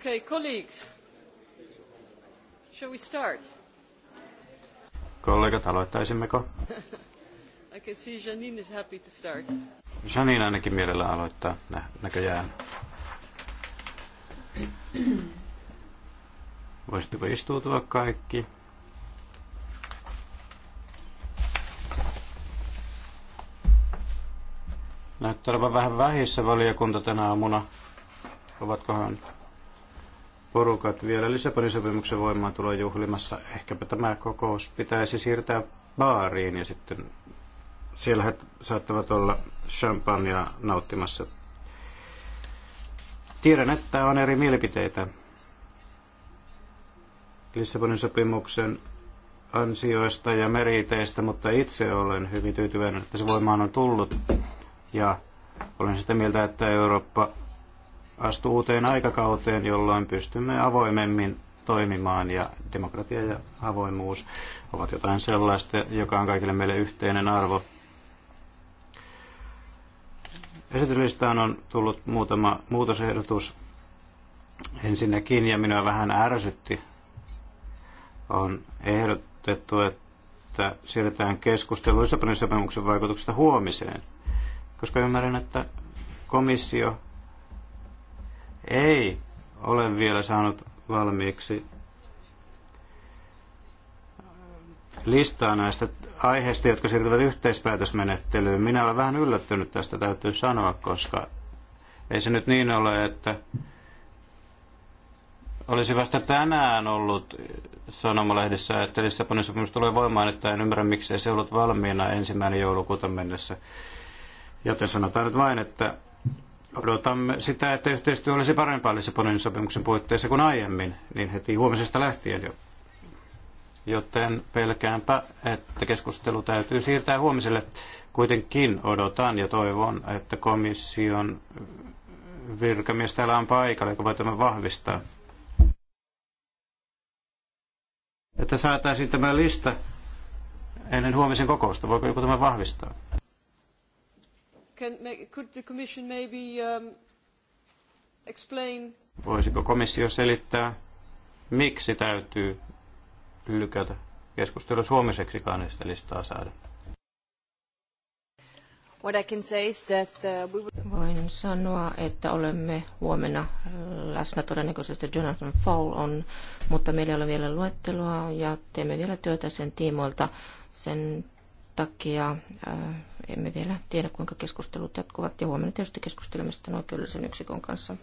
Okay, colleagues. Shall we start? Kollegat, aloittaisimmeko? I can see Janine is happy to start. Janine ainakin mielellään aloittaa nä- näköjään. Voisitteko istuutua kaikki? Näyttää olevan vähän vähissä valiokunta tänä aamuna. Ovatkohan porukat vielä Lissabonin sopimuksen voimaantulon juhlimassa. Ehkäpä tämä kokous pitäisi siirtää baariin ja sitten siellä he saattavat olla champagnea nauttimassa. Tiedän, että on eri mielipiteitä Lissabonin sopimuksen ansioista ja meriteistä, mutta itse olen hyvin tyytyväinen, että se voimaan on tullut. Ja olen sitä mieltä, että Eurooppa astu uuteen aikakauteen, jolloin pystymme avoimemmin toimimaan ja demokratia ja avoimuus ovat jotain sellaista, joka on kaikille meille yhteinen arvo. Esityslistaan on tullut muutama muutosehdotus ensinnäkin, ja minua vähän ärsytti, on ehdotettu, että siirretään keskustelu Lissabonin sopimuksen vaikutuksesta huomiseen, koska ymmärrän, että komissio ei ole vielä saanut valmiiksi listaa näistä aiheista, jotka siirtyvät yhteispäätösmenettelyyn. Minä olen vähän yllättynyt tästä, täytyy sanoa, koska ei se nyt niin ole, että olisi vasta tänään ollut sanomalehdissä, että Lissabonin sopimus tulee voimaan, että en ymmärrä miksi ei se ollut valmiina ensimmäinen joulukuuta mennessä. Joten sanotaan nyt vain, että Odotamme sitä, että yhteistyö olisi parempaa Lissabonin sopimuksen puitteissa kuin aiemmin, niin heti huomisesta lähtien jo. Joten pelkäänpä, että keskustelu täytyy siirtää huomiselle. Kuitenkin odotan ja toivon, että komission virkamies täällä on paikalla, joka voi tämän vahvistaa. Että saataisiin tämä lista ennen huomisen kokousta. Voiko joku tämän vahvistaa? could the commission maybe um, explain? Voisiko komissio selittää, miksi täytyy lykätä keskustelu suomiseksi kannesta listaa saada? What I can say is that uh, we Voin sanoa, että olemme huomenna läsnä todennäköisesti Jonathan Fowl on, mutta meillä ei ole vielä luetteloa ja teemme vielä työtä sen tiimoilta. Sen takia emme vielä tiedä, kuinka keskustelut jatkuvat. Ja huomenna tietysti keskustelemme sitten oikeudellisen yksikön kanssa.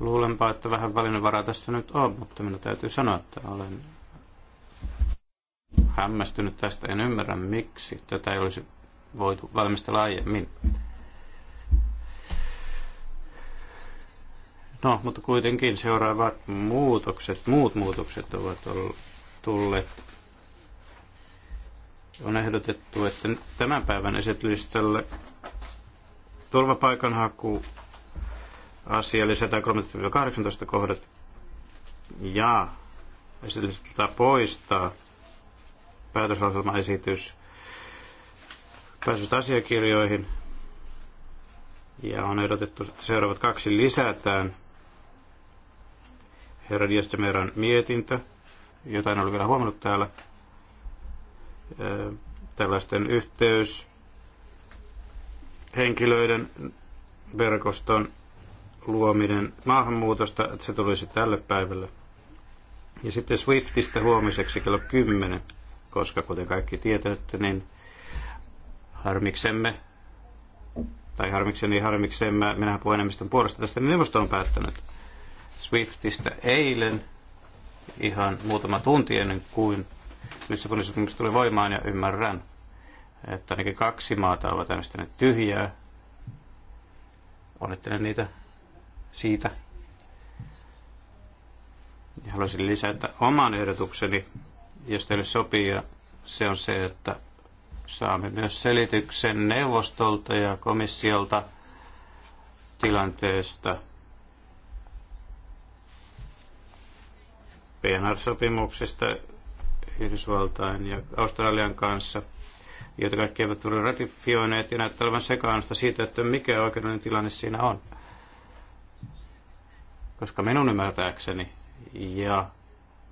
Luulenpa, että vähän valinnanvaraa tässä nyt on, mutta minun täytyy sanoa, että olen hämmästynyt tästä. En ymmärrä, miksi tätä ei olisi voitu valmistella aiemmin. No, mutta kuitenkin seuraavat muutokset, muut muutokset ovat tulleet on ehdotettu, että tämän päivän esityslistalle turvapaikanhaku asia eli 113-18 kohdat ja esityslistalta poistaa esitys pääsystä asiakirjoihin ja on ehdotettu, että seuraavat kaksi lisätään. Herra Diestemeran mietintö, jota en ole vielä huomannut täällä, tällaisten yhteyshenkilöiden verkoston luominen maahanmuutosta, että se tulisi tälle päivälle. Ja sitten Swiftistä huomiseksi kello 10, koska kuten kaikki tietävät, niin harmiksemme, tai harmikseni harmiksemme, minä puhun puolesta tästä, niin neuvosto on päättänyt Swiftistä eilen ihan muutama tunti ennen kuin Lissabonin sopimus tuli voimaan ja ymmärrän, että ainakin kaksi maata ovat äänestäneet tyhjää. Onnittelen niitä siitä. Ja haluaisin lisätä oman ehdotukseni, jos teille sopii, ja se on se, että saamme myös selityksen neuvostolta ja komissiolta tilanteesta PNR-sopimuksesta Yhdysvaltain ja Australian kanssa, joita kaikki eivät ole ratifioineet ja näyttää olevan sekaannusta siitä, että mikä oikeudellinen tilanne siinä on. Koska minun ymmärtääkseni ja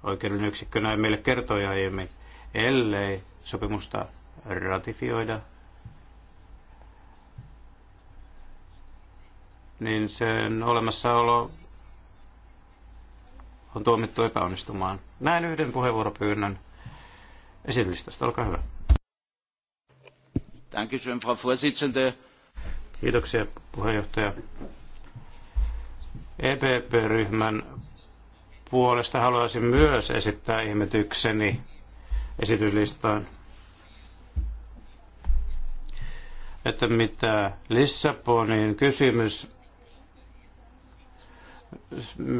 oikeudellinen yksikkö näin meille kertoi aiemmin, ellei sopimusta ratifioida, niin sen olemassaolo on tuomittu epäonnistumaan. Näin yhden puheenvuoropyynnön esityslistasta. Olkaa hyvä. Frau Kiitoksia, puheenjohtaja. EPP-ryhmän puolesta haluaisin myös esittää ihmetykseni esityslistaan, että mitä Lissabonin kysymys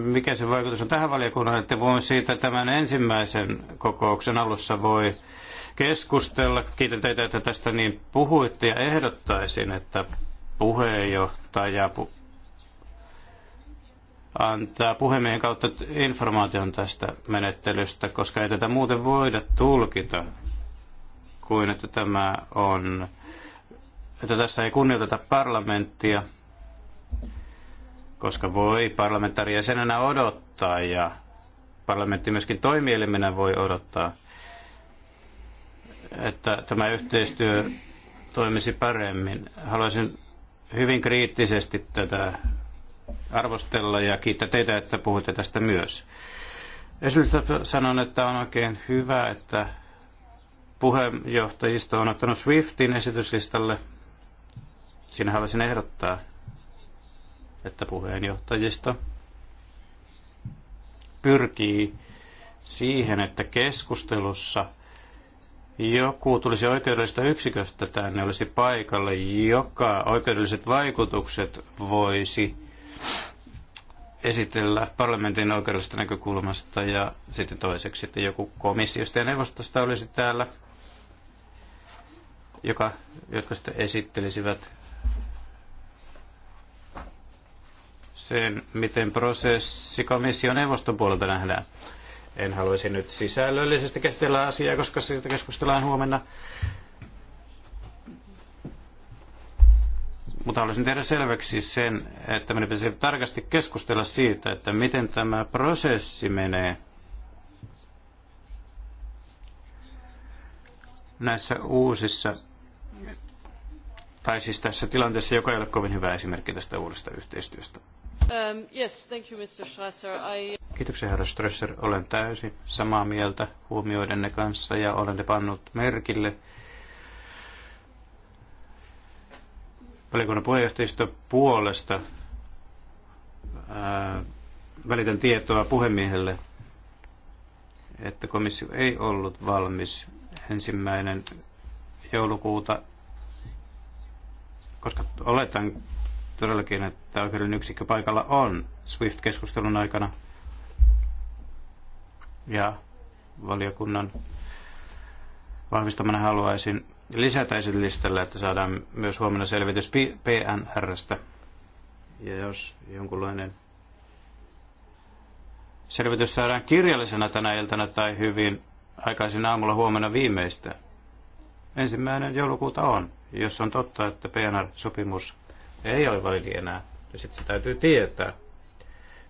mikä se vaikutus on tähän valiokunnan, että voin siitä tämän ensimmäisen kokouksen alussa voi keskustella. Kiitän teitä, että tästä niin puhuitte ja ehdottaisin, että puheenjohtaja pu- antaa puhemiehen kautta informaation tästä menettelystä, koska ei tätä muuten voida tulkita kuin että tämä on, että tässä ei kunnioiteta parlamenttia – koska voi parlamentaari jäsenenä odottaa ja parlamentti myöskin toimielimenä voi odottaa, että tämä yhteistyö toimisi paremmin. Haluaisin hyvin kriittisesti tätä arvostella ja kiittää teitä, että puhutte tästä myös. Esimerkiksi sanon, että on oikein hyvä, että puheenjohtajisto on ottanut Swiftin esityslistalle. Siinä haluaisin ehdottaa, että puheenjohtajista pyrkii siihen, että keskustelussa joku tulisi oikeudellisesta yksiköstä tänne, olisi paikalle, joka oikeudelliset vaikutukset voisi esitellä parlamentin oikeudellisesta näkökulmasta ja sitten toiseksi, että joku komissiosta ja neuvostosta olisi täällä, joka, jotka sitten esittelisivät sen, miten prosessi komission neuvoston puolelta nähdään. En haluaisi nyt sisällöllisesti käsitellä asiaa, koska siitä keskustellaan huomenna. Mutta haluaisin tehdä selväksi sen, että meidän pitäisi tarkasti keskustella siitä, että miten tämä prosessi menee näissä uusissa tai siis tässä tilanteessa, joka ei ole kovin hyvä esimerkki tästä uudesta yhteistyöstä. Um, Strasser. Kiitoksia, herra Strasser. Olen täysin samaa mieltä huomioidenne kanssa ja olen ne pannut merkille. Valiokunnan puheenjohtajista puolesta ää, välitän tietoa puhemiehelle, että komissio ei ollut valmis ensimmäinen joulukuuta, koska oletan todellakin, että oikeudellinen yksikkö paikalla on SWIFT-keskustelun aikana ja valiokunnan vahvistamana haluaisin lisätä listalle, että saadaan myös huomenna selvitys PNRstä. Ja jos jonkunlainen selvitys saadaan kirjallisena tänä iltana tai hyvin aikaisin aamulla huomenna viimeistä. Ensimmäinen joulukuuta on, jos on totta, että PNR-sopimus ei ole validi enää, Ja sitten se täytyy tietää,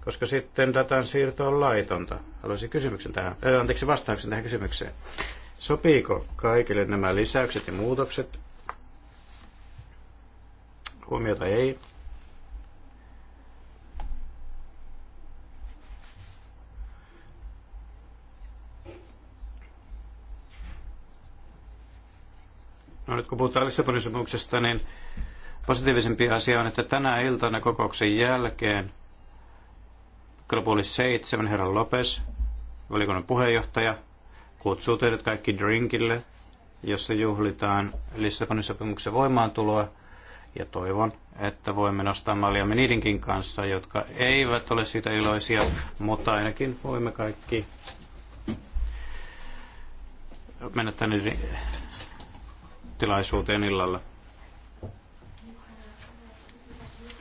koska sitten datan siirto on laitonta. Haluaisin kysymyksen tähän, äh, anteeksi vastauksen tähän kysymykseen. Sopiiko kaikille nämä lisäykset ja muutokset? Huomiota ei. No nyt kun puhutaan Lissabonin sopimuksesta, niin Positiivisempi asia on, että tänä iltana kokouksen jälkeen kello puoli seitsemän herra Lopes, valikunnan puheenjohtaja, kutsuu teidät kaikki drinkille, jossa juhlitaan Lissabonin sopimuksen voimaantuloa. Ja toivon, että voimme nostaa maljamme niidenkin kanssa, jotka eivät ole siitä iloisia, mutta ainakin voimme kaikki mennä tänne tilaisuuteen illalla.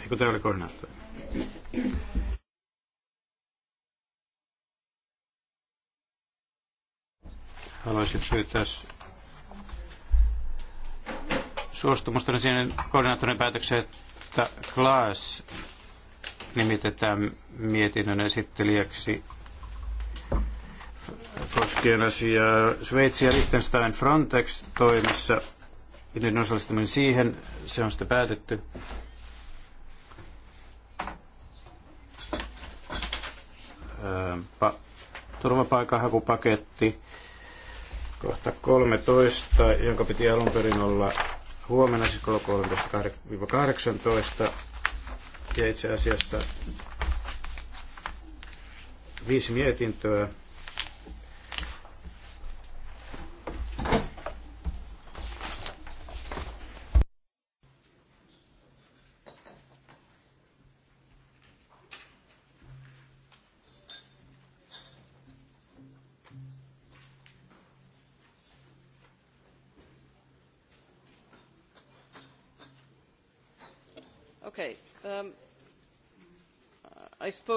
Kun tämä oli Haluaisin pyytää suostumusta siihen koordinaattorin päätökseen, että Klaas nimitetään mietinnön esittelijäksi koskien asiaa Sveitsi ja Liechtenstein Frontex toimissa. Niiden osallistuminen siihen, se on sitten päätetty. pa- turvapaikanhakupaketti, kohta 13, jonka piti alun perin olla huomenna, siis kello 13-18, ja itse asiassa viisi mietintöä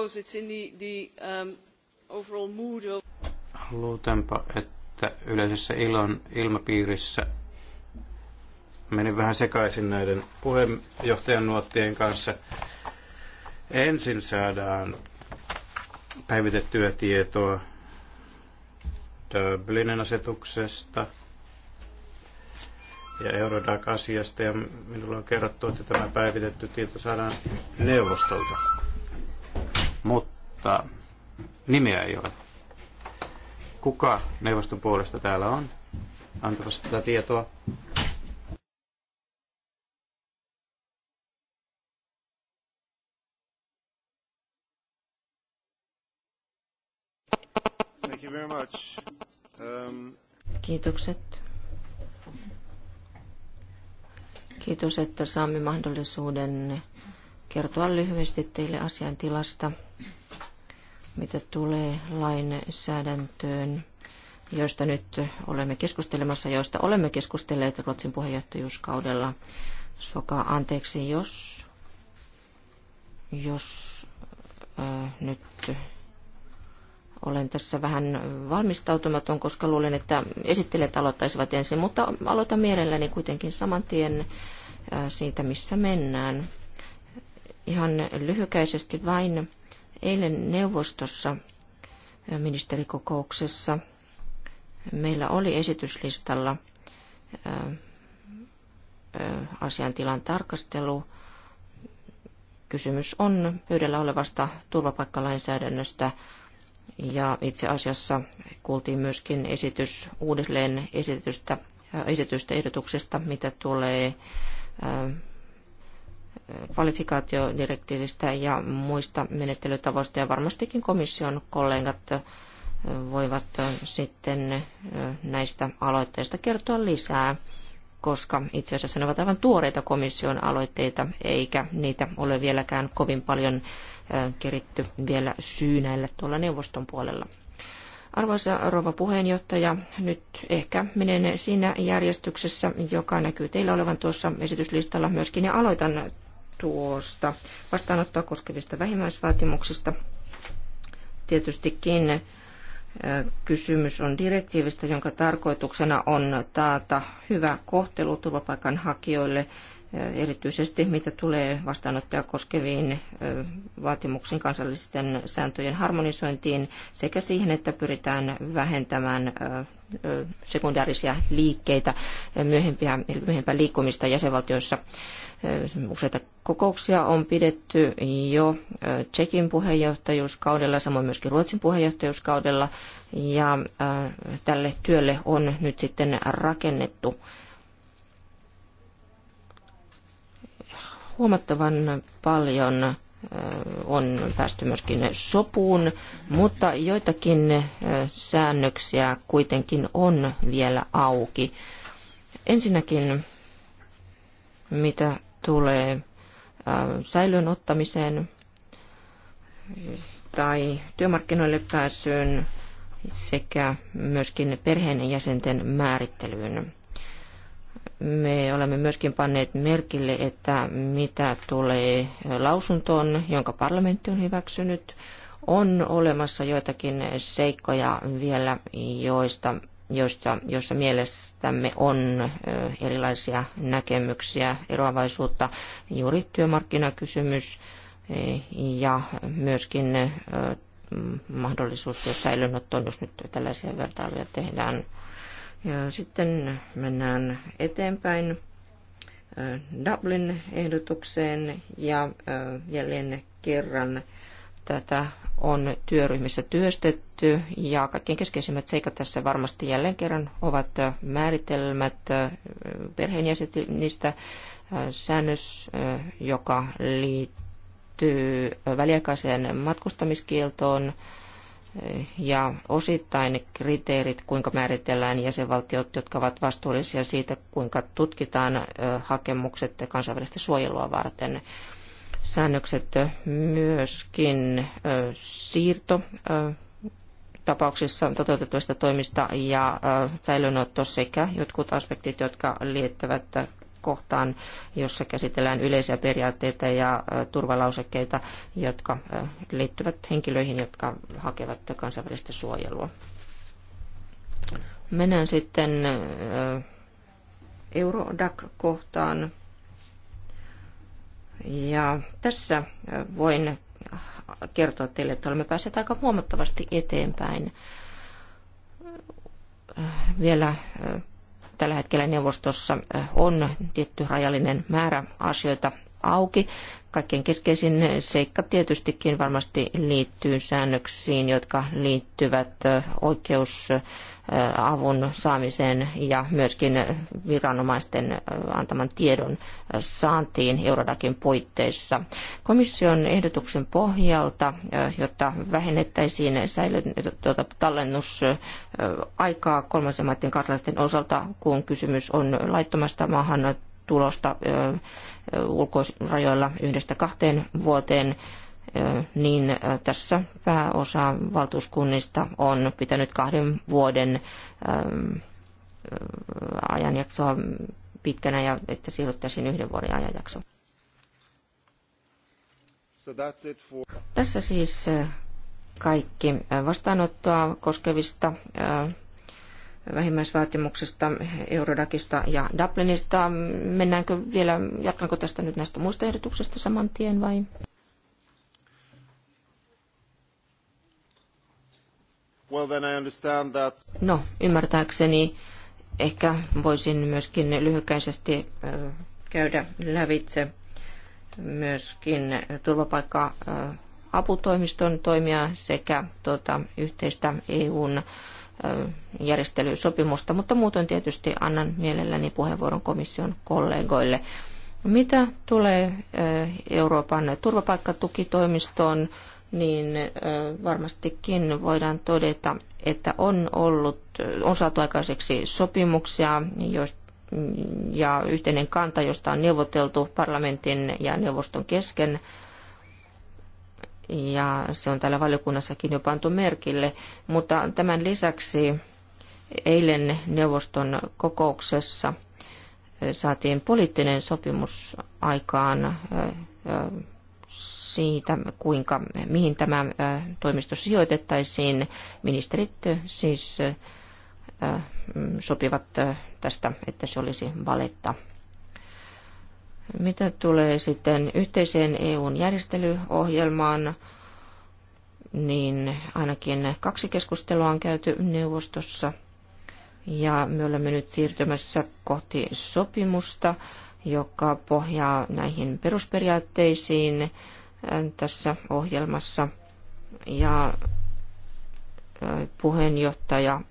suppose it's in the, the um, overall mood of... Luutenpa, että yleisessä ilon ilmapiirissä menin vähän sekaisin näiden puheenjohtajan nuottien kanssa. Ensin saadaan päivitettyä tietoa Dublinin asetuksesta ja Eurodac-asiasta ja minulle on kerrottu, että tämä päivitetty tieto saadaan neuvostolta mutta nimeä ei ole. Kuka neuvoston puolesta täällä on antamassa tätä tietoa? Thank you very much. Um... Kiitokset. Kiitos, että saamme mahdollisuuden kertoa lyhyesti teille asiantilasta. tilasta mitä tulee lainsäädäntöön, joista nyt olemme keskustelemassa, joista olemme keskustelleet Ruotsin puheenjohtajuuskaudella. Soka, anteeksi, jos, jos äh, nyt olen tässä vähän valmistautumaton, koska luulen, että esittelijät aloittaisivat ensin, mutta aloitan mielelläni kuitenkin saman tien siitä, missä mennään. Ihan lyhykäisesti vain Eilen neuvostossa ministerikokouksessa meillä oli esityslistalla asiantilan tarkastelu. Kysymys on pöydällä olevasta turvapaikkalainsäädännöstä ja itse asiassa kuultiin myöskin esitys uudelleen esitystä, esitystä ehdotuksesta, mitä tulee kvalifikaatiodirektiivistä ja muista menettelytavoista ja varmastikin komission kollegat voivat sitten näistä aloitteista kertoa lisää, koska itse asiassa ne ovat aivan tuoreita komission aloitteita, eikä niitä ole vieläkään kovin paljon keritty vielä syynäillä tuolla neuvoston puolella. Arvoisa rouva puheenjohtaja, nyt ehkä menen siinä järjestyksessä, joka näkyy teillä olevan tuossa esityslistalla myöskin, ja aloitan tuosta vastaanottoa koskevista vähimmäisvaatimuksista. Tietystikin Kysymys on direktiivistä, jonka tarkoituksena on taata hyvä kohtelu turvapaikanhakijoille erityisesti mitä tulee vastaanottoja koskeviin vaatimuksiin kansallisten sääntöjen harmonisointiin sekä siihen, että pyritään vähentämään sekundaarisia liikkeitä, myöhempiä, myöhempää liikkumista jäsenvaltioissa. Useita kokouksia on pidetty jo Tsekin puheenjohtajuuskaudella, samoin myöskin Ruotsin puheenjohtajuuskaudella, ja tälle työlle on nyt sitten rakennettu huomattavan paljon on päästy myöskin sopuun, mutta joitakin säännöksiä kuitenkin on vielä auki. Ensinnäkin, mitä tulee säilön ottamiseen tai työmarkkinoille pääsyyn sekä myöskin perheenjäsenten määrittelyyn. Me olemme myöskin panneet merkille, että mitä tulee lausuntoon, jonka parlamentti on hyväksynyt, on olemassa joitakin seikkoja vielä, joista, joista, joissa mielestämme on erilaisia näkemyksiä, eroavaisuutta, juuri työmarkkinakysymys e, ja myöskin mahdollisuus säilönottoon, jos nyt tällaisia vertailuja tehdään – ja sitten mennään eteenpäin äh, Dublin-ehdotukseen ja äh, jälleen kerran tätä on työryhmissä työstetty ja kaikkein keskeisimmät seikat tässä varmasti jälleen kerran ovat äh, määritelmät perheenjäsenistä, säännös, joka liittyy väliaikaiseen matkustamiskieltoon, ja osittain kriteerit, kuinka määritellään jäsenvaltiot, jotka ovat vastuullisia siitä, kuinka tutkitaan hakemukset kansainvälistä suojelua varten. Säännökset myöskin siirto tapauksissa toteutettavista toimista ja säilönotto sekä jotkut aspektit, jotka liittyvät kohtaan, jossa käsitellään yleisiä periaatteita ja turvalausekkeita, jotka liittyvät henkilöihin, jotka hakevat kansainvälistä suojelua. Mennään sitten Eurodac-kohtaan. Ja tässä voin kertoa teille, että olemme päässeet aika huomattavasti eteenpäin. Vielä tällä hetkellä neuvostossa on tietty rajallinen määrä asioita auki. Kaikkein keskeisin seikka tietystikin varmasti liittyy säännöksiin, jotka liittyvät oikeus avun saamiseen ja myöskin viranomaisten antaman tiedon saantiin Eurodakin puitteissa. Komission ehdotuksen pohjalta, jotta vähennettäisiin tuota, tallennusaikaa kolmansien maiden kansalaisten osalta, kun kysymys on laittomasta maahan tulosta ulkoisrajoilla yhdestä kahteen vuoteen niin tässä pääosa valtuuskunnista on pitänyt kahden vuoden ähm, ajanjaksoa pitkänä ja että siirryttäisiin yhden vuoden ajanjakso. So for... Tässä siis kaikki vastaanottoa koskevista vähimmäisvaatimuksista, Eurodakista ja Dublinista. Mennäänkö vielä, jatkanko tästä nyt näistä muista ehdotuksista saman tien vai? Well, then I understand that... No, ymmärtääkseni ehkä voisin myöskin lyhykäisesti käydä lävitse myöskin turvapaikka aputoimiston toimia sekä tuota, yhteistä EUn järjestelysopimusta, mutta muutoin tietysti annan mielelläni puheenvuoron komission kollegoille. Mitä tulee Euroopan turvapaikkatukitoimistoon, niin varmastikin voidaan todeta, että on ollut, on saatu aikaiseksi sopimuksia, ja yhteinen kanta, josta on neuvoteltu parlamentin ja neuvoston kesken. Ja se on täällä valiokunnassakin jo pantu merkille. Mutta tämän lisäksi eilen neuvoston kokouksessa saatiin poliittinen sopimus aikaan siitä, kuinka, mihin tämä toimisto sijoitettaisiin. Ministerit siis sopivat tästä, että se olisi valetta. Mitä tulee sitten yhteiseen EUn järjestelyohjelmaan, niin ainakin kaksi keskustelua on käyty neuvostossa. Ja me olemme nyt siirtymässä kohti sopimusta, joka pohjaa näihin perusperiaatteisiin, tässä ohjelmassa. Ja puheenjohtaja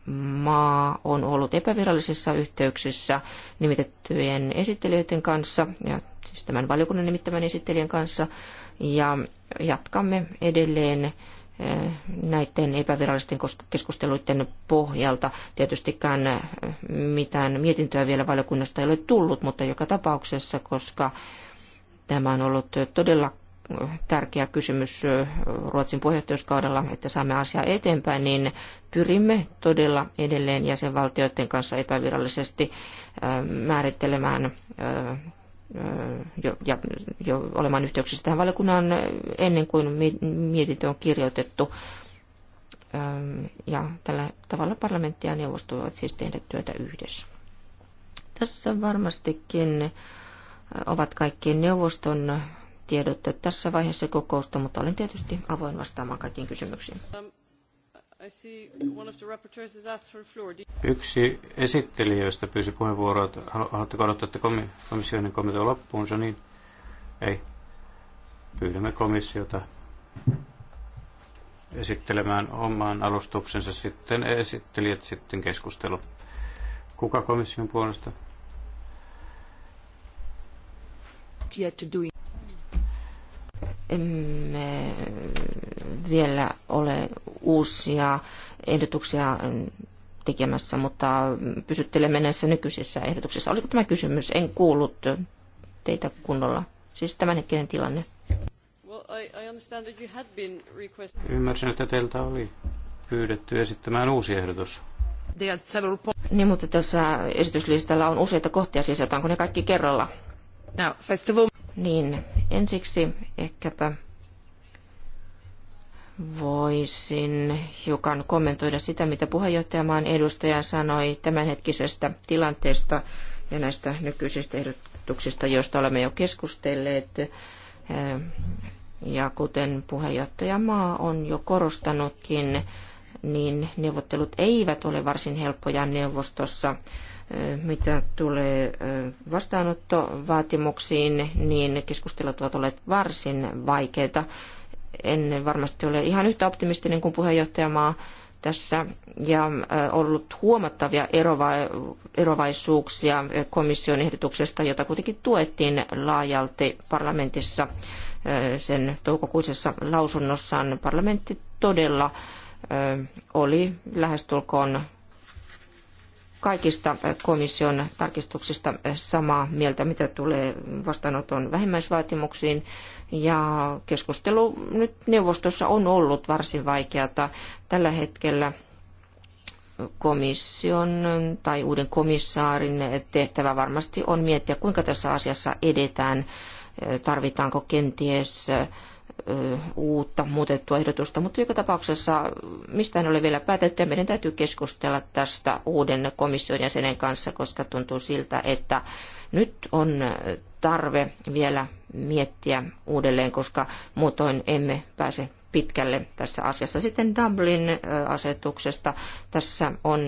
maa on ollut epävirallisissa yhteyksissä nimitettyjen esittelijöiden kanssa ja siis tämän valiokunnan nimittämän esittelijän kanssa ja jatkamme edelleen näiden epävirallisten keskusteluiden pohjalta. Tietystikään mitään mietintöä vielä valiokunnasta ei ole tullut, mutta joka tapauksessa, koska tämä on ollut todella tärkeä kysymys Ruotsin puheenjohtajuuskaudella, että saamme asiaa eteenpäin, niin pyrimme todella edelleen jäsenvaltioiden kanssa epävirallisesti määrittelemään jo, ja jo olemaan yhteyksissä tähän valiokunnan ennen kuin mietintö on kirjoitettu. Ja tällä tavalla parlamentti ja neuvosto voivat siis tehdä työtä yhdessä. Tässä varmastikin ovat kaikki neuvoston tiedot tässä vaiheessa kokousta, mutta olen tietysti avoin vastaamaan kaikkiin kysymyksiin. Um, Yksi esittelijöistä pyysi puheenvuoroa, että haluatteko odottaa, että komissioinen komitea loppuunsa, niin ei. Pyydämme komissiota esittelemään oman alustuksensa, sitten esittelijät, sitten keskustelu. Kuka komission puolesta? Yet doing emme vielä ole uusia ehdotuksia tekemässä, mutta pysyttelemme näissä nykyisissä ehdotuksissa. Oliko tämä kysymys? En kuullut teitä kunnolla. Siis tämänhetkinen tilanne. Well, Ymmärsin, että teiltä oli pyydetty esittämään uusi ehdotus. Niin, mutta tässä esityslistalla on useita kohtia, siis otanko ne kaikki kerralla? Now, first of all... Niin, ensiksi ehkäpä voisin hiukan kommentoida sitä, mitä puheenjohtajamaan edustaja sanoi tämänhetkisestä tilanteesta ja näistä nykyisistä ehdotuksista, joista olemme jo keskustelleet. Eh, ja kuten puheenjohtajamaa on jo korostanutkin, niin neuvottelut eivät ole varsin helppoja neuvostossa mitä tulee vastaanottovaatimuksiin, niin keskustelut ovat olleet varsin vaikeita. En varmasti ole ihan yhtä optimistinen kuin puheenjohtajamaa tässä ja ollut huomattavia erova- erovaisuuksia komission ehdotuksesta, jota kuitenkin tuettiin laajalti parlamentissa sen toukokuisessa lausunnossaan. Parlamentti todella oli lähestulkoon kaikista eh, komission tarkistuksista eh, samaa mieltä, mitä tulee vastaanoton vähimmäisvaatimuksiin. Ja keskustelu nyt neuvostossa on ollut varsin vaikeata. Tällä hetkellä komission eh, tai uuden komissaarin tehtävä varmasti on miettiä, kuinka tässä asiassa edetään. Tarvitaanko kenties uutta muutettua ehdotusta, mutta joka tapauksessa mistään ei ole vielä päätetty ja meidän täytyy keskustella tästä uuden komission jäsenen kanssa, koska tuntuu siltä, että nyt on tarve vielä miettiä uudelleen, koska muutoin emme pääse pitkälle tässä asiassa. Sitten Dublin-asetuksesta. Tässä on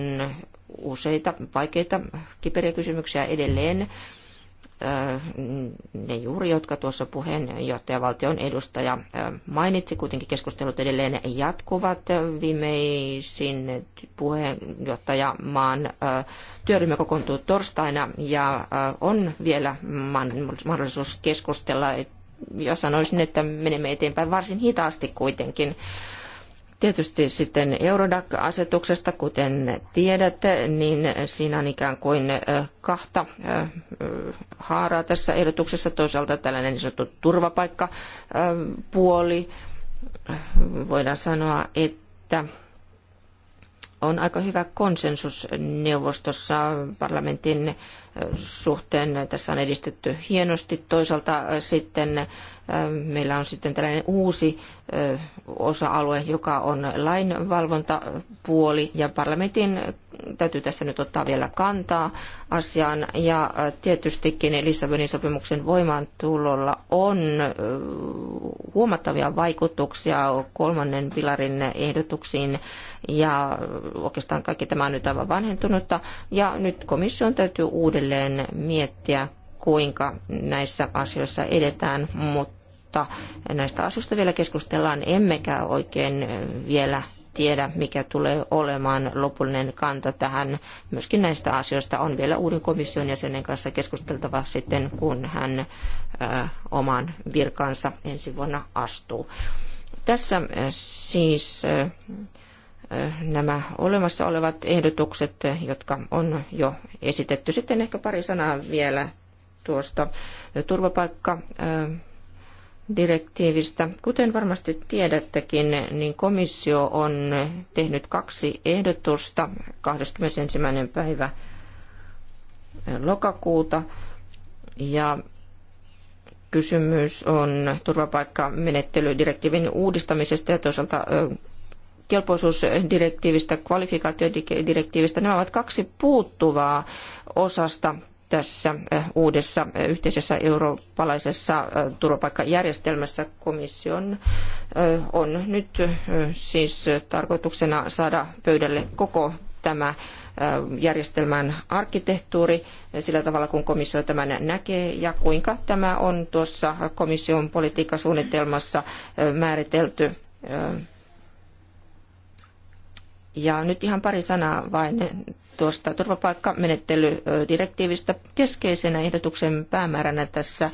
useita vaikeita, kiperiä kysymyksiä edelleen Äh, ne juuri, jotka tuossa puheenjohtajavaltion edustaja äh, mainitsi. Kuitenkin keskustelut edelleen jatkuvat. Viimeisin puheenjohtajamaan äh, työryhmä kokoontuu torstaina ja on vielä mahdollisuus keskustella. Ja sanoisin, että menemme eteenpäin varsin hitaasti kuitenkin Tietysti sitten Eurodac-asetuksesta, kuten tiedätte, niin siinä on ikään kuin kahta haaraa tässä ehdotuksessa. Toisaalta tällainen niin sanottu turvapaikkapuoli. Voidaan sanoa, että on aika hyvä konsensus neuvostossa parlamentin eh, suhteen. Tässä on edistetty hienosti. Toisaalta eh, sitten eh, meillä on sitten tällainen uusi osa-alue, joka on lainvalvontapuoli ja parlamentin täytyy tässä nyt ottaa vielä kantaa asiaan. Ja äh, tietystikin Lissabonin sopimuksen voimaantulolla on äh, huomattavia vaikutuksia kolmannen pilarin ehdotuksiin ja äh, oikeastaan kaikki tämä on nyt aivan vanhentunutta. Ja nyt komission täytyy uudelleen miettiä, kuinka näissä asioissa edetään, mutta näistä asioista vielä keskustellaan, emmekä oikein vielä tiedä, mikä tulee olemaan lopullinen kanta tähän. Myöskin näistä asioista on vielä uuden komission jäsenen kanssa keskusteltava sitten, kun hän ö, oman virkansa ensi vuonna astuu. Tässä siis nämä olemassa olevat ehdotukset, jotka on jo esitetty. Sitten ehkä pari sanaa vielä tuosta turvapaikka direktiivistä. Kuten varmasti tiedättekin, niin komissio on tehnyt kaksi ehdotusta 21. päivä lokakuuta. Ja kysymys on turvapaikkamenettelydirektiivin uudistamisesta ja toisaalta kelpoisuusdirektiivistä, kvalifikaatiodirektiivistä. Nämä ovat kaksi puuttuvaa osasta tässä uudessa yhteisessä eurooppalaisessa turvapaikkajärjestelmässä komission on nyt siis tarkoituksena saada pöydälle koko tämä järjestelmän arkkitehtuuri sillä tavalla, kun komissio tämän näkee ja kuinka tämä on tuossa komission politiikkasuunnitelmassa määritelty ja nyt ihan pari sanaa vain tuosta turvapaikkamenettelydirektiivistä. Keskeisenä ehdotuksen päämääränä tässä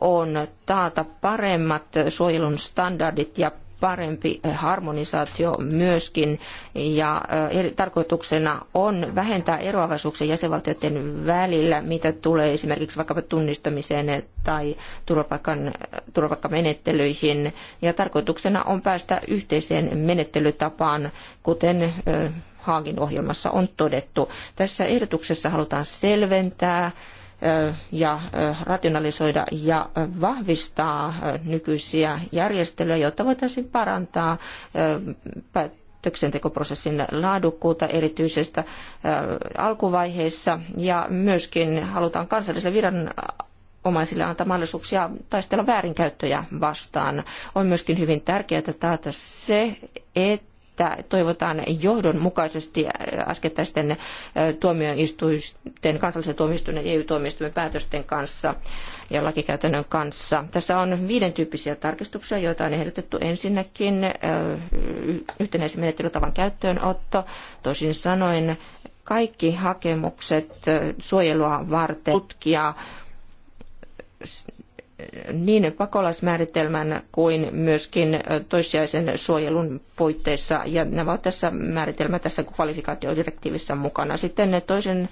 on taata paremmat suojelun standardit ja parempi harmonisaatio myöskin ja tarkoituksena on vähentää eroavaisuuksia jäsenvaltioiden välillä, mitä tulee esimerkiksi vaikkapa tunnistamiseen tai turvapaikan, turvapaikkamenettelyihin ja tarkoituksena on päästä yhteiseen menettelytapaan, kuten Haagin ohjelmassa on todettu. Tässä ehdotuksessa halutaan selventää ja rationalisoida ja vahvistaa nykyisiä järjestelyjä, jotta voitaisiin parantaa päätöksentekoprosessin laadukkuutta erityisestä alkuvaiheessa ja myöskin halutaan kansallisille viran omaisille antaa mahdollisuuksia taistella väärinkäyttöjä vastaan. On myöskin hyvin tärkeää taata se, että että toivotaan johdonmukaisesti äskettäisten tuomioistuinten, kansallisen tuomioistuimen ja EU-tuomioistuimen päätösten kanssa ja lakikäytännön kanssa. Tässä on viiden tyyppisiä tarkistuksia, joita on ehdotettu ensinnäkin yhtenäisen menettelytavan käyttöönotto, toisin sanoen kaikki hakemukset suojelua varten tutkia niin pakolaismääritelmän kuin myöskin toissijaisen suojelun puitteissa. Ja nämä ovat tässä määritelmä tässä kvalifikaatiodirektiivissä mukana. Sitten ne toisen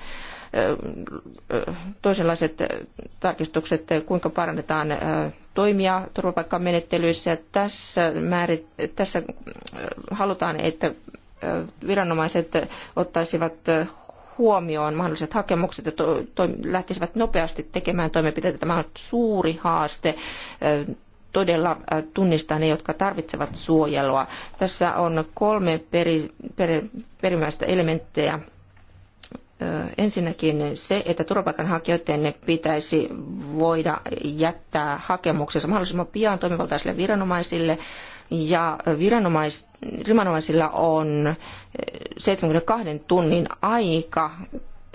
toisenlaiset tarkistukset, kuinka parannetaan toimia turvapaikkamenettelyissä. Tässä, määrit, tässä halutaan, että viranomaiset ottaisivat huomioon mahdolliset hakemukset ja to, to, lähtisivät nopeasti tekemään toimenpiteitä. Tämä on suuri haaste todella tunnistaa ne, jotka tarvitsevat suojelua. Tässä on kolme peri, per, perimmäistä elementtejä ensinnäkin se, että turvapaikanhakijoiden pitäisi voida jättää hakemuksensa mahdollisimman pian toimivaltaisille viranomaisille ja viranomais, viranomaisilla on 72 eh, tunnin aika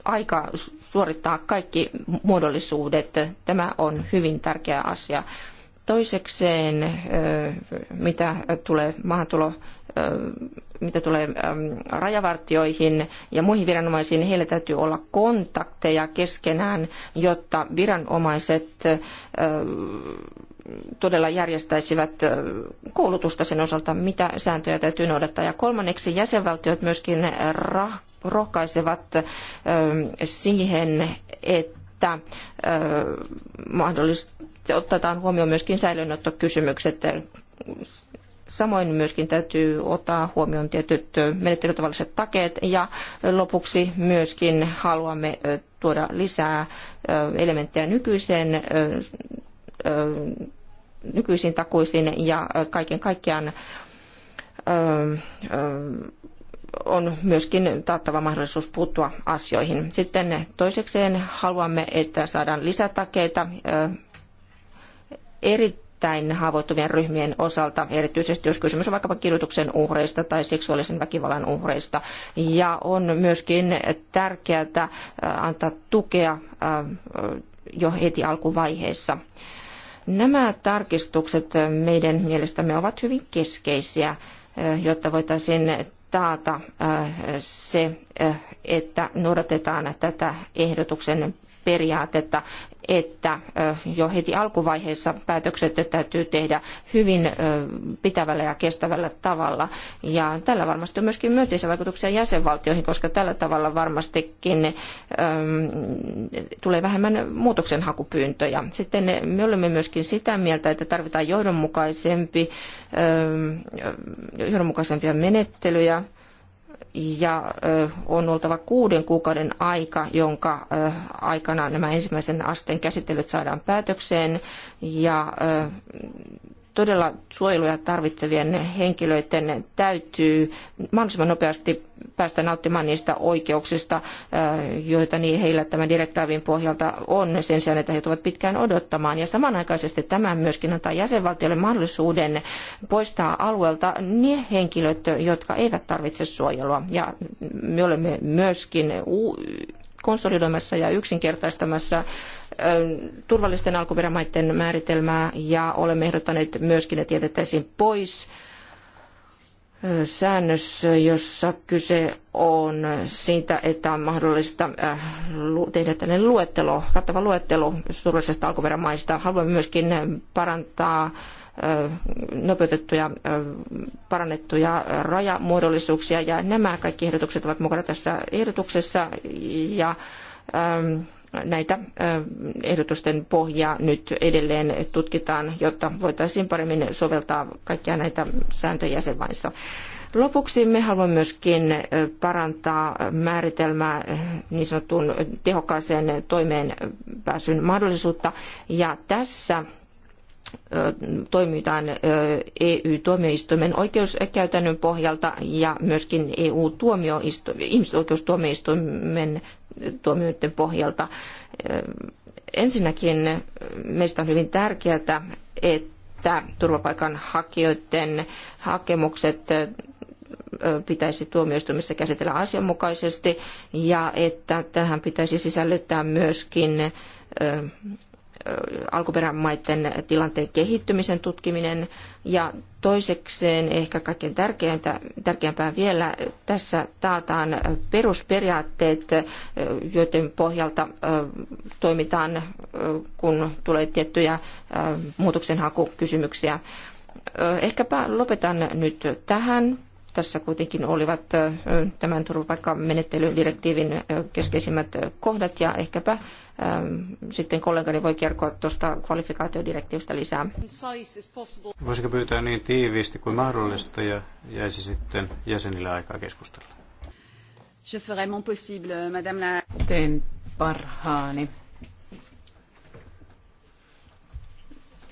aika suorittaa kaikki muodollisuudet. Tämä on hyvin tärkeä asia. Toisekseen, eh, mitä tulee maahantulo eh, mitä tulee rajavartioihin ja muihin viranomaisiin, heillä täytyy olla kontakteja keskenään, jotta viranomaiset todella järjestäisivät koulutusta sen osalta, mitä sääntöjä täytyy noudattaa. Ja kolmanneksi jäsenvaltiot myöskin rohkaisevat siihen, että mahdollisesti otetaan huomioon myöskin säilöönottokysymykset Samoin myöskin täytyy ottaa huomioon tietyt menettelytavalliset takeet ja lopuksi myöskin haluamme tuoda lisää elementtejä nykyiseen nykyisin takuisin ja kaiken kaikkiaan on myöskin taattava mahdollisuus puuttua asioihin. Sitten toisekseen haluamme, että saadaan lisätakeita erittäin haavoittuvien ryhmien osalta, erityisesti jos kysymys on vaikkapa kidutuksen uhreista tai seksuaalisen väkivallan uhreista. Ja on myöskin tärkeää antaa tukea jo heti alkuvaiheessa. Nämä tarkistukset meidän mielestämme ovat hyvin keskeisiä, eh, jotta voitaisiin taata eh, se, eh, että noudatetaan tätä ehdotuksen periaatetta, että jo heti alkuvaiheessa päätökset täytyy tehdä hyvin pitävällä ja kestävällä tavalla. Ja tällä varmasti on myöskin myönteisiä vaikutuksia jäsenvaltioihin, koska tällä tavalla varmastikin äm, tulee vähemmän muutoksenhakupyyntöjä. Sitten me olemme myöskin sitä mieltä, että tarvitaan johdonmukaisempi, äm, johdonmukaisempia menettelyjä ja on oltava kuuden kuukauden aika, jonka aikana nämä ensimmäisen asteen käsittelyt saadaan päätökseen ja todella suojeluja tarvitsevien henkilöiden täytyy mahdollisimman nopeasti päästä nauttimaan niistä oikeuksista, äh, joita niin heillä tämän direktiivin pohjalta on, sen sijaan, että he tulevat pitkään odottamaan. Ja samanaikaisesti tämä myöskin antaa jäsenvaltioille mahdollisuuden poistaa alueelta ne henkilöt, jotka eivät tarvitse suojelua. Ja me olemme myöskin konsolidoimassa ja yksinkertaistamassa turvallisten alkuperämaiden määritelmää ja olemme ehdottaneet myöskin, että jätettäisiin pois säännös, jossa kyse on siitä, että on mahdollista tehdä tällainen luettelo, kattava luettelo turvallisesta alkuperämaista. Haluamme myöskin parantaa nopeutettuja, parannettuja rajamuodollisuuksia ja nämä kaikki ehdotukset ovat mukana tässä ehdotuksessa ja näitä ehdotusten pohjaa nyt edelleen tutkitaan, jotta voitaisiin paremmin soveltaa kaikkia näitä sääntöjä jäsenmaissa. Lopuksi me haluamme myöskin parantaa määritelmää niin sanottuun tehokkaaseen toimeenpääsyn mahdollisuutta. Ja tässä toimitaan EU-tuomioistuimen oikeuskäytännön pohjalta ja myöskin EU-ihmisoikeustuomioistuimen tuomioiden pohjalta. Ensinnäkin meistä on hyvin tärkeää, että turvapaikanhakijoiden hakemukset pitäisi tuomioistuimessa käsitellä asianmukaisesti ja että tähän pitäisi sisällyttää myöskin alkuperämaiden tilanteen kehittymisen tutkiminen ja toisekseen ehkä kaikkein tärkeintä, tärkeämpää vielä, tässä taataan perusperiaatteet, joiden pohjalta toimitaan, kun tulee tiettyjä muutoksenhakukysymyksiä. Ehkäpä lopetan nyt tähän tässä kuitenkin olivat tämän turvapaikkamenettelyn direktiivin keskeisimmät kohdat ja ehkäpä sitten kollegani voi kertoa tuosta kvalifikaatiodirektiivistä lisää. Voisiko pyytää niin tiiviisti kuin mahdollista ja jäisi sitten jäsenille aikaa keskustella? Je ferai mon possible, madame la... Teen parhaani.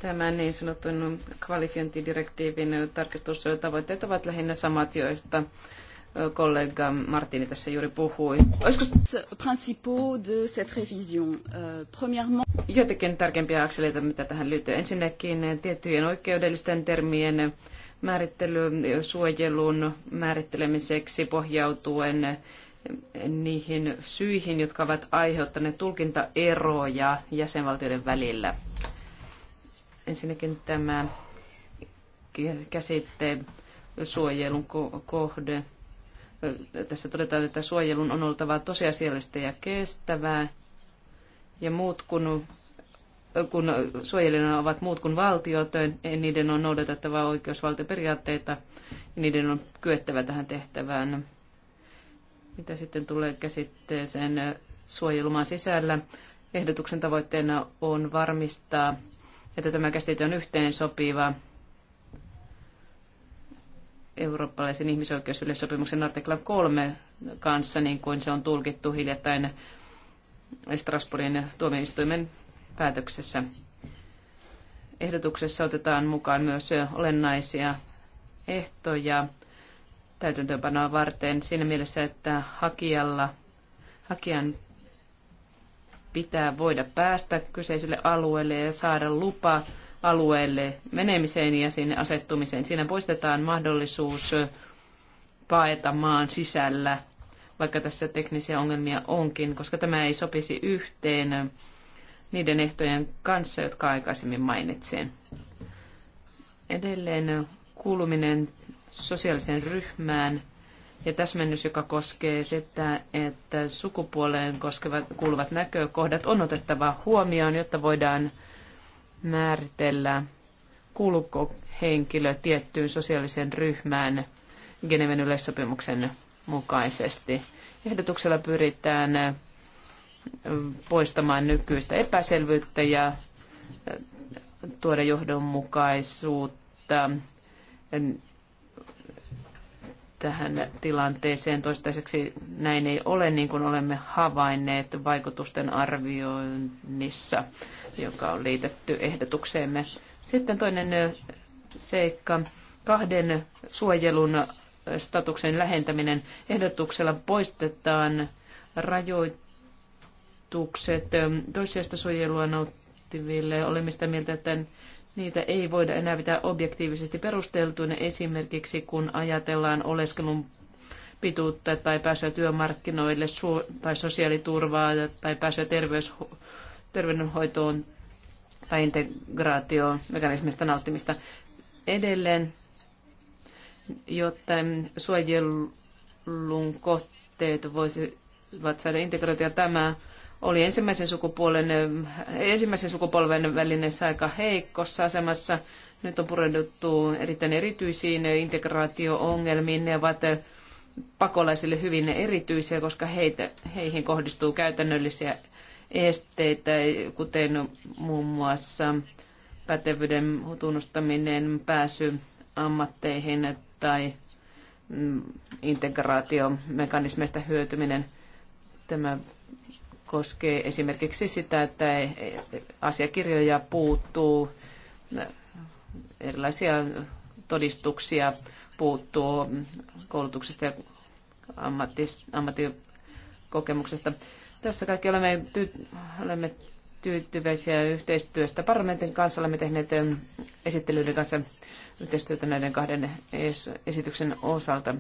Tämä niin sanotun kvalifiointidirektiivin tarkistustavoitteet ovat lähinnä samat, joista kollega Martini tässä juuri puhui. Olisiko... Principaux de cette révision. Euh, premièrement... Joitakin tärkeimpiä akseleita, mitä tähän liittyy. Ensinnäkin tiettyjen oikeudellisten termien määrittely suojelun määrittelemiseksi pohjautuen niihin syihin, jotka ovat aiheuttaneet tulkintaeroja jäsenvaltioiden välillä. Ensinnäkin tämä käsitteen suojelun kohde. Tässä todetaan, että suojelun on oltava tosiasiallista ja kestävää. Ja muut kun, kun suojelijana ovat muut kuin valtiot, niiden on noudatettava oikeusvaltioperiaatteita ja niiden on kyettävä tähän tehtävään. Mitä sitten tulee käsitteeseen suojelumaan sisällä? Ehdotuksen tavoitteena on varmistaa että tämä käsite on yhteen sopiva eurooppalaisen ihmisoikeusyleissopimuksen artikla 3 kanssa, niin kuin se on tulkittu hiljattain Strasbourgin tuomioistuimen päätöksessä. Ehdotuksessa otetaan mukaan myös olennaisia ehtoja täytäntöönpanoa varten siinä mielessä, että hakijalla, hakijan pitää voida päästä kyseiselle alueelle ja saada lupa alueelle menemiseen ja sinne asettumiseen. Siinä poistetaan mahdollisuus paeta maan sisällä, vaikka tässä teknisiä ongelmia onkin, koska tämä ei sopisi yhteen niiden ehtojen kanssa, jotka aikaisemmin mainitsin. Edelleen kuuluminen sosiaaliseen ryhmään – ja täsmennys, joka koskee sitä, että sukupuoleen koskevat kuuluvat näkökohdat on otettava huomioon, jotta voidaan määritellä, kuuluuko henkilö tiettyyn sosiaaliseen ryhmään Geneven yleissopimuksen mukaisesti. Ehdotuksella pyritään poistamaan nykyistä epäselvyyttä ja tuoda johdonmukaisuutta tähän tilanteeseen. Toistaiseksi näin ei ole, niin kuin olemme havainneet vaikutusten arvioinnissa, joka on liitetty ehdotukseemme. Sitten toinen seikka, kahden suojelun statuksen lähentäminen. Ehdotuksella poistetaan rajoitukset toisesta suojelua nauttiville. Olemme sitä mieltä, että Niitä ei voida enää pitää objektiivisesti perusteltuina esimerkiksi, kun ajatellaan oleskelun pituutta tai pääsyä työmarkkinoille tai sosiaaliturvaa tai pääsyä terveys, terveydenhoitoon tai integraatioon, mekanismista nauttimista. Edelleen, jotta suojelun kohteet voisivat saada integraatiota tämä oli ensimmäisen, sukupuolen, ensimmäisen sukupolven välineessä aika heikossa asemassa. Nyt on pureuduttu erittäin erityisiin integraatio-ongelmiin. Ne ovat pakolaisille hyvin erityisiä, koska heitä, heihin kohdistuu käytännöllisiä esteitä, kuten muun muassa pätevyyden tunnustaminen, pääsy ammatteihin tai mm, integraatiomekanismeista hyötyminen. Tämä koskee esimerkiksi sitä, että asiakirjoja puuttuu, erilaisia todistuksia puuttuu koulutuksesta ja ammattikokemuksesta. Tässä kaikki olemme, ty, olemme tyytyväisiä yhteistyöstä parlamentin kanssa. Olemme tehneet ähm, esittelyiden kanssa yhteistyötä näiden kahden esityksen osalta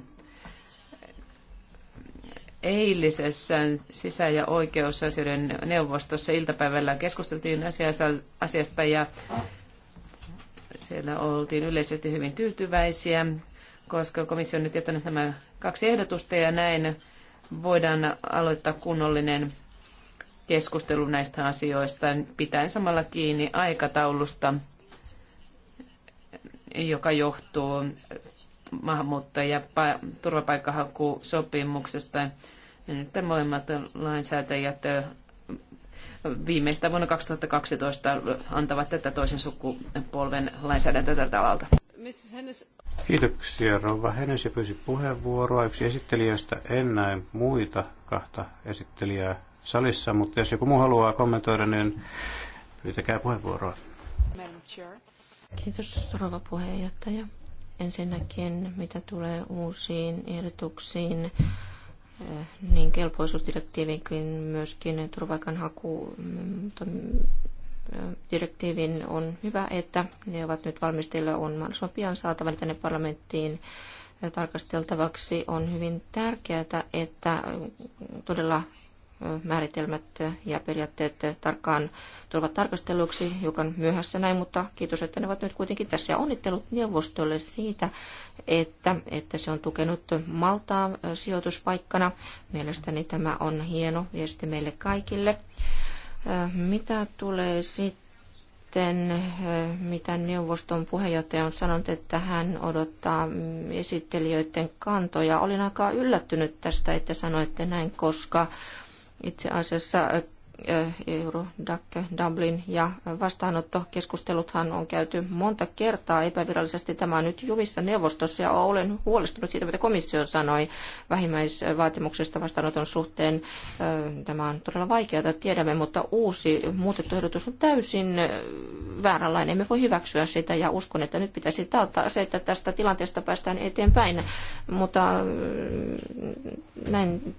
eilisessä sisä- ja oikeusasioiden neuvostossa iltapäivällä keskusteltiin asiasta ja siellä oltiin yleisesti hyvin tyytyväisiä, koska komissio on nyt jättänyt nämä kaksi ehdotusta ja näin voidaan aloittaa kunnollinen keskustelu näistä asioista pitäen samalla kiinni aikataulusta, joka johtuu maahanmuutto- ja turvapaikkahakusopimuksesta, nyt molemmat lainsäätäjät viimeistä vuonna 2012 antavat tätä toisen sukupolven lainsäädäntöä tältä alalta. Kiitoksia. Rova Hennes ja pyysi puheenvuoroa. Yksi esittelijöistä en näe muita kahta esittelijää salissa, mutta jos joku muu haluaa kommentoida, niin pyytäkää puheenvuoroa. Kiitos Rova puheenjohtaja. Ensinnäkin, mitä tulee uusiin ehdotuksiin Eh, niin kelpoisuusdirektiivin kuin myöskin turvapaikanhaku mm, eh, direktiivin on hyvä, että ne ovat nyt valmistelua on mahdollisimman pian saatavilla tänne parlamenttiin tarkasteltavaksi. On hyvin tärkeää, että todella määritelmät ja periaatteet tarkkaan tulevat tarkasteluksi, hiukan myöhässä näin, mutta kiitos, että ne ovat nyt kuitenkin tässä. Ja onnittelut neuvostolle siitä, että, että se on tukenut Maltaa sijoituspaikkana. Mielestäni tämä on hieno viesti meille kaikille. Mitä tulee sitten? sitten, mitä neuvoston puheenjohtaja on sanonut, että hän odottaa esittelijöiden kantoja. Olin aika yllättynyt tästä, että sanoitte näin, koska itse asiassa Dublin ja vastaanottokeskusteluthan on käyty monta kertaa epävirallisesti. Tämä on nyt juvissa neuvostossa ja olen huolestunut siitä, mitä komissio sanoi vähimmäisvaatimuksesta vastaanoton suhteen. Tämä on todella vaikeaa, tiedämme, mutta uusi muutettu ehdotus on täysin vääränlainen. Emme voi hyväksyä sitä ja uskon, että nyt pitäisi taata se, että tästä tilanteesta päästään eteenpäin, mutta näin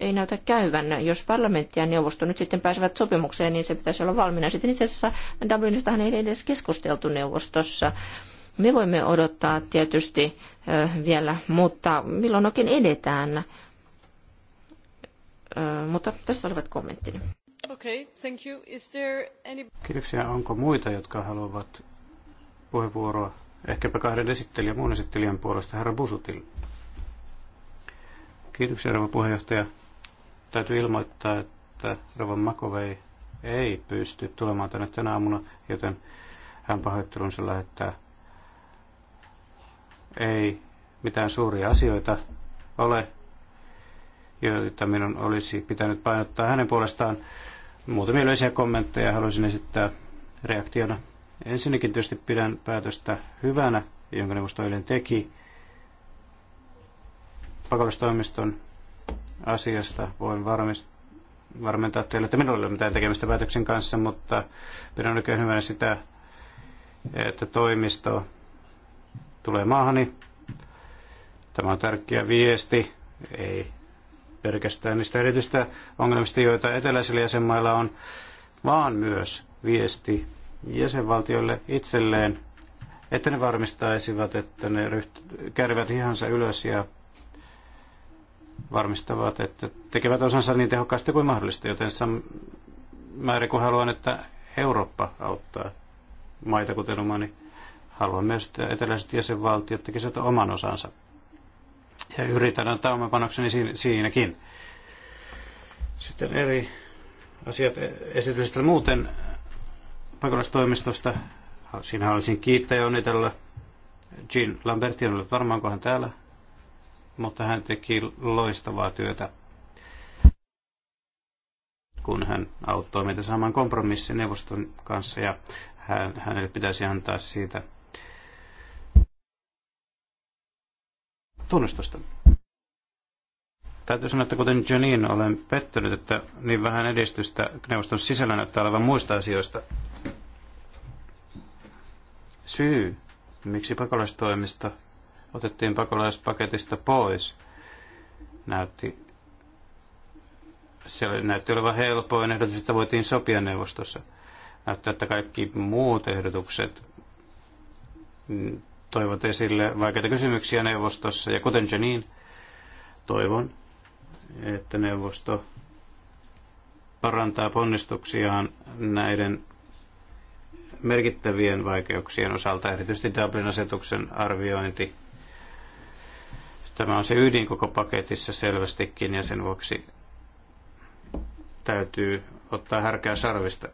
ei näytä käyvän. Jos parlamentti ja neuvosto nyt sitten pääsevät sopimukseen, niin se pitäisi olla valmiina. Sitten itse asiassa Dublinistahan ei edes keskusteltu neuvostossa. Me voimme odottaa tietysti vielä, mutta milloin oikein edetään? mutta tässä olivat kommenttini. Okay, thank you. Is there any... Kiitoksia. Onko muita, jotka haluavat puheenvuoroa? Ehkäpä kahden esittelijän, muun esittelijän puolesta, herra Busutil. Kiitoksia, herra puheenjohtaja täytyy ilmoittaa, että Rovan Makovei ei pysty tulemaan tänne tänä aamuna, joten hän pahoittelunsa lähettää. Ei mitään suuria asioita ole, joita minun olisi pitänyt painottaa hänen puolestaan. Muutamia yleisiä kommentteja haluaisin esittää reaktiona. Ensinnäkin tietysti pidän päätöstä hyvänä, jonka neuvosto eilen teki pakolaistoimiston asiasta. Voin varmistaa varmentaa teille, että minulla ei ole mitään tekemistä päätöksen kanssa, mutta pidän oikein hyvänä sitä, että toimisto tulee maahani. Tämä on tärkeä viesti, ei pelkästään niistä erityistä ongelmista, joita eteläisillä jäsenmailla on, vaan myös viesti jäsenvaltioille itselleen, että ne varmistaisivat, että ne ryht- kärvät ihansa ylös ja varmistavat, että tekevät osansa niin tehokkaasti kuin mahdollista, joten määrin kun haluan, että Eurooppa auttaa maita, kuten oma, niin haluan myös, että eteläiset jäsenvaltiot tekisivät oman osansa. Ja yritän antaa oman panokseni siinäkin. Sitten eri asiat e- esityksestä muuten pakolaistoimistosta. Siinä haluaisin kiittää ja onnitella Jean Lambertin, varmaankohan täällä mutta hän teki loistavaa työtä, kun hän auttoi meitä saamaan kompromissin neuvoston kanssa ja hän, hänelle pitäisi antaa siitä tunnustusta. Täytyy sanoa, että kuten Janine, olen pettynyt, että niin vähän edistystä neuvoston sisällä näyttää olevan muista asioista. Syy, miksi pakolaistoimisto otettiin pakolaispaketista pois, näytti, se oli, näytti olevan helpoin ehdotus, että voitiin sopia neuvostossa. Näyttää, että kaikki muut ehdotukset toivat esille vaikeita kysymyksiä neuvostossa. Ja kuten Janin, toivon, että neuvosto parantaa ponnistuksiaan näiden merkittävien vaikeuksien osalta, erityisesti Dublin-asetuksen arviointi Tämä on se ydin koko paketissa selvästikin ja sen vuoksi täytyy ottaa härkää sarvista.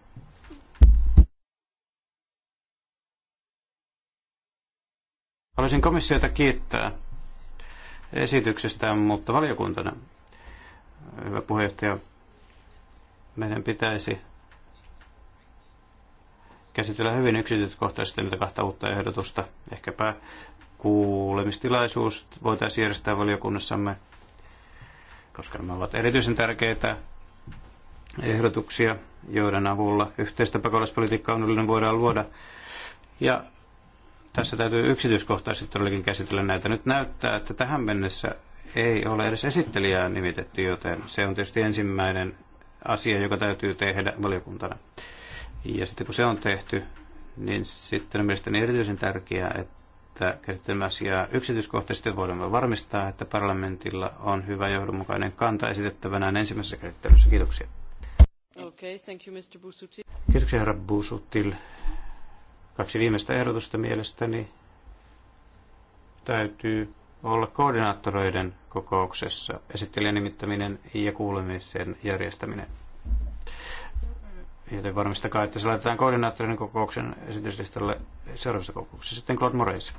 Haluaisin komissiota kiittää esityksestä, mutta valiokuntana, hyvä puheenjohtaja, meidän pitäisi käsitellä hyvin yksityiskohtaisesti niitä kahta uutta ehdotusta. Ehkäpä kuulemistilaisuus voitaisiin järjestää valiokunnassamme, koska nämä ovat erityisen tärkeitä ehdotuksia, joiden avulla yhteistä pakolaispolitiikkaa uudelleen voidaan luoda. Ja tässä täytyy yksityiskohtaisesti todellakin käsitellä näitä. Nyt näyttää, että tähän mennessä ei ole edes esittelijää nimitetty, joten se on tietysti ensimmäinen asia, joka täytyy tehdä valiokuntana. Ja sitten kun se on tehty, niin sitten on mielestäni erityisen tärkeää, että että käsittelemme asiaa yksityiskohtaisesti voimme varmistaa, että parlamentilla on hyvä johdonmukainen kanta esitettävänään ensimmäisessä käsittelyssä. Kiitoksia. Okay, thank you, Mr. Busutil. Kiitoksia, herra Busutil. Kaksi viimeistä ehdotusta mielestäni täytyy olla koordinaattoreiden kokouksessa esittelijän nimittäminen ja kuulemisen järjestäminen. Joten varmistakaa, että se laitetaan koordinaattorin kokouksen esityslistalle seuraavassa kokouksessa. Sitten Claude Moraes.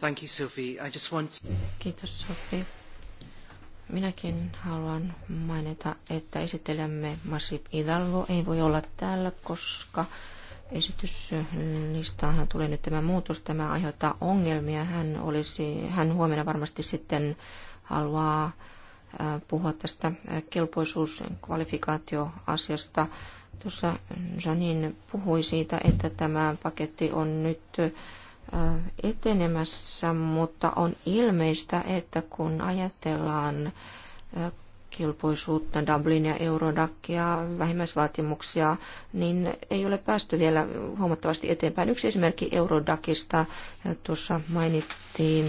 Thank you, Sophie. I just want... Kiitos, Sophie. Minäkin haluan mainita, että esittelemme Masip Idalvo ei voi olla täällä, koska esityslistaan tulee nyt tämä muutos. Tämä aiheuttaa ongelmia. Hän, olisi, hän huomenna varmasti sitten haluaa puhua tästä kelpoisuuskvalifikaatioasiasta. asiasta Tuossa Janin puhui siitä, että tämä paketti on nyt etenemässä, mutta on ilmeistä, että kun ajatellaan kilpoisuutta, Dublinia, ja vähimmäisvaatimuksia, niin ei ole päästy vielä huomattavasti eteenpäin. Yksi esimerkki Eurodakista tuossa mainittiin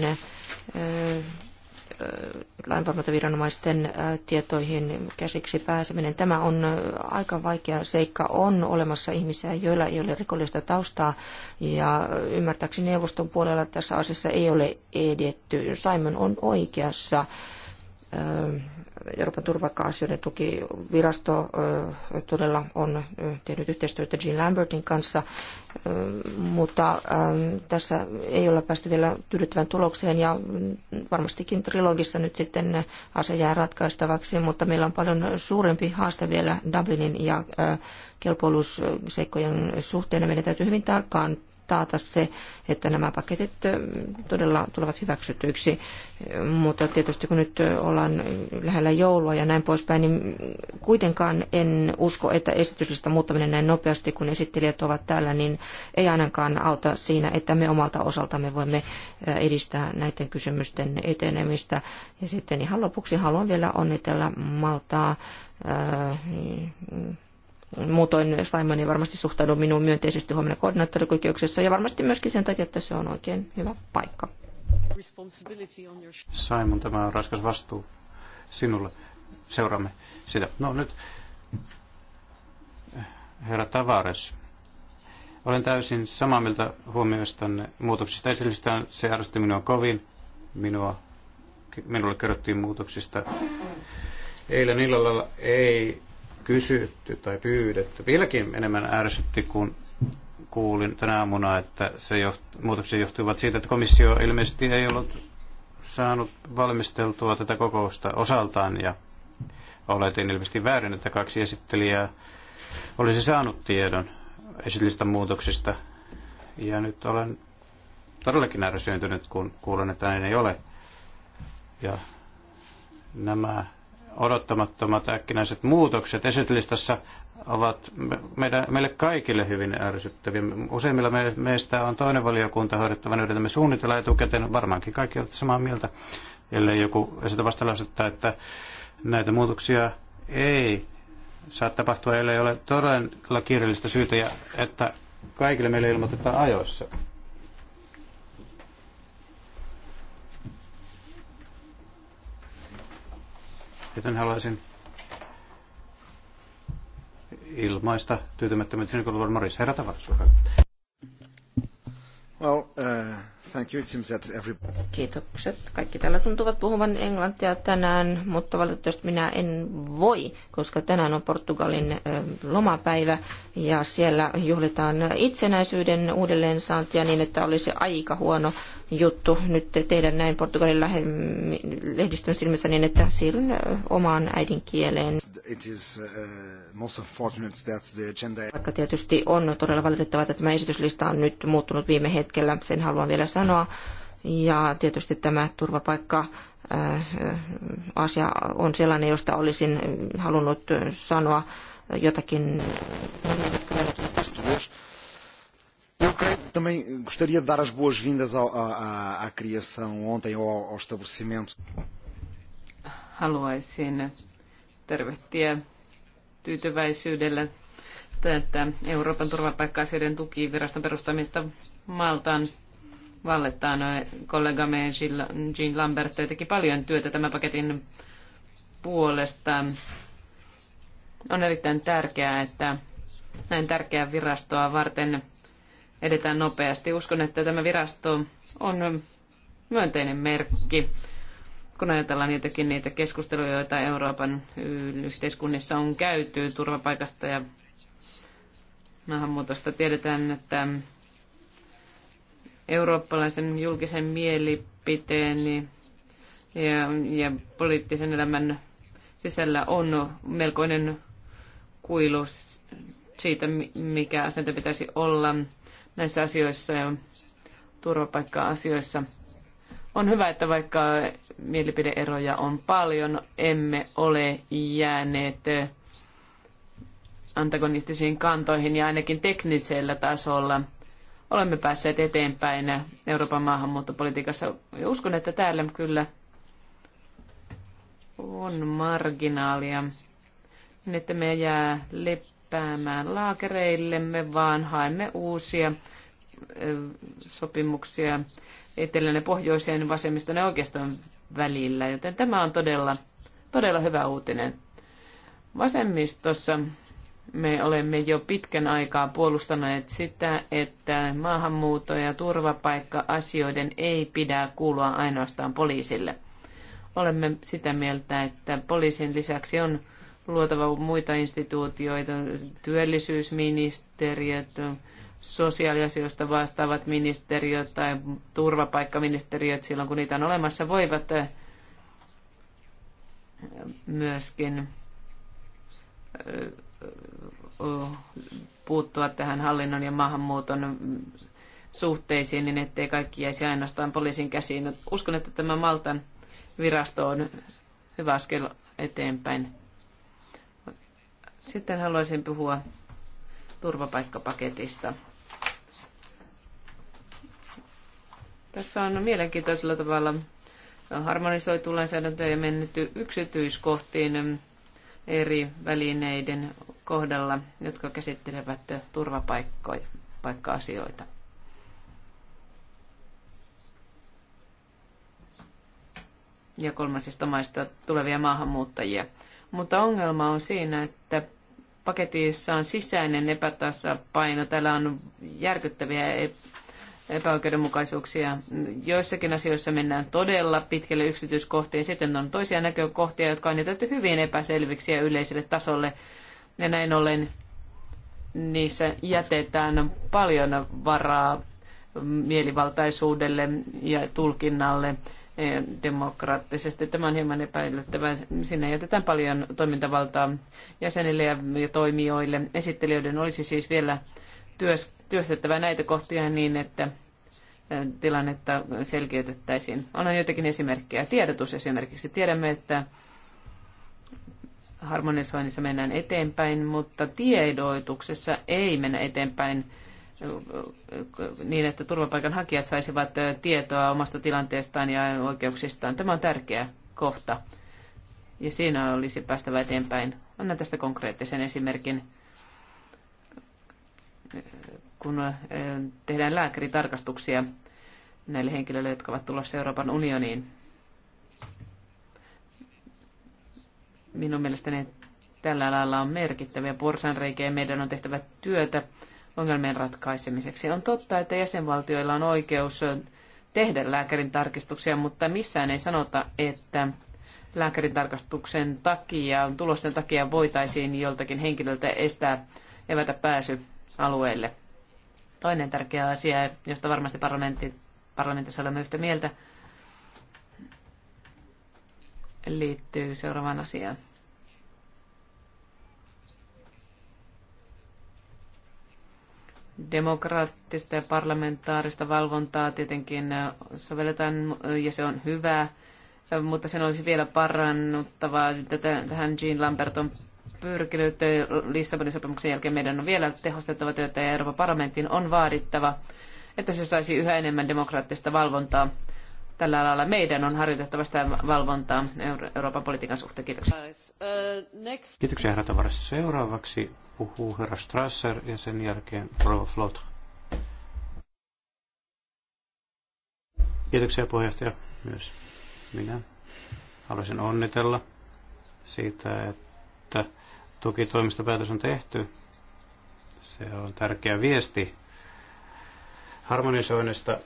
lainvalvontaviranomaisten äh, tietoihin käsiksi pääseminen. Tämä on äh, aika vaikea seikka. On olemassa ihmisiä, joilla ei ole rikollista taustaa ja äh, ymmärtääkseni neuvoston puolella tässä asiassa ei ole edetty. Simon on oikeassa Euroopan turvakaasioiden tukivirasto todella on tehnyt yhteistyötä Jean Lambertin kanssa, mutta tässä ei ole päästy vielä tyydyttävän tulokseen ja varmastikin trilogissa nyt sitten asia jää ratkaistavaksi, mutta meillä on paljon suurempi haaste vielä Dublinin ja kelpoiluusseikkojen suhteen ja meidän täytyy hyvin tarkkaan taata se, että nämä paketit todella tulevat hyväksytyiksi. Mutta tietysti kun nyt ollaan lähellä joulua ja näin poispäin, niin kuitenkaan en usko, että esityslista muuttaminen näin nopeasti, kun esittelijät ovat täällä, niin ei ainakaan auta siinä, että me omalta osaltamme voimme edistää näiden kysymysten etenemistä. Ja sitten ihan lopuksi haluan vielä onnitella Maltaa Muutoin ei varmasti suhtaudu minuun myönteisesti huomenna koordinaattorikokeuksessa ja varmasti myöskin sen takia, että se on oikein hyvä paikka. Simon, tämä on raskas vastuu sinulle. Seuraamme sitä. No nyt, herra Tavares, olen täysin samaa mieltä huomioistanne muutoksista. Esimerkiksi se ärsytti minua kovin. Minua, minulle kerrottiin muutoksista. Eilen illalla ei kysytty tai pyydetty. Vieläkin enemmän ärsytti, kun kuulin tänä aamuna, että se joht- muutokset johtuivat siitä, että komissio ilmeisesti ei ollut saanut valmisteltua tätä kokousta osaltaan ja oletin ilmeisesti väärin, että kaksi esittelijää olisi saanut tiedon esitellistä muutoksista. Ja nyt olen todellakin ärsyyntynyt, kun kuulen, että näin ei ole. Ja nämä odottamattomat äkkinäiset muutokset esityslistassa ovat meidän, meille kaikille hyvin ärsyttäviä. Useimmilla me, meistä on toinen valiokunta hoidettavan, niin yritämme suunnitella etukäteen, varmaankin kaikki ovat samaa mieltä, ellei joku esitä vastalausetta, että näitä muutoksia ei saa tapahtua, ellei ole todella kiireellistä syytä ja että kaikille meille ilmoitetaan ajoissa. Joten ilmaista tyytymättömyyteni, kun Morris herra Tavares. Well, uh... Thank you. It seems that every... Kiitokset. Kaikki täällä tuntuvat puhuvan englantia tänään, mutta valitettavasti minä en voi, koska tänään on Portugalin lomapäivä ja siellä juhlitaan itsenäisyyden uudelleensaantia niin, että olisi aika huono juttu nyt tehdä näin Portugalin lehdistön silmissä niin, että siirryn omaan äidinkieleen. It is, uh, Vaikka tietysti on todella valitettavaa, että tämä esityslista on nyt muuttunut viime hetkellä, sen haluan vielä sanoa. Ja tietysti tämä turvapaikka äh, asia on sellainen, josta olisin halunnut sanoa jotakin. também gostaria de dar as boas-vindas à, criação ontem ao, ao estabelecimento. Haluaisin tervehtiä tyytyväisyydellä tätä Euroopan turvapaikka-asioiden tukiviraston perustamista Maltaan noin Kollegamme Jean Lambert teki paljon työtä tämän paketin puolesta. On erittäin tärkeää, että näin tärkeää virastoa varten edetään nopeasti. Uskon, että tämä virasto on myönteinen merkki, kun ajatellaan jotenkin niitä keskusteluja, joita Euroopan yhteiskunnissa on käyty turvapaikasta ja maahanmuutosta. Tiedetään, että eurooppalaisen julkisen mielipiteen ja, ja poliittisen elämän sisällä on melkoinen kuilu siitä, mikä asento pitäisi olla näissä asioissa ja turvapaikka-asioissa. On hyvä, että vaikka mielipideeroja on paljon, emme ole jääneet antagonistisiin kantoihin ja ainakin teknisellä tasolla olemme päässeet eteenpäin Euroopan maahanmuuttopolitiikassa. Uskon, että täällä kyllä on marginaalia, niin että me jää leppäämään laakereillemme, vaan haemme uusia sopimuksia etelän ja pohjoiseen vasemmiston ja oikeiston välillä, joten tämä on todella, todella hyvä uutinen. Vasemmistossa me olemme jo pitkän aikaa puolustaneet sitä, että maahanmuutto- ja turvapaikka-asioiden ei pidä kuulua ainoastaan poliisille. Olemme sitä mieltä, että poliisin lisäksi on luotava muita instituutioita, työllisyysministeriöt, sosiaaliasioista vastaavat ministeriöt tai turvapaikkaministeriöt silloin, kun niitä on olemassa, voivat eh, myöskin eh, puuttua tähän hallinnon ja maahanmuuton suhteisiin, niin ettei kaikki jäisi ainoastaan poliisin käsiin. Uskon, että tämä Maltan virasto on hyvä askel eteenpäin. Sitten haluaisin puhua turvapaikkapaketista. Tässä on mielenkiintoisella tavalla harmonisoitu lainsäädäntö ja mennyt yksityiskohtiin eri välineiden kohdalla, jotka käsittelevät turvapaikka-asioita. ja kolmansista maista tulevia maahanmuuttajia. Mutta ongelma on siinä, että paketissa on sisäinen epätasapaino. Täällä on järkyttäviä epäoikeudenmukaisuuksia. Joissakin asioissa mennään todella pitkälle yksityiskohtiin. Sitten on toisia näkökohtia, jotka on jätetty hyvin epäselviksi ja yleiselle tasolle. Ja näin ollen niissä jätetään paljon varaa mielivaltaisuudelle ja tulkinnalle e, demokraattisesti. Tämä on hieman epäilyttävää. Sinne jätetään paljon toimintavaltaa jäsenille ja toimijoille. Esittelijöiden olisi siis vielä työstettävä näitä kohtia niin, että tilannetta selkeytettäisiin. Annan joitakin esimerkkejä. Tiedotus esimerkiksi. Tiedämme, että harmonisoinnissa mennään eteenpäin, mutta tiedoituksessa ei mennä eteenpäin niin, että turvapaikanhakijat saisivat tietoa omasta tilanteestaan ja oikeuksistaan. Tämä on tärkeä kohta. Ja siinä olisi päästävä eteenpäin. Annan tästä konkreettisen esimerkin kun tehdään lääkäritarkastuksia näille henkilöille, jotka ovat tulossa Euroopan unioniin. Minun mielestäni tällä lailla on merkittäviä porsanreikiä ja meidän on tehtävä työtä ongelmien ratkaisemiseksi. On totta, että jäsenvaltioilla on oikeus tehdä lääkärin tarkistuksia, mutta missään ei sanota, että lääkärin tarkastuksen takia, tulosten takia voitaisiin joltakin henkilöltä estää evätä pääsy alueelle. Toinen tärkeä asia, josta varmasti parlamentti, parlamentissa olemme yhtä mieltä, liittyy seuraavaan asiaan. demokraattista ja parlamentaarista valvontaa tietenkin sovelletaan ja se on hyvä, mutta sen olisi vielä parannuttavaa. tähän Jean Lambert on pyrkinyt Lissabonin sopimuksen jälkeen meidän on vielä tehostettava työtä ja Euroopan parlamentin on vaadittava, että se saisi yhä enemmän demokraattista valvontaa. Tällä alalla meidän on harjoitettava sitä valvontaa Euroopan politiikan suhteen. Kiitoksia. Uh, Kiitoksia herra Tavares. Seuraavaksi puhuu herra Strasser ja sen jälkeen rouva Flot. Kiitoksia puheenjohtaja myös minä. Haluaisin onnitella siitä, että että tukitoimistopäätös päätös on tehty. Se on tärkeä viesti harmonisoinnista.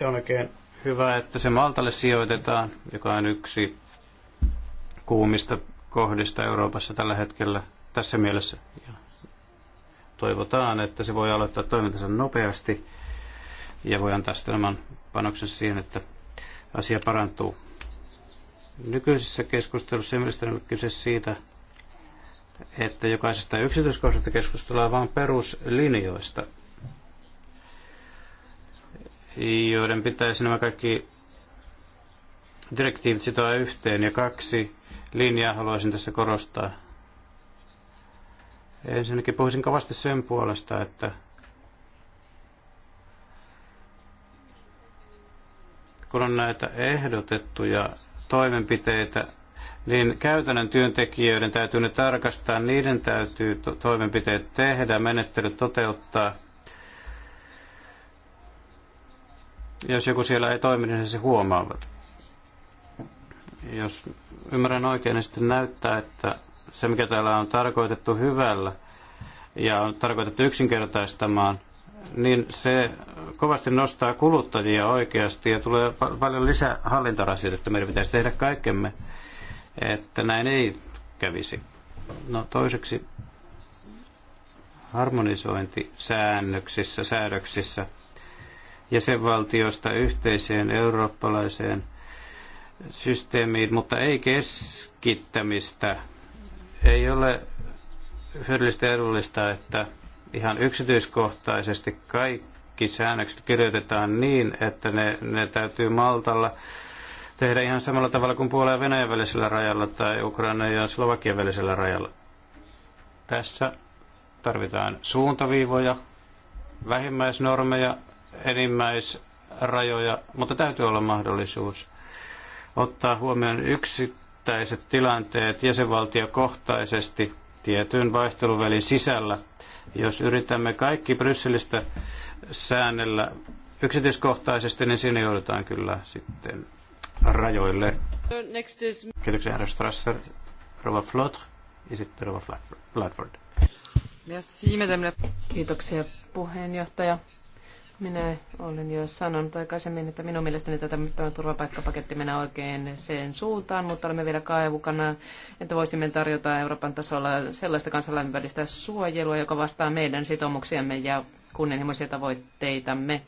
Ja on oikein hyvä, että se Maltalle sijoitetaan, joka on yksi kuumista kohdista Euroopassa tällä hetkellä tässä mielessä. Ja toivotaan, että se voi aloittaa toimintansa nopeasti ja voi antaa sitten oman panoksen siihen, että asia parantuu. Nykyisessä keskustelussa ei mielestäni ole kyse siitä, että jokaisesta yksityiskohdasta keskustellaan vain peruslinjoista, joiden pitäisi nämä kaikki direktiivit sitoa yhteen. Ja kaksi linjaa haluaisin tässä korostaa. Ensinnäkin puhuisin kovasti sen puolesta, että kun on näitä ehdotettuja toimenpiteitä, niin käytännön työntekijöiden täytyy ne tarkastaa, niiden täytyy toimenpiteet tehdä, menettelyt toteuttaa. Jos joku siellä ei toimi, niin se huomaavat. Jos ymmärrän oikein, niin sitten näyttää, että se mikä täällä on tarkoitettu hyvällä ja on tarkoitettu yksinkertaistamaan – niin se kovasti nostaa kuluttajia oikeasti ja tulee paljon lisää hallintorasitetta. Meidän pitäisi tehdä kaikkemme, että näin ei kävisi. No toiseksi säännöksissä, säädöksissä jäsenvaltiosta yhteiseen eurooppalaiseen systeemiin, mutta ei keskittämistä. Ei ole hyödyllistä ja edullista, että ihan yksityiskohtaisesti kaikki säännökset kirjoitetaan niin, että ne, ne täytyy Maltalla tehdä ihan samalla tavalla kuin Puolan ja Venäjän välisellä rajalla tai Ukraina ja Slovakian välisellä rajalla. Tässä tarvitaan suuntaviivoja, vähimmäisnormeja, enimmäisrajoja, mutta täytyy olla mahdollisuus ottaa huomioon yksittäiset tilanteet jäsenvaltiokohtaisesti tietyn vaihteluvälin sisällä – jos yritämme kaikki Brysselistä säännellä yksityiskohtaisesti, niin siinä joudutaan kyllä sitten rajoille. Next is... Kiitoksia, herra Strasser, Rova Flot ja sitten Rova Flatford. Merci, madame la... Kiitoksia, puheenjohtaja. Minä olen jo sanonut aikaisemmin, että minun mielestäni tätä, tämä turvapaikkapaketti menee oikein sen suuntaan, mutta olemme vielä kaivukana, että voisimme tarjota Euroopan tasolla sellaista kansainvälistä suojelua, joka vastaa meidän sitoumuksiamme ja kunnianhimoisia tavoitteitamme.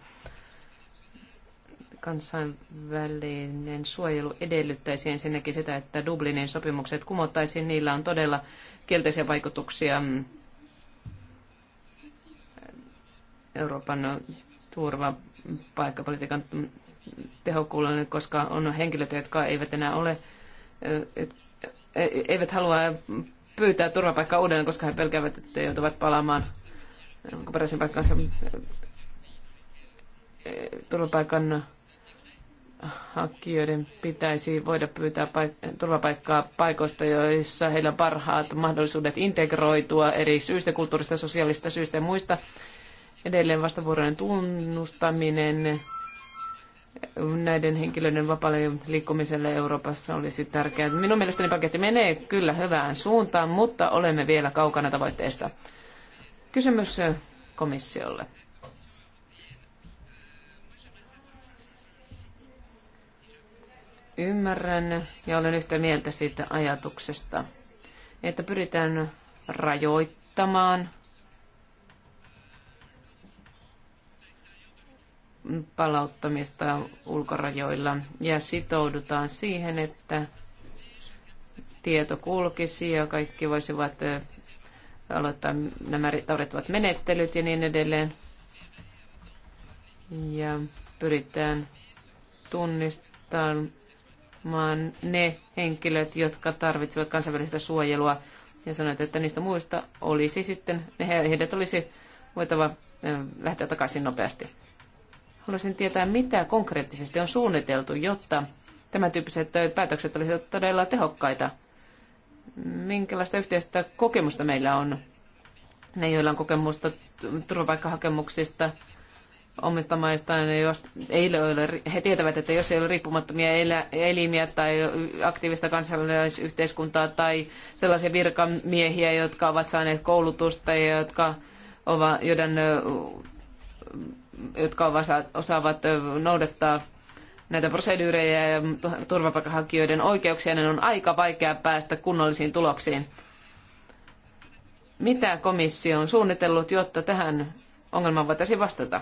Kansainvälinen suojelu edellyttäisi ensinnäkin sitä, että Dublinin sopimukset kumottaisiin. Niillä on todella kielteisiä vaikutuksia Euroopan turvapaikkapolitiikan tehokkuudelle, koska on henkilöitä, jotka eivät enää ole, e, e, eivät halua pyytää turvapaikkaa uudelleen, koska he pelkäävät, että joutuvat palaamaan alkuperäisen paikkansa e, turvapaikan hakijoiden pitäisi voida pyytää paik- turvapaikkaa paikoista, joissa heillä on parhaat mahdollisuudet integroitua eri syistä, kulttuurista, sosiaalista syistä ja muista Edelleen vastavuoroinen tunnustaminen näiden henkilöiden vapaalle liikkumiselle Euroopassa olisi tärkeää. Minun mielestäni paketti menee kyllä hyvään suuntaan, mutta olemme vielä kaukana tavoitteesta. Kysymys komissiolle. Ymmärrän ja olen yhtä mieltä siitä ajatuksesta, että pyritään rajoittamaan palauttamista ulkorajoilla ja sitoudutaan siihen, että tieto kulkisi ja kaikki voisivat aloittaa nämä tarvittavat menettelyt ja niin edelleen. Ja pyritään tunnistamaan ne henkilöt, jotka tarvitsevat kansainvälistä suojelua. Ja sanoit, että niistä muista olisi sitten, heidät olisi voitava lähteä takaisin nopeasti. Haluaisin tietää, mitä konkreettisesti on suunniteltu, jotta tämän tyyppiset päätökset olisivat todella tehokkaita. Minkälaista yhteistä kokemusta meillä on? Ne, joilla on kokemusta turvapaikkahakemuksista omista maistaan, jos ei ole, he tietävät, että jos ei ole riippumattomia elimiä tai aktiivista kansalaisyhteiskuntaa tai sellaisia virkamiehiä, jotka ovat saaneet koulutusta ja jotka ovat, joiden jotka osaavat noudattaa näitä proseduureja ja turvapaikanhakijoiden oikeuksia, niin on aika vaikea päästä kunnollisiin tuloksiin. Mitä komissio on suunnitellut, jotta tähän ongelmaan voitaisiin vastata?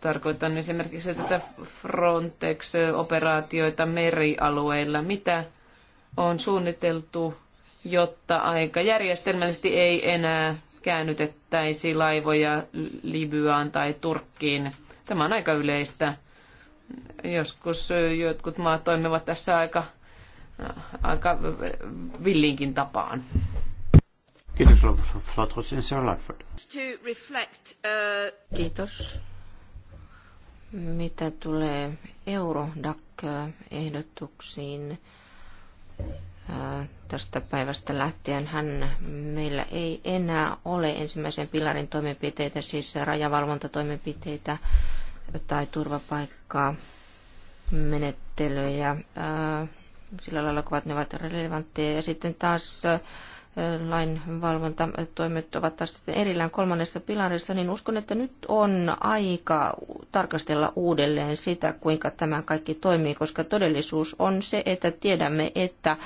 Tarkoitan esimerkiksi tätä Frontex-operaatioita merialueilla. Mitä on suunniteltu jotta aika järjestelmällisesti ei enää käännytettäisi laivoja Libyaan tai Turkkiin. Tämä on aika yleistä. Joskus jotkut maat toimivat tässä aika, aika villinkin tapaan. Kiitos, Flatrosin uh, Kiitos. Mitä tulee Eurodac-ehdotuksiin, tästä päivästä lähtien hän meillä ei enää ole ensimmäisen pilarin toimenpiteitä, siis rajavalvontatoimenpiteitä tai turvapaikkaa menettelyjä sillä lailla, kun ne ovat relevantteja. Ja sitten taas lainvalvontatoimet ovat taas sitten erillään kolmannessa pilarissa, niin uskon, että nyt on aika tarkastella uudelleen sitä, kuinka tämä kaikki toimii, koska todellisuus on se, että tiedämme, että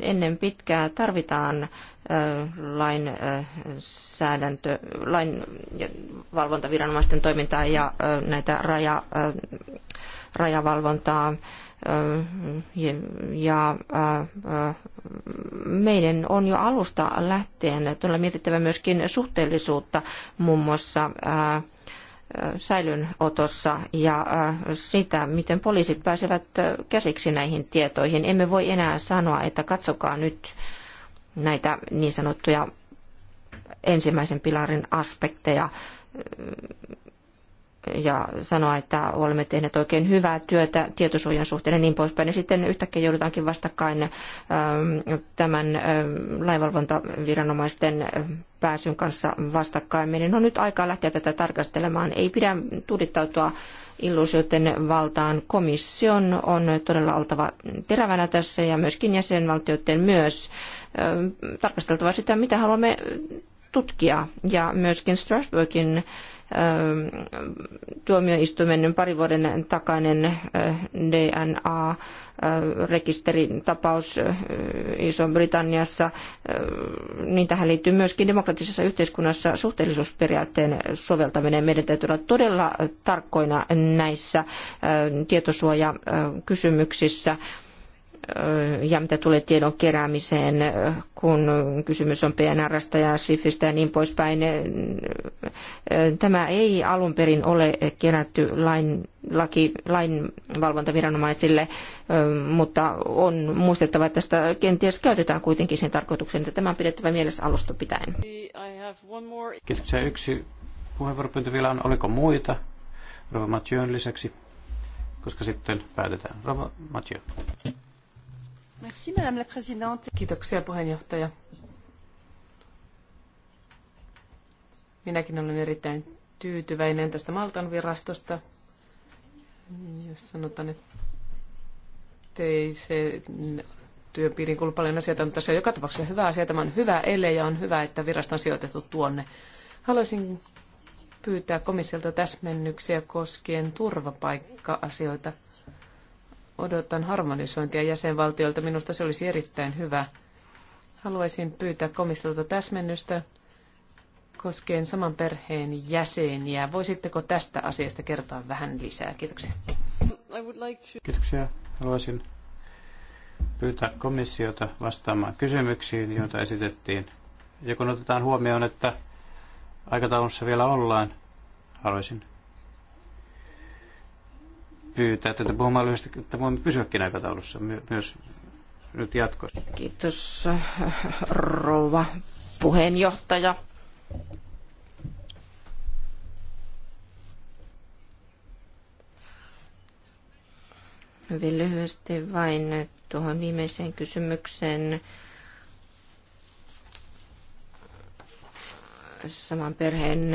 ennen pitkää tarvitaan lainsäädäntö, lain valvontaviranomaisten toimintaa ja näitä raja, rajavalvontaa ja meidän on jo alusta lähtien tulla mietittävä myöskin suhteellisuutta muun muassa säilynotossa ja sitä, miten poliisit pääsevät käsiksi näihin tietoihin. Emme voi enää sanoa, että katsokaa nyt näitä niin sanottuja ensimmäisen pilarin aspekteja ja sanoa, että olemme tehneet oikein hyvää työtä tietosuojan suhteen ja niin poispäin. Ja sitten yhtäkkiä joudutaankin vastakkain ähm, tämän ähm, laivalvontaviranomaisten ähm, pääsyn kanssa vastakkain. Meidän on nyt aikaa lähteä tätä tarkastelemaan. Ei pidä tudittautua illuusioiden valtaan. Komission on todella oltava terävänä tässä ja myöskin jäsenvaltioiden myös tarkasteltava sitä, mitä haluamme tutkia. Ja myöskin Strasbourgin tuomioistuimen pari vuoden takainen DNA rekisteritapaus Iso-Britanniassa, niin tähän liittyy myöskin demokratisessa yhteiskunnassa suhteellisuusperiaatteen soveltaminen. Meidän täytyy olla todella tarkkoina näissä tietosuojakysymyksissä. kysymyksissä ja mitä tulee tiedon keräämiseen, kun kysymys on PNRstä ja SWIFTistä ja niin poispäin. Tämä ei alun perin ole kerätty lain, laki, valvontaviranomaisille, mutta on muistettava, että tästä kenties käytetään kuitenkin sen tarkoituksen, että tämä on pidettävä mielessä alusta pitäen. Kiitoksia. Yksi puheenvuoropyyntö vielä on. Oliko muita? Rova Mathieu lisäksi, koska sitten päätetään. Rova Mathieu. Merci, Madame la Présidente. Kiitoksia puheenjohtaja. Minäkin olen erittäin tyytyväinen tästä Maltan virastosta, jos sanotaan, että ei se työpiiriin kuulu paljon asioita, mutta se on joka tapauksessa hyvä asia. Tämä on hyvä ele ja on hyvä, että virasto on sijoitettu tuonne. Haluaisin pyytää komissiolta täsmennyksiä koskien turvapaikka-asioita. Odotan harmonisointia jäsenvaltioilta. Minusta se olisi erittäin hyvä. Haluaisin pyytää komissiolta täsmennystä koskien saman perheen jäseniä. Voisitteko tästä asiasta kertoa vähän lisää? Kiitoksia. Kiitoksia. Haluaisin pyytää komissiota vastaamaan kysymyksiin, joita esitettiin. Ja kun otetaan huomioon, että aikataulussa vielä ollaan, haluaisin pyytää tätä puhumaan lyhyesti, että voimme pysyäkin aikataulussa myös nyt jatkossa. Kiitos rouva puheenjohtaja. Hyvin lyhyesti vain tuohon viimeiseen kysymykseen. Saman perheen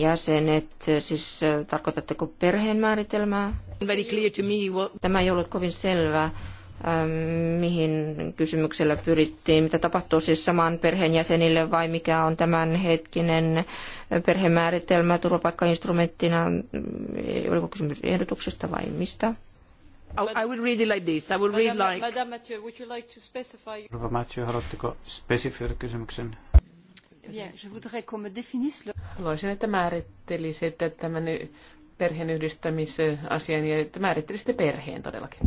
jäsenet, siis tarkoitatteko perheen määritelmää? Very clear to me what... Tämä ei ollut kovin selvää ähm, mihin kysymyksellä pyrittiin, mitä tapahtuu siis saman perheenjäsenille vai mikä on tämän hetkinen perhemääritelmä turvapaikkainstrumenttina, oliko kysymys ehdotuksesta vai mistä? I would read it like this. I would read like... Madame Mathieu, would you like to specify... Madame Mathieu, haluatteko spesifioida kysymyksen? Bien, je voudrais qu'on me définisse le... Haluaisin, että määrittelisitte tämän perheenyhdistämisasian ja että määrittelisitte perheen todellakin.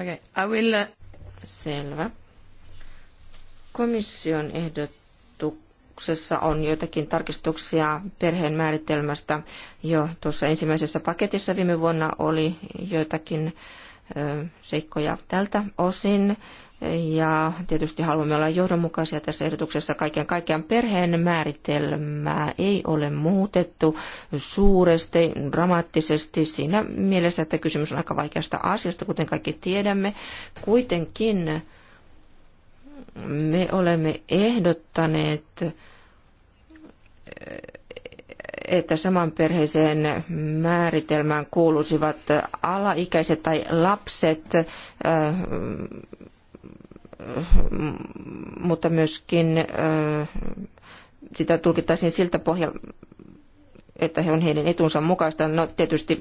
Okei, okay, I will... Uh, Selvä. Komission ehdotuksessa on joitakin tarkistuksia perheen määritelmästä. Jo tuossa ensimmäisessä paketissa viime vuonna oli joitakin seikkoja tältä osin. Ja tietysti haluamme olla johdonmukaisia tässä ehdotuksessa. Kaiken kaikkiaan perheen määritelmää ei ole muutettu suuresti, dramaattisesti siinä mielessä, että kysymys on aika vaikeasta asiasta, kuten kaikki tiedämme. Kuitenkin me olemme ehdottaneet että saman perheeseen määritelmään kuuluisivat alaikäiset tai lapset mutta myöskin sitä tulkittaisiin siltä pohjalta, että he on heidän etunsa mukaista. No tietysti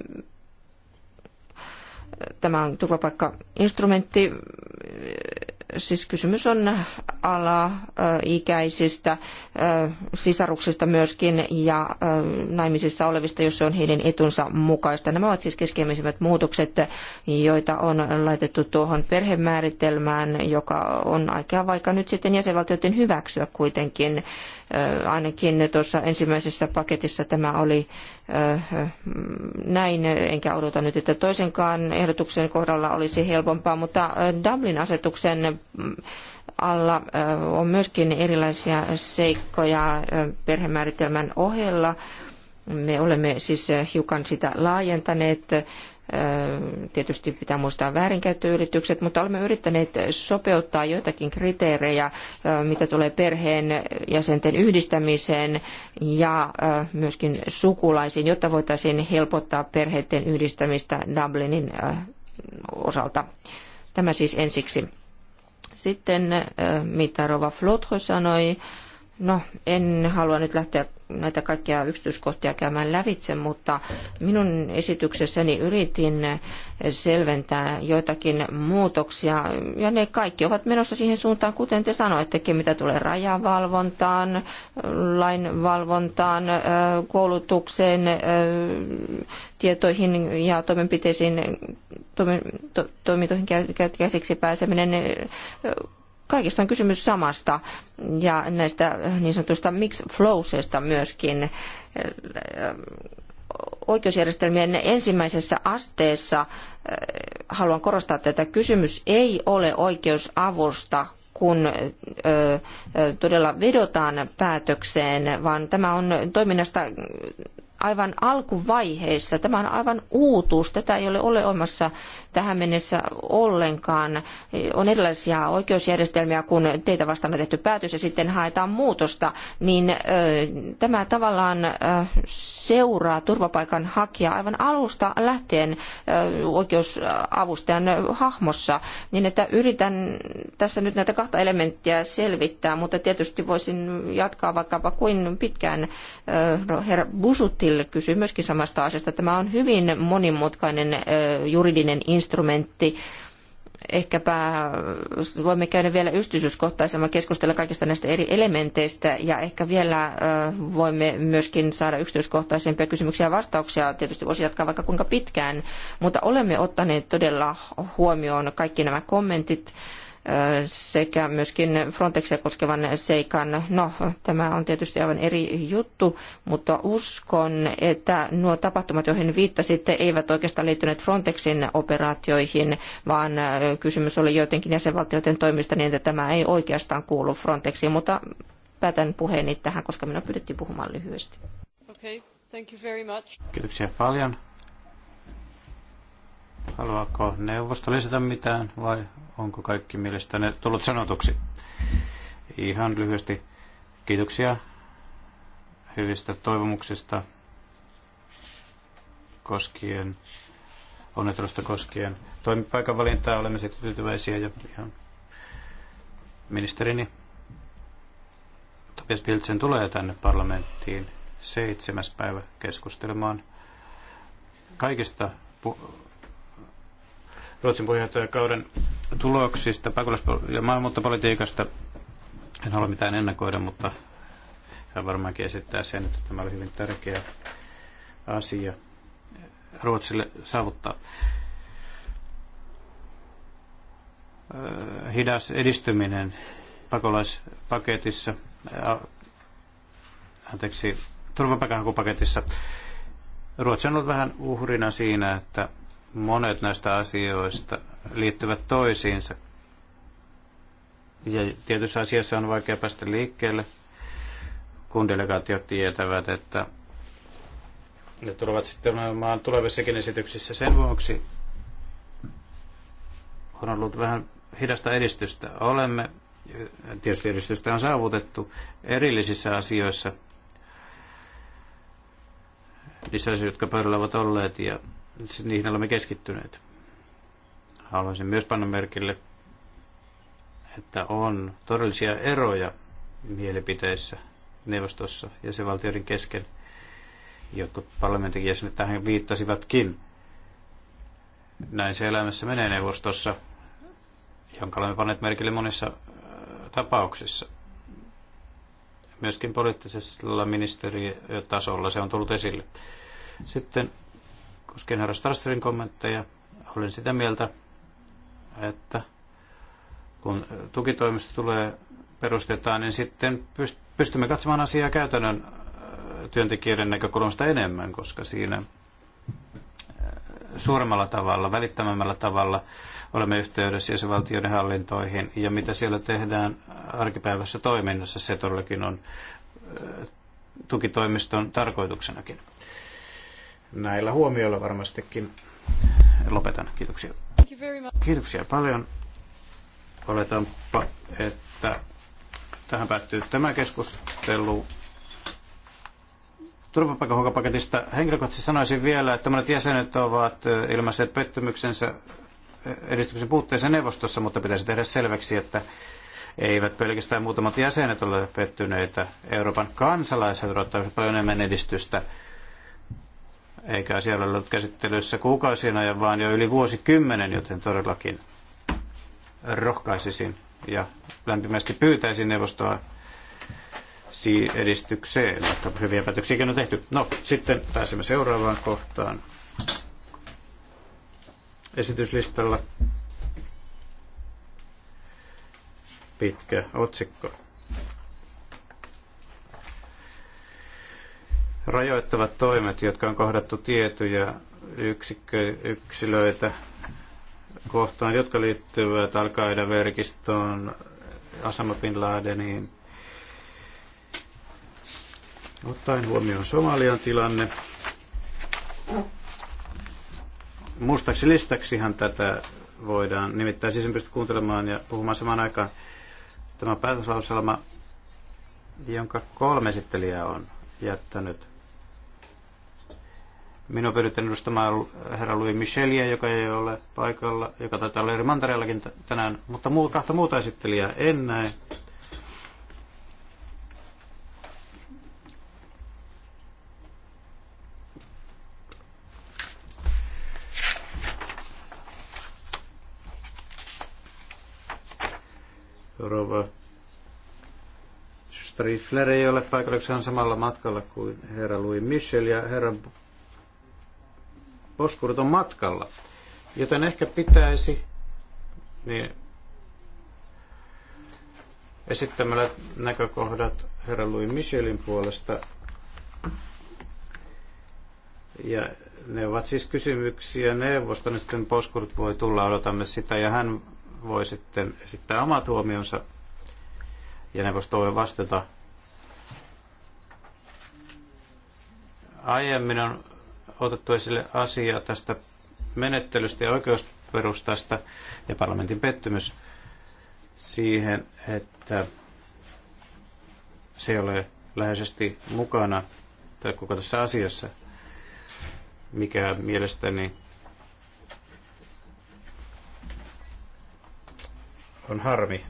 tämä on turvapaikka-instrumentti, siis kysymys on alaikäisistä sisaruksista myöskin ja naimisissa olevista, jos se on heidän etunsa mukaista. Nämä ovat siis keskeisimmät muutokset, joita on laitettu tuohon perhemääritelmään, joka on aika vaikka nyt sitten jäsenvaltioiden hyväksyä kuitenkin. Ainakin tuossa ensimmäisessä paketissa tämä oli näin, enkä odota nyt, että toisenkaan ehdotuksen kohdalla olisi helpompaa, mutta Dublin-asetuksen mm, alla on myöskin erilaisia seikkoja perhemääritelmän ohella. Me olemme siis hiukan sitä laajentaneet Tietysti pitää muistaa väärinkäyttöyritykset, mutta olemme yrittäneet sopeuttaa joitakin kriteerejä, mitä tulee perheen jäsenten yhdistämiseen ja myöskin sukulaisiin, jotta voitaisiin helpottaa perheiden yhdistämistä Dublinin osalta. Tämä siis ensiksi. Sitten mitä Rova Flotho sanoi, No, en halua nyt lähteä näitä kaikkia yksityiskohtia käymään lävitse, mutta minun esityksessäni yritin selventää joitakin muutoksia, ja ne kaikki ovat menossa siihen suuntaan, kuten te sanoittekin, mitä tulee rajavalvontaan, lainvalvontaan, koulutukseen, tietoihin ja toimenpiteisiin, toimintoihin käsiksi pääseminen, Kaikissa on kysymys samasta ja näistä niin sanotuista mix flowseista myöskin oikeusjärjestelmien ensimmäisessä asteessa, eh, haluan korostaa että kysymys ei ole oikeusavusta, kun eh, eh, todella vedotaan päätökseen, vaan tämä on toiminnasta aivan alkuvaiheessa. Tämä on aivan uutuus. Tätä ei ole olemassa tähän mennessä ollenkaan. On erilaisia oikeusjärjestelmiä, kun teitä vastaan on tehty päätös ja sitten haetaan muutosta, niin tämä tavallaan seuraa turvapaikanhakijaa aivan alusta lähtien oikeusavustajan hahmossa, niin että yritän tässä nyt näitä kahta elementtiä selvittää, mutta tietysti voisin jatkaa vaikkapa kuin pitkään. No, herra Busutil kysyi myöskin samasta asiasta. Tämä on hyvin monimutkainen juridinen instituutio instrumentti. Ehkäpä voimme käydä vielä yksityiskohtaisemman keskustella kaikista näistä eri elementeistä ja ehkä vielä voimme myöskin saada yksityiskohtaisempia kysymyksiä ja vastauksia. Tietysti voisi jatkaa vaikka kuinka pitkään, mutta olemme ottaneet todella huomioon kaikki nämä kommentit sekä myöskin Frontexia koskevan seikan. No, tämä on tietysti aivan eri juttu, mutta uskon, että nuo tapahtumat, joihin viittasitte, eivät oikeastaan liittyneet Frontexin operaatioihin, vaan kysymys oli joidenkin jäsenvaltioiden toimista niin, että tämä ei oikeastaan kuulu Frontexiin, mutta päätän puheeni tähän, koska minä pyydettiin puhumaan lyhyesti. Okay, thank you very much. Kiitoksia paljon. Haluaako neuvosto lisätä mitään vai Onko kaikki mielestäni tullut sanotuksi? Ihan lyhyesti kiitoksia hyvistä toivomuksista koskien, onnittelusta koskien toimipaikan valintaa. Olemme siitä tyytyväisiä ja ihan ministerini Tobias Piltsen tulee tänne parlamenttiin seitsemäs päivä keskustelemaan kaikista pu- Ruotsin puheenjohtajakauden tuloksista, pakolais- ja maahanmuuttopolitiikasta. En halua mitään ennakoida, mutta hän varmaankin esittää sen, että tämä oli hyvin tärkeä asia Ruotsille saavuttaa. Öö, hidas edistyminen pakolaispaketissa, anteeksi, turvapaikanhakupaketissa. Ruotsi on ollut vähän uhrina siinä, että Monet näistä asioista liittyvät toisiinsa. Ja tietyssä asiassa on vaikea päästä liikkeelle, kun delegaatiot tietävät, että ne tulevat sitten olemaan tulevissakin esityksissä. Sen vuoksi on ollut vähän hidasta edistystä. Olemme, tietysti edistystä on saavutettu erillisissä asioissa, niissä asioissa, jotka pöydällä ovat olleet, ja niihin olemme keskittyneet. Haluaisin myös panna merkille, että on todellisia eroja mielipiteissä neuvostossa ja se valtioiden kesken. Jotkut parlamentin jäsenet tähän viittasivatkin. Näin se elämässä menee neuvostossa, jonka olemme panneet merkille monissa äh, tapauksissa. Myöskin poliittisella ministeriötasolla se on tullut esille. Sitten Koskien herra Strasserin kommentteja, olen sitä mieltä, että kun tukitoimista tulee perustetaan, niin sitten pystymme katsomaan asiaa käytännön työntekijöiden näkökulmasta enemmän, koska siinä suuremmalla tavalla, välittämämmällä tavalla olemme yhteydessä jäsenvaltioiden hallintoihin ja mitä siellä tehdään arkipäivässä toiminnassa, se todellakin on tukitoimiston tarkoituksenakin. Näillä huomioilla varmastikin lopetan. Kiitoksia. Kiitoksia paljon. Oletanpa, että tähän päättyy tämä keskustelu. Turvapaikanhuokapaketista henkilökohtaisesti sanoisin vielä, että monet jäsenet ovat ilmaisseet pettymyksensä edistyksen puutteeseen neuvostossa, mutta pitäisi tehdä selväksi, että eivät pelkästään muutamat jäsenet ole pettyneitä. Euroopan kansalaiset odottavat paljon enemmän edistystä eikä asia ole ollut käsittelyssä kuukausien ajan, vaan jo yli vuosikymmenen, joten todellakin rohkaisisin ja lämpimästi pyytäisin neuvostoa edistykseen, vaikka hyviä päätöksiä on tehty. No, sitten pääsemme seuraavaan kohtaan esityslistalla. Pitkä otsikko. rajoittavat toimet, jotka on kohdattu tiettyjä yksikkö, yksilöitä kohtaan, jotka liittyvät al verkistoon Osama Bin Ladeniin. Ottaen huomioon Somalian tilanne, mustaksi listaksihan tätä voidaan, nimittäin siis en pysty kuuntelemaan ja puhumaan samaan aikaan tämä päätöslauselma, jonka kolme esittelijää on jättänyt. Minua pyydetään edustamaan herra Louis Michelia, joka ei ole paikalla, joka taitaa olla eri mantereellakin tänään, mutta muu, kahta muuta esittelijää en näe. Rova Strifler ei ole paikalla, on samalla matkalla kuin herra Louis Michel ja herra poskurit on matkalla. Joten ehkä pitäisi niin esittämällä näkökohdat herra Louis Michelin puolesta. Ja ne ovat siis kysymyksiä neuvosta, niin sitten poskurt voi tulla, odotamme sitä, ja hän voi sitten esittää omat huomionsa, ja neuvosto voi vastata. Aiemmin on otettu esille asia tästä menettelystä ja oikeusperustasta ja parlamentin pettymys siihen, että se ei ole läheisesti mukana tai koko tässä asiassa, mikä mielestäni on harmi,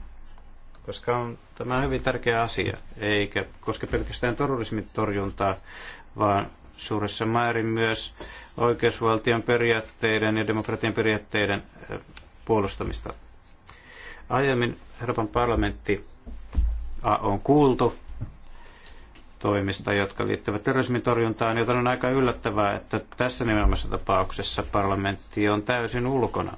koska on, tämä on hyvin tärkeä asia, eikä koske pelkästään terrorismin torjuntaa, vaan suuressa määrin myös oikeusvaltion periaatteiden ja demokratian periaatteiden puolustamista. Aiemmin Euroopan parlamentti on kuultu toimista, jotka liittyvät terrorismin torjuntaan, joten on aika yllättävää, että tässä nimenomaisessa tapauksessa parlamentti on täysin ulkona.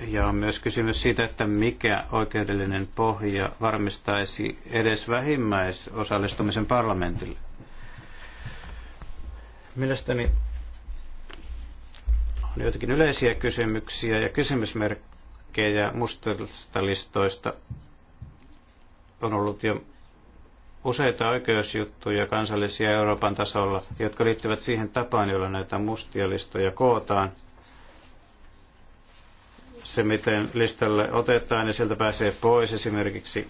Ja on myös kysymys siitä, että mikä oikeudellinen pohja varmistaisi edes vähimmäisosallistumisen parlamentille. Mielestäni on joitakin yleisiä kysymyksiä ja kysymysmerkkejä mustista listoista. On ollut jo useita oikeusjuttuja kansallisia Euroopan tasolla, jotka liittyvät siihen tapaan, jolla näitä mustia listoja kootaan – se, miten listalle otetaan, niin sieltä pääsee pois esimerkiksi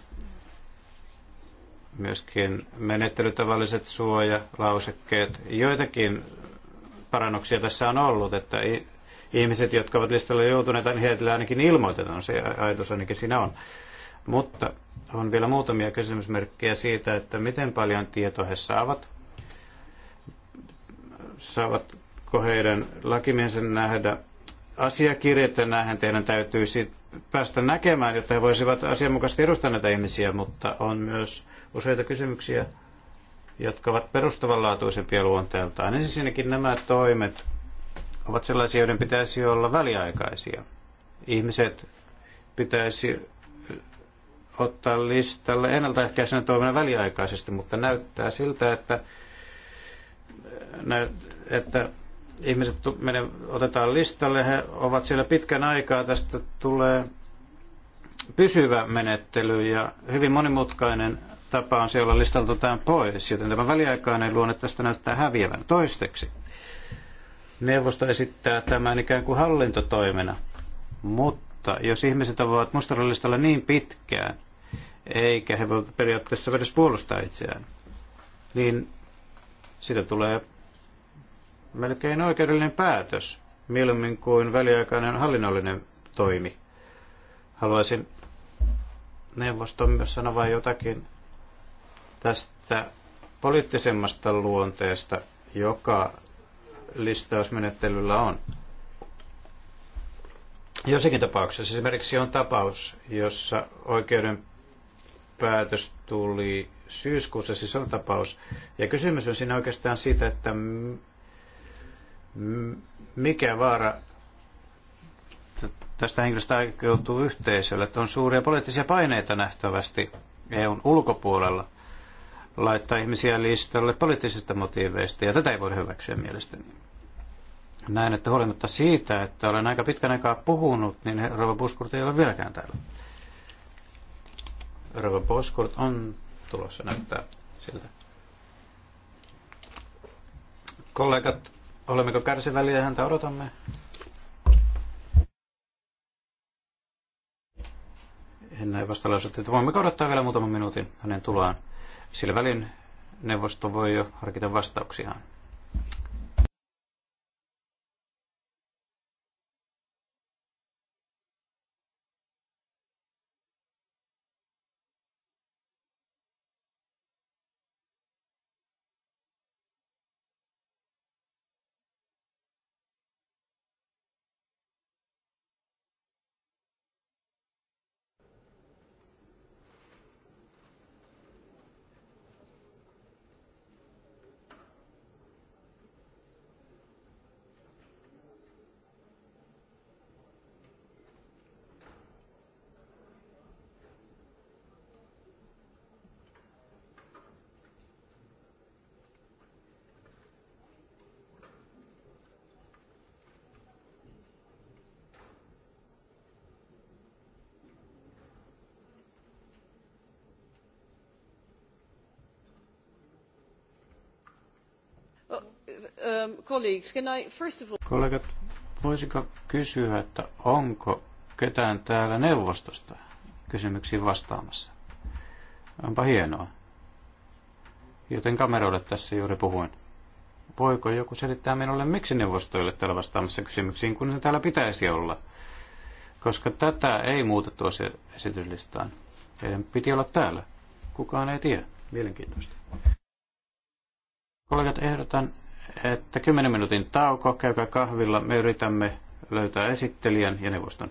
myöskin menettelytavalliset suojalausekkeet. Joitakin parannuksia tässä on ollut, että ihmiset, jotka ovat listalle joutuneet, niin heille ainakin ilmoitetaan, se ajatus ainakin siinä on. Mutta on vielä muutamia kysymysmerkkejä siitä, että miten paljon tietoa he saavat. Saavatko heidän lakimiesen nähdä asiakirjat, ja näähän teidän täytyisi päästä näkemään, jotta he voisivat asianmukaisesti edustaa näitä ihmisiä, mutta on myös useita kysymyksiä, jotka ovat perustavanlaatuisempia luonteeltaan. Ensinnäkin nämä toimet ovat sellaisia, joiden pitäisi olla väliaikaisia. Ihmiset pitäisi ottaa listalle ennaltaehkäisenä toimena väliaikaisesti, mutta näyttää siltä, että, että ihmiset mene, otetaan listalle, he ovat siellä pitkän aikaa, tästä tulee pysyvä menettely ja hyvin monimutkainen tapa on siellä listalta tämän pois, joten tämä väliaikainen luonne tästä näyttää häviävän toisteksi. Neuvosto esittää tämän ikään kuin hallintotoimena, mutta jos ihmiset ovat mustaralistalla niin pitkään, eikä he voi periaatteessa edes puolustaa itseään, niin siitä tulee melkein oikeudellinen päätös, mieluummin kuin väliaikainen hallinnollinen toimi. Haluaisin neuvoston myös sanoa jotakin tästä poliittisemmasta luonteesta, joka listausmenettelyllä on. Jossakin tapauksessa esimerkiksi on tapaus, jossa oikeuden päätös tuli syyskuussa, siis on tapaus. Ja kysymys on siinä oikeastaan siitä, että mikä vaara tästä henkilöstä aikeutuu yhteisölle. Että on suuria poliittisia paineita nähtävästi EUn ulkopuolella laittaa ihmisiä listalle poliittisista motiiveista, ja tätä ei voi hyväksyä mielestäni. Näin, että huolimatta siitä, että olen aika pitkän aikaa puhunut, niin Rova Buskurt ei ole vieläkään täällä. Rova Buskurt on tulossa näyttää siltä. Kollegat, Olemmeko kärsiväliä häntä odotamme? En näe vastalausetta, että voimme odottaa vielä muutaman minuutin hänen tuloaan. Sillä välin neuvosto voi jo harkita vastauksiaan. Um, colleagues, can I first of all... Kollegat, voisiko kysyä, että onko ketään täällä neuvostosta kysymyksiin vastaamassa? Onpa hienoa. Joten kameroille tässä juuri puhuin. Voiko joku selittää minulle, miksi neuvostoille täällä vastaamassa kysymyksiin, kun se täällä pitäisi olla? Koska tätä ei muutettu esityslistaan. Teidän piti olla täällä. Kukaan ei tiedä. Mielenkiintoista. Kollegat, ehdotan, että 10 minuutin tauko, käykää kahvilla, me yritämme löytää esittelijän ja neuvoston.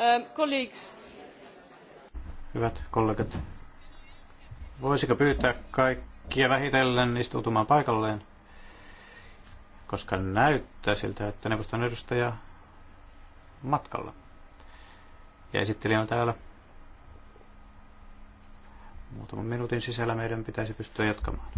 Ähm, colleagues. Hyvät kollegat, voisiko pyytää kaikkia vähitellen istuutumaan paikalleen, koska näyttää siltä, että neuvoston edustaja matkalla. Ja esittelijä on täällä. Muutaman minuutin sisällä meidän pitäisi pystyä jatkamaan.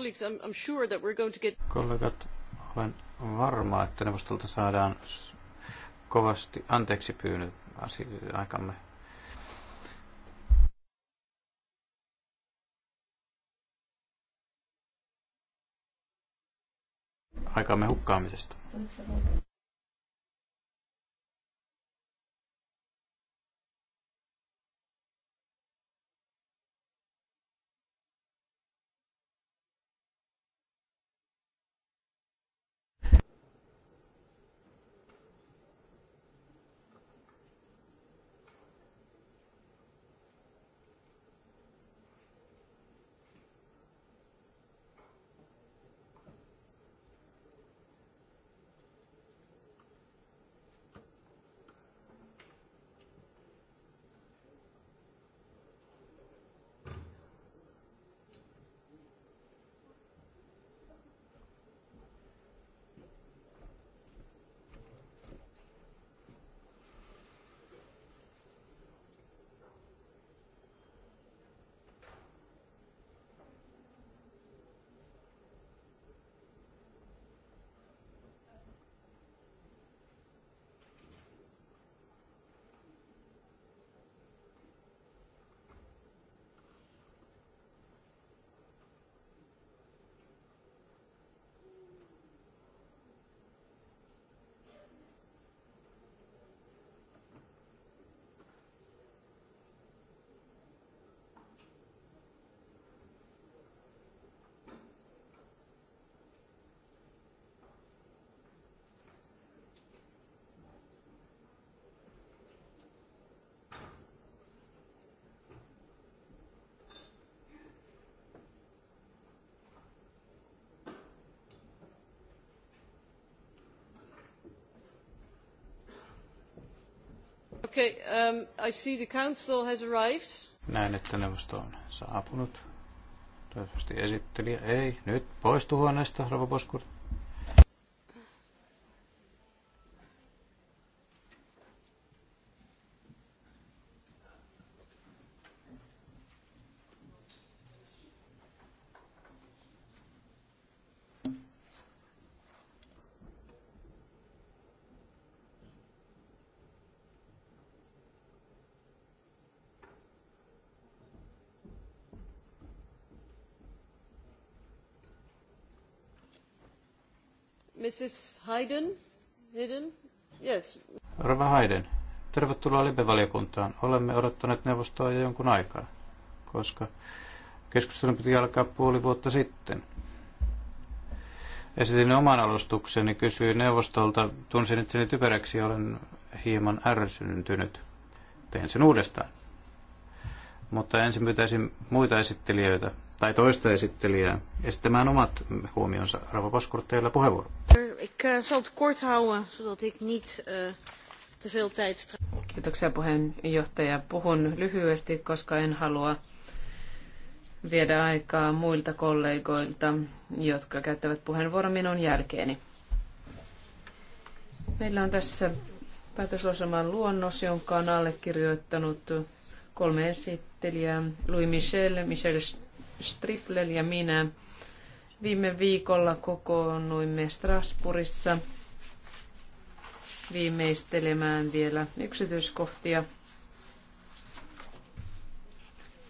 Colleagues, I'm, I'm sure that we're going to get... Kollegat, olen varma, että neuvostolta saadaan kovasti anteeksi pyynnöt aikamme aikamme hukkaamisesta. Okay, um, I see the council has arrived. Näen, että neuvosto on saapunut. Toivottavasti esittelijä ei. Nyt poistu huoneesta, Rova Boskurt. Mrs. Hayden? Hayden? Yes. Rova Hayden, tervetuloa Libe-valiokuntaan. Olemme odottaneet neuvostoa jo jonkun aikaa, koska keskustelun piti alkaa puoli vuotta sitten. Esitin oman alustukseni, kysyin neuvostolta, tunsin itseni typeräksi ja olen hieman ärsyntynyt. Tein sen uudestaan. Mutta ensin pyytäisin muita esittelijöitä tai toista esittelijää esittämään omat huomionsa. Rava Paskurt, puheenvuoro. Ik eh, zal het kort houden, zodat ik niet eh, te veel tijd... Kiitoksia puheenjohtaja. Puhun lyhyesti, koska en halua viedä aikaa muilta kollegoilta, jotka käyttävät puheenvuoron minun jälkeeni. Meillä on tässä päätöslauselman luonnos, jonka on allekirjoittanut kolme esittelijää. Louis Michel, Michel Striflel ja minä viime viikolla kokoonnuimme Strasbourgissa viimeistelemään vielä yksityiskohtia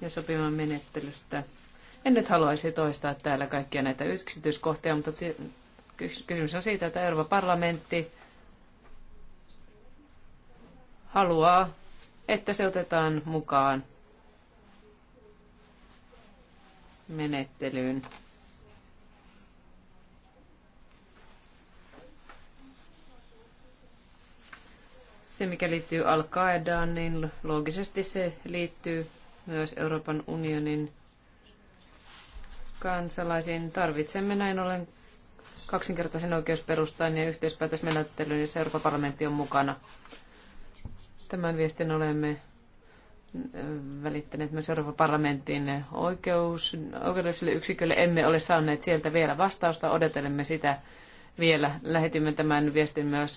ja sopimaan menettelystä. En nyt haluaisi toistaa täällä kaikkia näitä yksityiskohtia, mutta kysymys on siitä, että Euroopan parlamentti haluaa, että se otetaan mukaan menettelyyn. Se, mikä liittyy al niin loogisesti se liittyy myös Euroopan unionin kansalaisiin. Tarvitsemme näin ollen kaksinkertaisen oikeusperustain ja yhteispäätösmenettelyyn jossa Euroopan parlamentti on mukana. Tämän viestin olemme välittäneet myös Euroopan parlamentin oikeus, oikeudelliselle yksikölle. Emme ole saaneet sieltä vielä vastausta, odotelemme sitä vielä. Lähetimme tämän viestin myös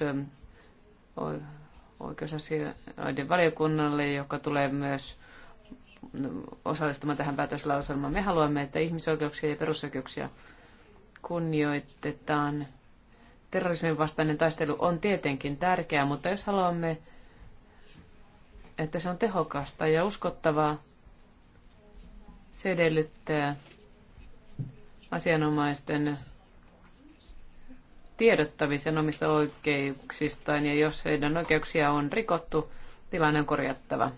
oikeusasioiden valiokunnalle, joka tulee myös osallistumaan tähän päätöslauselmaan. Me haluamme, että ihmisoikeuksia ja perusoikeuksia kunnioitetaan. Terrorismin vastainen taistelu on tietenkin tärkeää, mutta jos haluamme että se on tehokasta ja uskottavaa. Se edellyttää asianomaisten tiedottamisen omista oikeuksistaan ja jos heidän oikeuksia on rikottu, tilanne on korjattava.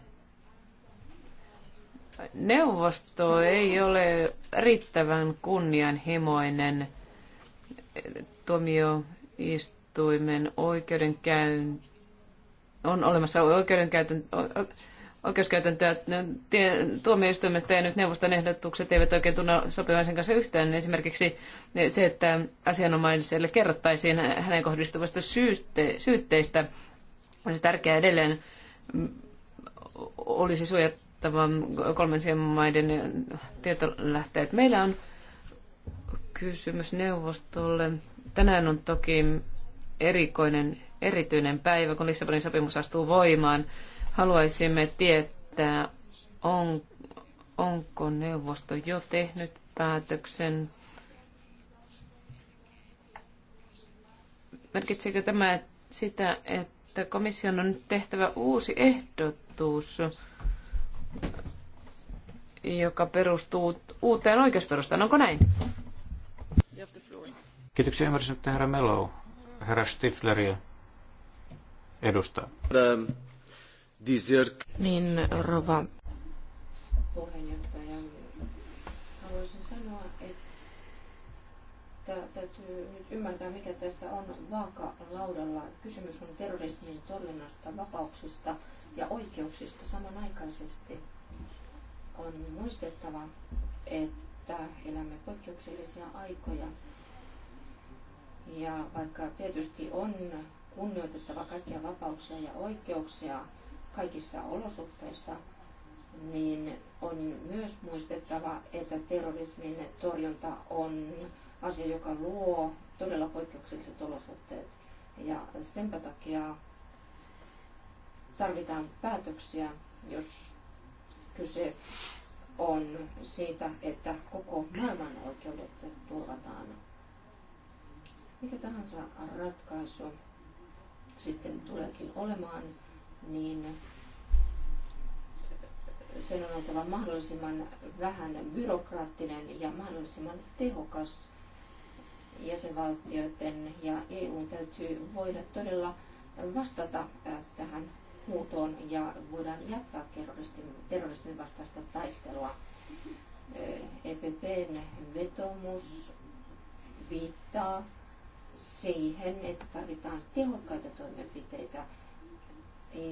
Neuvosto ei ole riittävän kunnianhimoinen tuomioistuimen oikeudenkäynti on olemassa oikeudenkäytön, oikeuskäytäntöä tuomioistuimesta ja nyt neuvoston ehdotukset eivät oikein tunne sopivaisen kanssa yhteen. Esimerkiksi se, että asianomaiselle kerrottaisiin hänen kohdistuvasta syytte, syytteistä, olisi tärkeää edelleen mm, olisi suojattava kolmansien maiden tietolähteet. Meillä on kysymys neuvostolle. Tänään on toki erikoinen erityinen päivä, kun Lissabonin sopimus astuu voimaan. Haluaisimme tietää, on, onko neuvosto jo tehnyt päätöksen. Merkitseekö tämä sitä, että komission on nyt tehtävä uusi ehdotus, joka perustuu uuteen oikeusperustaan? Onko näin? Kiitoksia Emerson, herra Melo, herra Stifleria edustaa. Niin, Rova puheenjohtaja. Haluaisin sanoa, että täytyy nyt ymmärtää, mikä tässä on vaakalaudalla. Kysymys on terrorismin torjunnasta, vapauksista ja oikeuksista samanaikaisesti. On muistettava, että elämme poikkeuksellisia aikoja. Ja vaikka tietysti on kunnioitettava kaikkia vapauksia ja oikeuksia kaikissa olosuhteissa, niin on myös muistettava, että terrorismin torjunta on asia, joka luo todella poikkeukselliset olosuhteet. Ja senpä takia tarvitaan päätöksiä, jos kyse on siitä, että koko maailman oikeudet turvataan. Mikä tahansa ratkaisu sitten tuleekin olemaan, niin sen on oltava mahdollisimman vähän byrokraattinen ja mahdollisimman tehokas. Jäsenvaltioiden ja EU täytyy voida todella vastata tähän huutoon ja voidaan jatkaa terrorismin, terrorismin vastaista taistelua. EPPn vetomus viittaa siihen, että tarvitaan tehokkaita toimenpiteitä,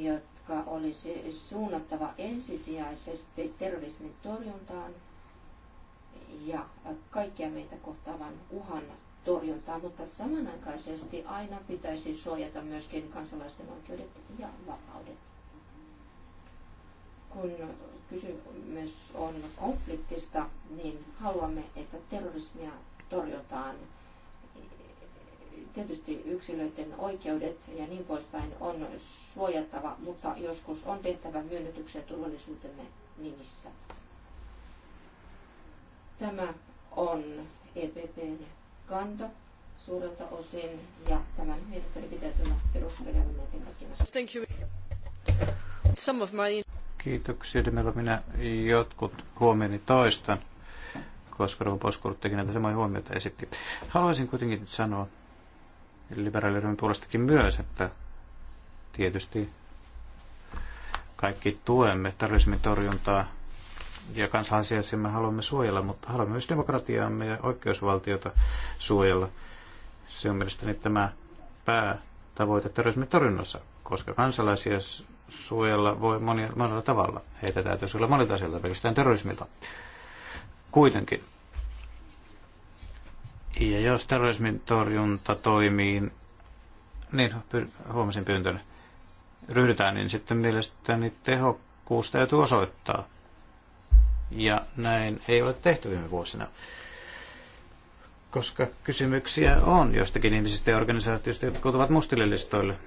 jotka olisi suunnattava ensisijaisesti terrorismin torjuntaan ja kaikkia meitä kohtaavan uhan torjuntaan, mutta samanaikaisesti aina pitäisi suojata myöskin kansalaisten oikeudet ja vapaudet. Kun kysymys on konfliktista, niin haluamme, että terrorismia torjutaan tietysti yksilöiden oikeudet ja niin poispäin on suojattava, mutta joskus on tehtävä myönnytyksiä turvallisuutemme nimissä. Tämä on EPPn kanta suurelta osin ja tämän mielestäni pitäisi olla perusperiaatteiden Thank you. Kiitoksia. Meillä minä jotkut huomioni toistan, koska Rovo Poskurt näitä samoja huomioita esitti. Haluaisin kuitenkin nyt sanoa, liberaaliryhmän puolestakin myös, että tietysti kaikki tuemme terrorismin torjuntaa ja kansalaisia me haluamme suojella, mutta haluamme myös demokratiaamme ja oikeusvaltiota suojella. Se on mielestäni tämä päätavoite terrorismin torjunnassa, koska kansalaisia suojella voi monia, monella tavalla. Heitä täytyy suojella monilta asioilta, pelkästään terrorismilta. Kuitenkin ja jos terrorismin torjunta toimii, niin huomasin pyyntönä, ryhdytään, niin sitten mielestäni tehokkuus täytyy osoittaa. Ja näin ei ole tehty viime vuosina. Koska kysymyksiä on jostakin ihmisistä ja organisaatioista, jotka ovat mustille listoille.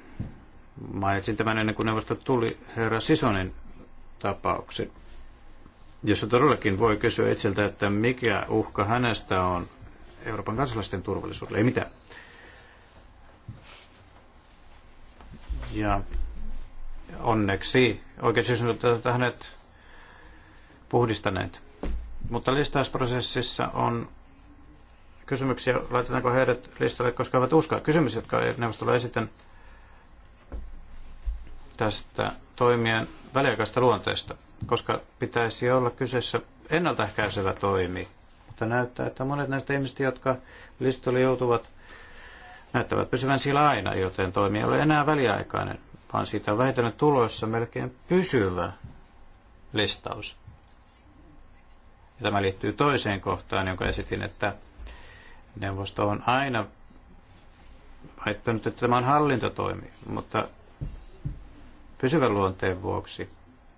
Mainitsin tämän ennen kuin neuvosto tuli herra Sisonin tapauksen Jos todellakin voi kysyä itseltä, että mikä uhka hänestä on Euroopan kansalaisten turvallisuudelle, ei mitään. Ja onneksi oikeusjärjestelmät hänet puhdistaneet. Mutta listausprosessissa on kysymyksiä, laitetaanko heidät listalle, koska ovat uskoa. Kysymys, jotka neuvostolla esitän tästä toimien väliaikaista luonteesta, koska pitäisi olla kyseessä ennaltaehkäisevä toimi, mutta näyttää, että monet näistä ihmistä, jotka listolle joutuvat, näyttävät pysyvän sillä aina, joten toimi ei ole enää väliaikainen, vaan siitä on vähitellen tuloissa melkein pysyvä listaus. Ja tämä liittyy toiseen kohtaan, jonka esitin, että neuvosto on aina väittänyt, että tämä on hallintotoimi, mutta pysyvän luonteen vuoksi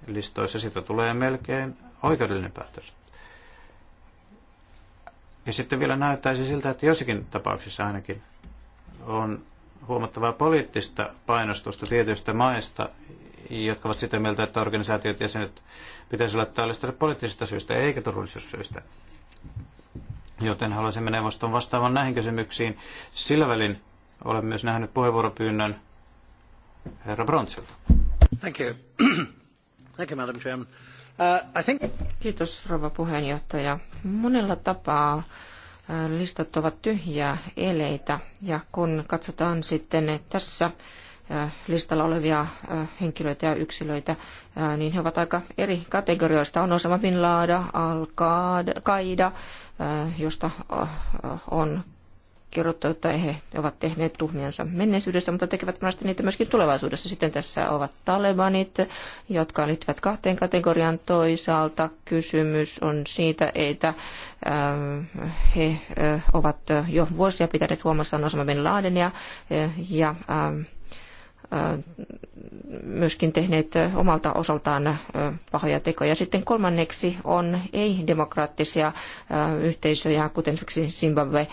listoissa sitä tulee melkein oikeudellinen päätös. Ja sitten vielä näyttäisi siltä, että jossakin tapauksissa ainakin on huomattavaa poliittista painostusta tietyistä maista, jotka ovat sitä mieltä, että organisaatiot jäsenet pitäisi olla tällaista poliittisista syistä eikä turvallisuussyistä. Joten haluaisimme neuvoston vastaavan näihin kysymyksiin. Sillä välin olen myös nähnyt puheenvuoropyynnön herra Bronsilta. Thank you. Thank you, Madam Chairman. Uh, I think... Kiitos rouva puheenjohtaja. Monella tapaa uh, listat ovat tyhjiä eleitä ja kun katsotaan sitten tässä uh, listalla olevia henkilöitä ja yksilöitä, niin he ovat aika eri kategorioista. On Osama Bin Laden, Al-Qaida, josta on kerrottu, että he ovat tehneet tuhmiansa menneisyydessä, mutta tekevät monesti niitä myöskin tulevaisuudessa. Sitten tässä ovat talebanit, jotka liittyvät kahteen kategoriaan. Toisaalta kysymys on siitä, että äh, he äh, ovat jo vuosia pitäneet huomassaan Osama Bin Ladenia äh, ja ähm, myöskin tehneet omalta osaltaan pahoja tekoja. Sitten kolmanneksi on ei-demokraattisia yhteisöjä, kuten esimerkiksi Zimbabwe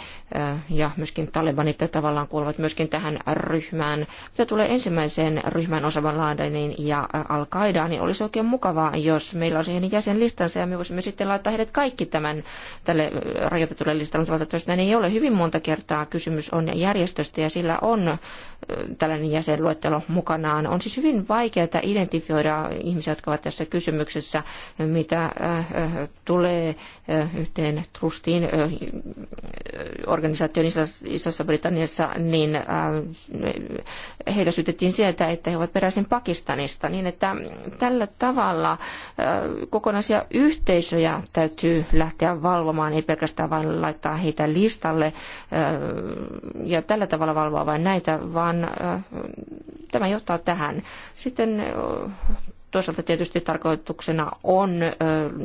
ja myöskin Talibanit tavallaan kuuluvat myöskin tähän ryhmään. Mitä tulee ensimmäiseen ryhmään osavan Ladenin ja al qaidaan niin olisi oikein mukavaa, jos meillä olisi heidän jäsenlistansa ja me voisimme sitten laittaa heidät kaikki tämän tälle rajoitetulle listalle, mutta valitettavasti näin ei ole. Hyvin monta kertaa kysymys on järjestöstä ja sillä on tällainen jäsenluettelo luettelo mukanaan. On siis hyvin vaikeaa identifioida ihmisiä, jotka ovat tässä kysymyksessä, mitä äh, äh, tulee äh, yhteen trustiin organisaation Isossa Britanniassa, niin heitä syytettiin sieltä, että he ovat peräisin Pakistanista, niin että tällä tavalla kokonaisia yhteisöjä täytyy lähteä valvomaan, ei pelkästään vain laittaa heitä listalle ja tällä tavalla valvoa vain näitä, vaan tämä johtaa tähän. Sitten toisaalta tietysti tarkoituksena on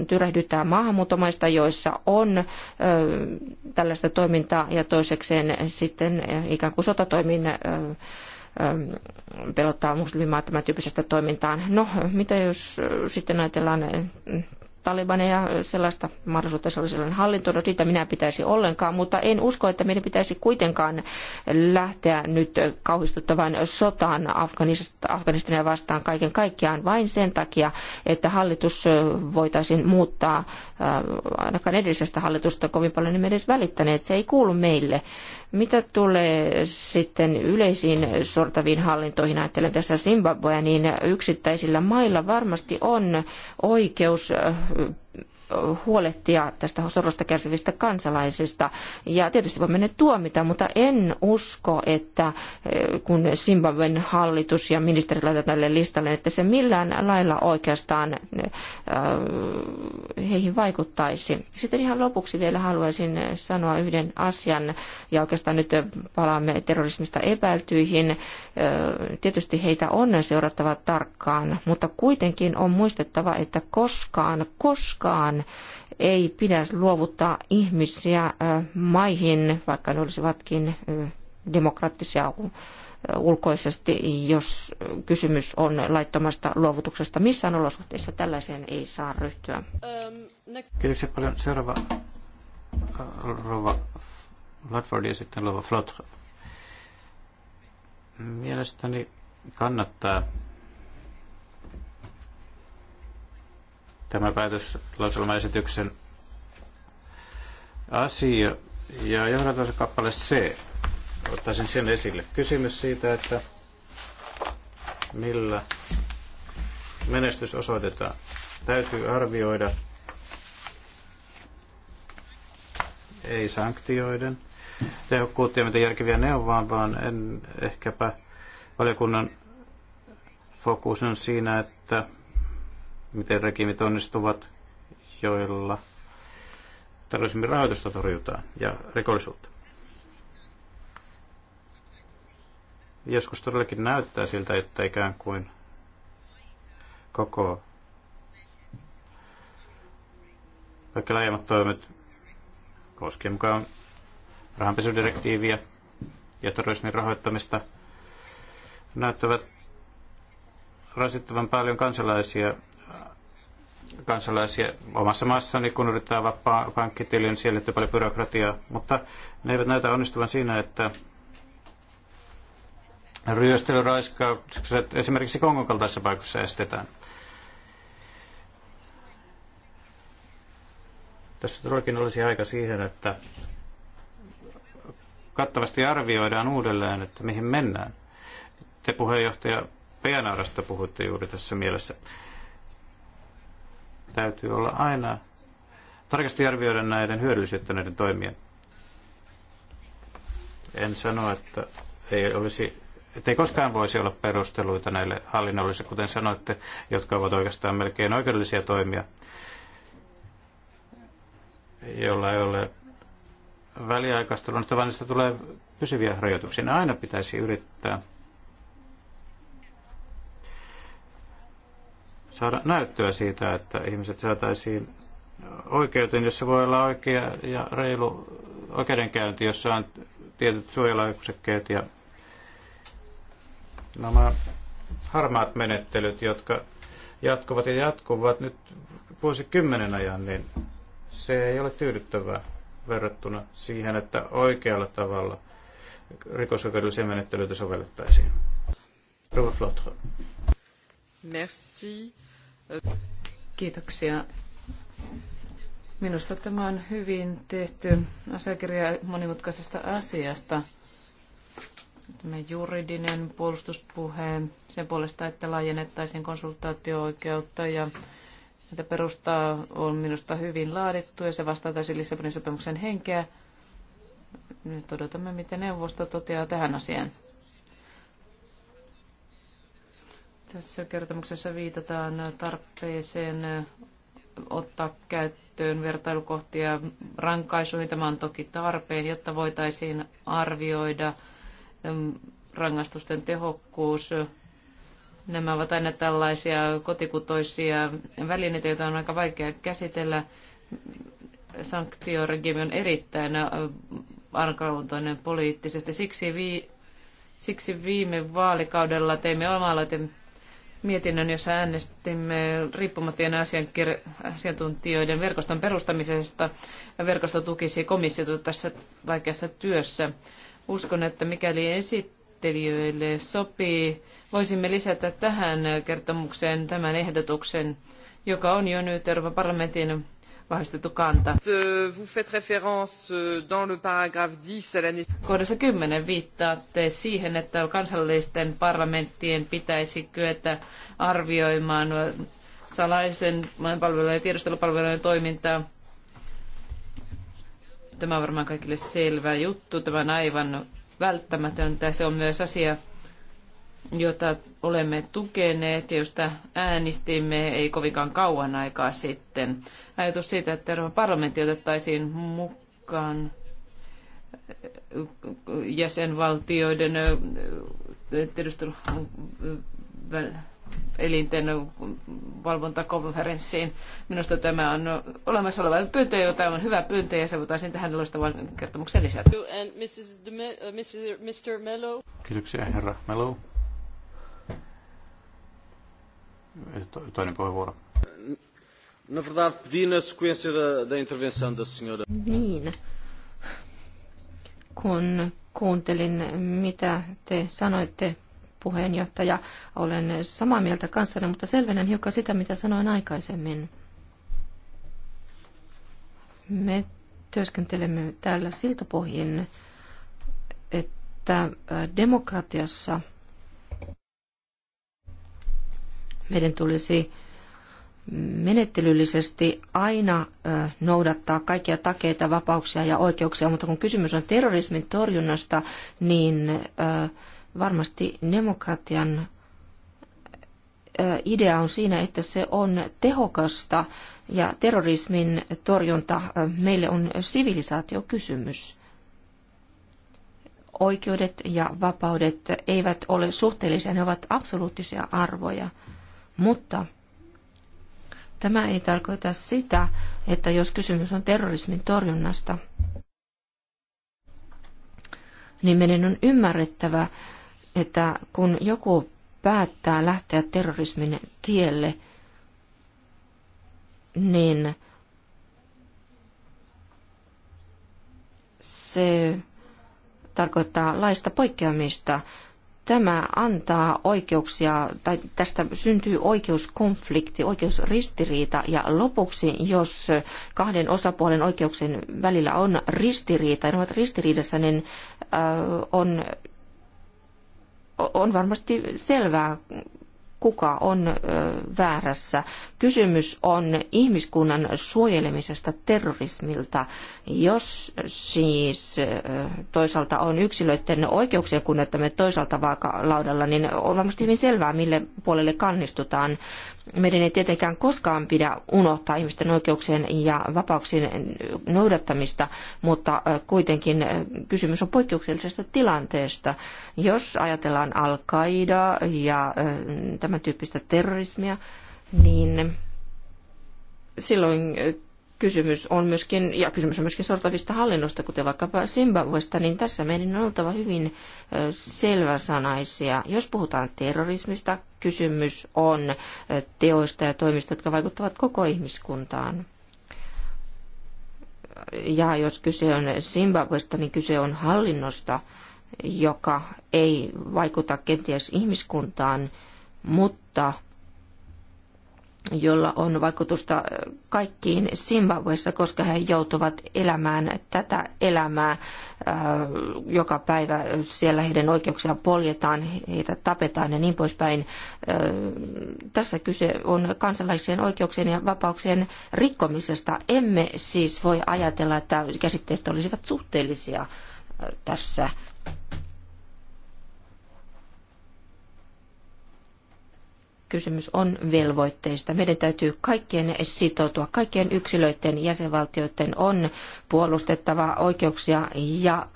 tyrehdyttää maahanmuuttomaista, joissa on tällaista toimintaa ja toisekseen sitten ikään kuin sotatoimin pelottaa muslimimaa tämän tyyppisestä toimintaan. No, mitä jos sitten ajatellaan talibaneja, sellaista mahdollisuutta, se olisi sellainen hallinto, no siitä minä pitäisi ollenkaan, mutta en usko, että meidän pitäisi kuitenkaan lähteä nyt kauhistuttavan sotaan Afganistania vastaan kaiken kaikkiaan vain sen takia, että hallitus voitaisiin muuttaa, äh, ainakaan edellisestä hallitusta kovin paljon emme niin edes välittäneet, se ei kuulu meille. Mitä tulee sitten yleisiin sortaviin hallintoihin, ajattelen tässä Zimbabwea, niin yksittäisillä mailla varmasti on oikeus äh, huolehtia tästä sorosta kärsivistä kansalaisista. Ja tietysti voimme ne tuomita, mutta en usko, että eh, kun Zimbabwen hallitus ja ministerit laitetaan tälle listalle, että se millään lailla oikeastaan eh, heihin vaikuttaisi. Sitten ihan lopuksi vielä haluaisin sanoa yhden asian, ja oikeastaan nyt palaamme terrorismista epäiltyihin. Eh, tietysti heitä on seurattava tarkkaan, mutta kuitenkin on muistettava, että koskaan, koskaan ei pidä luovuttaa ihmisiä maihin, vaikka ne olisivatkin demokraattisia ulkoisesti, jos kysymys on laittomasta luovutuksesta. Missään olosuhteissa tällaiseen ei saa ryhtyä. Ähm, Kiitoksia paljon. Seuraava äh, rouva Ladford ja sitten rouva Flotre. Mielestäni kannattaa tämä päätöslauselmaesityksen asia. Ja johdatansa kappale C. Ottaisin sen esille. Kysymys siitä, että millä menestys osoitetaan. Täytyy arvioida ei sanktioiden tehokkuutta ja mitä järkeviä ne on, vaan, vaan en, ehkäpä valiokunnan fokus on siinä, että miten regiimit onnistuvat, joilla terrorismin rahoitusta torjutaan ja rikollisuutta. Joskus todellakin näyttää siltä, että ikään kuin koko kaikki laajemmat toimet koskien mukaan rahanpesudirektiiviä ja terrorismin rahoittamista näyttävät rasittavan paljon kansalaisia kansalaisia omassa maassani, kun yrittää vapaa pankkitilin, siellä liittyy paljon byrokratiaa, mutta ne eivät näytä onnistuvan siinä, että ryöstelyraiskaukset esimerkiksi Kongon kaltaisissa paikoissa estetään. Tässä todellakin olisi aika siihen, että kattavasti arvioidaan uudelleen, että mihin mennään. Te puheenjohtaja Peanaudasta puhutte juuri tässä mielessä. Täytyy olla aina tarkasti arvioida näiden hyödyllisyyttä näiden toimien. En sano, että ei olisi ettei koskaan voisi olla perusteluita näille hallinnollisille, kuten sanoitte, jotka ovat oikeastaan melkein oikeudellisia toimia, joilla ei ole väliaikaista luonnosta, vaan niistä tulee pysyviä rajoituksia. Ne aina pitäisi yrittää saada näyttöä siitä, että ihmiset saataisiin oikeuteen, jossa voi olla oikea ja reilu oikeudenkäynti, jossa on tietyt suojelaisekkeet ja nämä harmaat menettelyt, jotka jatkuvat ja jatkuvat nyt vuosikymmenen ajan, niin se ei ole tyydyttävää verrattuna siihen, että oikealla tavalla rikosoikeudellisia menettelyitä sovellettaisiin. Merci. Kiitoksia. Minusta tämä on hyvin tehty asiakirja monimutkaisesta asiasta. Tämä juridinen puolustuspuhe sen puolesta, että laajennettaisiin konsultaatio-oikeutta ja että perustaa on minusta hyvin laadittu ja se vastaa täysin Lissabonin sopimuksen henkeä. Nyt odotamme, mitä neuvosto toteaa tähän asiaan. Tässä kertomuksessa viitataan tarpeeseen ottaa käyttöön vertailukohtia rankaisuihin. Tämä on toki tarpeen, jotta voitaisiin arvioida mm, rangaistusten tehokkuus. Nämä ovat aina tällaisia kotikutoisia välineitä, joita on aika vaikea käsitellä. Sanktioregimi on erittäin äh, arkaluontoinen poliittisesti. Siksi, vii, siksi viime vaalikaudella teimme oma mietinnön, jossa äänestimme riippumattomien asiantuntijoiden verkoston perustamisesta. Ja verkosto tukisi komissiota tässä vaikeassa työssä. Uskon, että mikäli esittelijöille sopii, voisimme lisätä tähän kertomukseen tämän ehdotuksen, joka on jo nyt Euroopan parlamentin vahvistettu kanta. Euh, vous faites référence euh, dans le paragraphe 10 Kohdassa 10 viittaatte siihen, että kansallisten parlamenttien pitäisi kyetä arvioimaan salaisen palvelujen ja tiedustelupalvelujen toimintaa. Tämä on varmaan kaikille selvä juttu. Tämä on aivan välttämätöntä. Se on myös asia, jota olemme tukeneet ja josta äänestimme ei kovinkaan kauan aikaa sitten. Ajatus siitä, että Euroopan parlamentti otettaisiin mukaan eh, jäsenvaltioiden eh, elinten valvontakonferenssiin. Minusta tämä on olemassa oleva pyyntö, jota on hyvä pyyntö ja se voitaisiin tähän loistavan kertomuksen lisätä. Uh, Kiitoksia herra Melo. Eh, toinen puheenvuoro. Na verdade, pedi na sequência da, da intervenção da senhora. Niin. Kun kuuntelin, mitä te sanoitte, puheenjohtaja, olen samaa mieltä kanssanne, mutta selvennän hiukan sitä, mitä sanoin aikaisemmin. Me työskentelemme täällä siltä pohjin, että demokratiassa – Meidän tulisi menettelyllisesti aina noudattaa kaikkia takeita, vapauksia ja oikeuksia, mutta kun kysymys on terrorismin torjunnasta, niin varmasti demokratian idea on siinä, että se on tehokasta ja terrorismin torjunta meille on sivilisaatiokysymys. Oikeudet ja vapaudet eivät ole suhteellisia, ne ovat absoluuttisia arvoja – mutta tämä ei tarkoita sitä, että jos kysymys on terrorismin torjunnasta, niin meidän on ymmärrettävä, että kun joku päättää lähteä terrorismin tielle, niin se tarkoittaa laista poikkeamista tämä antaa oikeuksia, tai tästä syntyy oikeuskonflikti, oikeusristiriita, ja lopuksi, jos kahden osapuolen oikeuksien välillä on ristiriita, ja ne ovat ristiriidassa, niin on, on varmasti selvää, kuka on väärässä. Kysymys on ihmiskunnan suojelemisesta terrorismilta. Jos siis toisaalta on yksilöiden oikeuksien kunnioittaminen toisaalta vaakalaudalla, niin on varmasti hyvin selvää, mille puolelle kannistutaan. Meidän ei tietenkään koskaan pidä unohtaa ihmisten oikeuksien ja vapauksien noudattamista, mutta kuitenkin kysymys on poikkeuksellisesta tilanteesta. Jos ajatellaan al ja tämän tyyppistä terrorismia, niin silloin äh, kysymys on myöskin, ja kysymys on myöskin sortavista hallinnosta, kuten vaikkapa Zimbabwesta, niin tässä meidän on oltava hyvin äh, selväsanaisia. Jos puhutaan terrorismista, kysymys on äh, teoista ja toimista, jotka vaikuttavat koko ihmiskuntaan. Ja jos kyse on Zimbabwesta, niin kyse on hallinnosta, joka ei vaikuta kenties ihmiskuntaan, mutta jolla on vaikutusta kaikkiin Zimbabwessa, koska he joutuvat elämään tätä elämää äh, joka päivä. Siellä heidän oikeuksiaan poljetaan, heitä tapetaan ja niin poispäin. Äh, tässä kyse on kansalaisen oikeuksien ja vapauksien rikkomisesta. Emme siis voi ajatella, että käsitteet olisivat suhteellisia äh, tässä kysymys on velvoitteista. Meidän täytyy kaikkien sitoutua. Kaikkien yksilöiden jäsenvaltioiden on puolustettava oikeuksia ja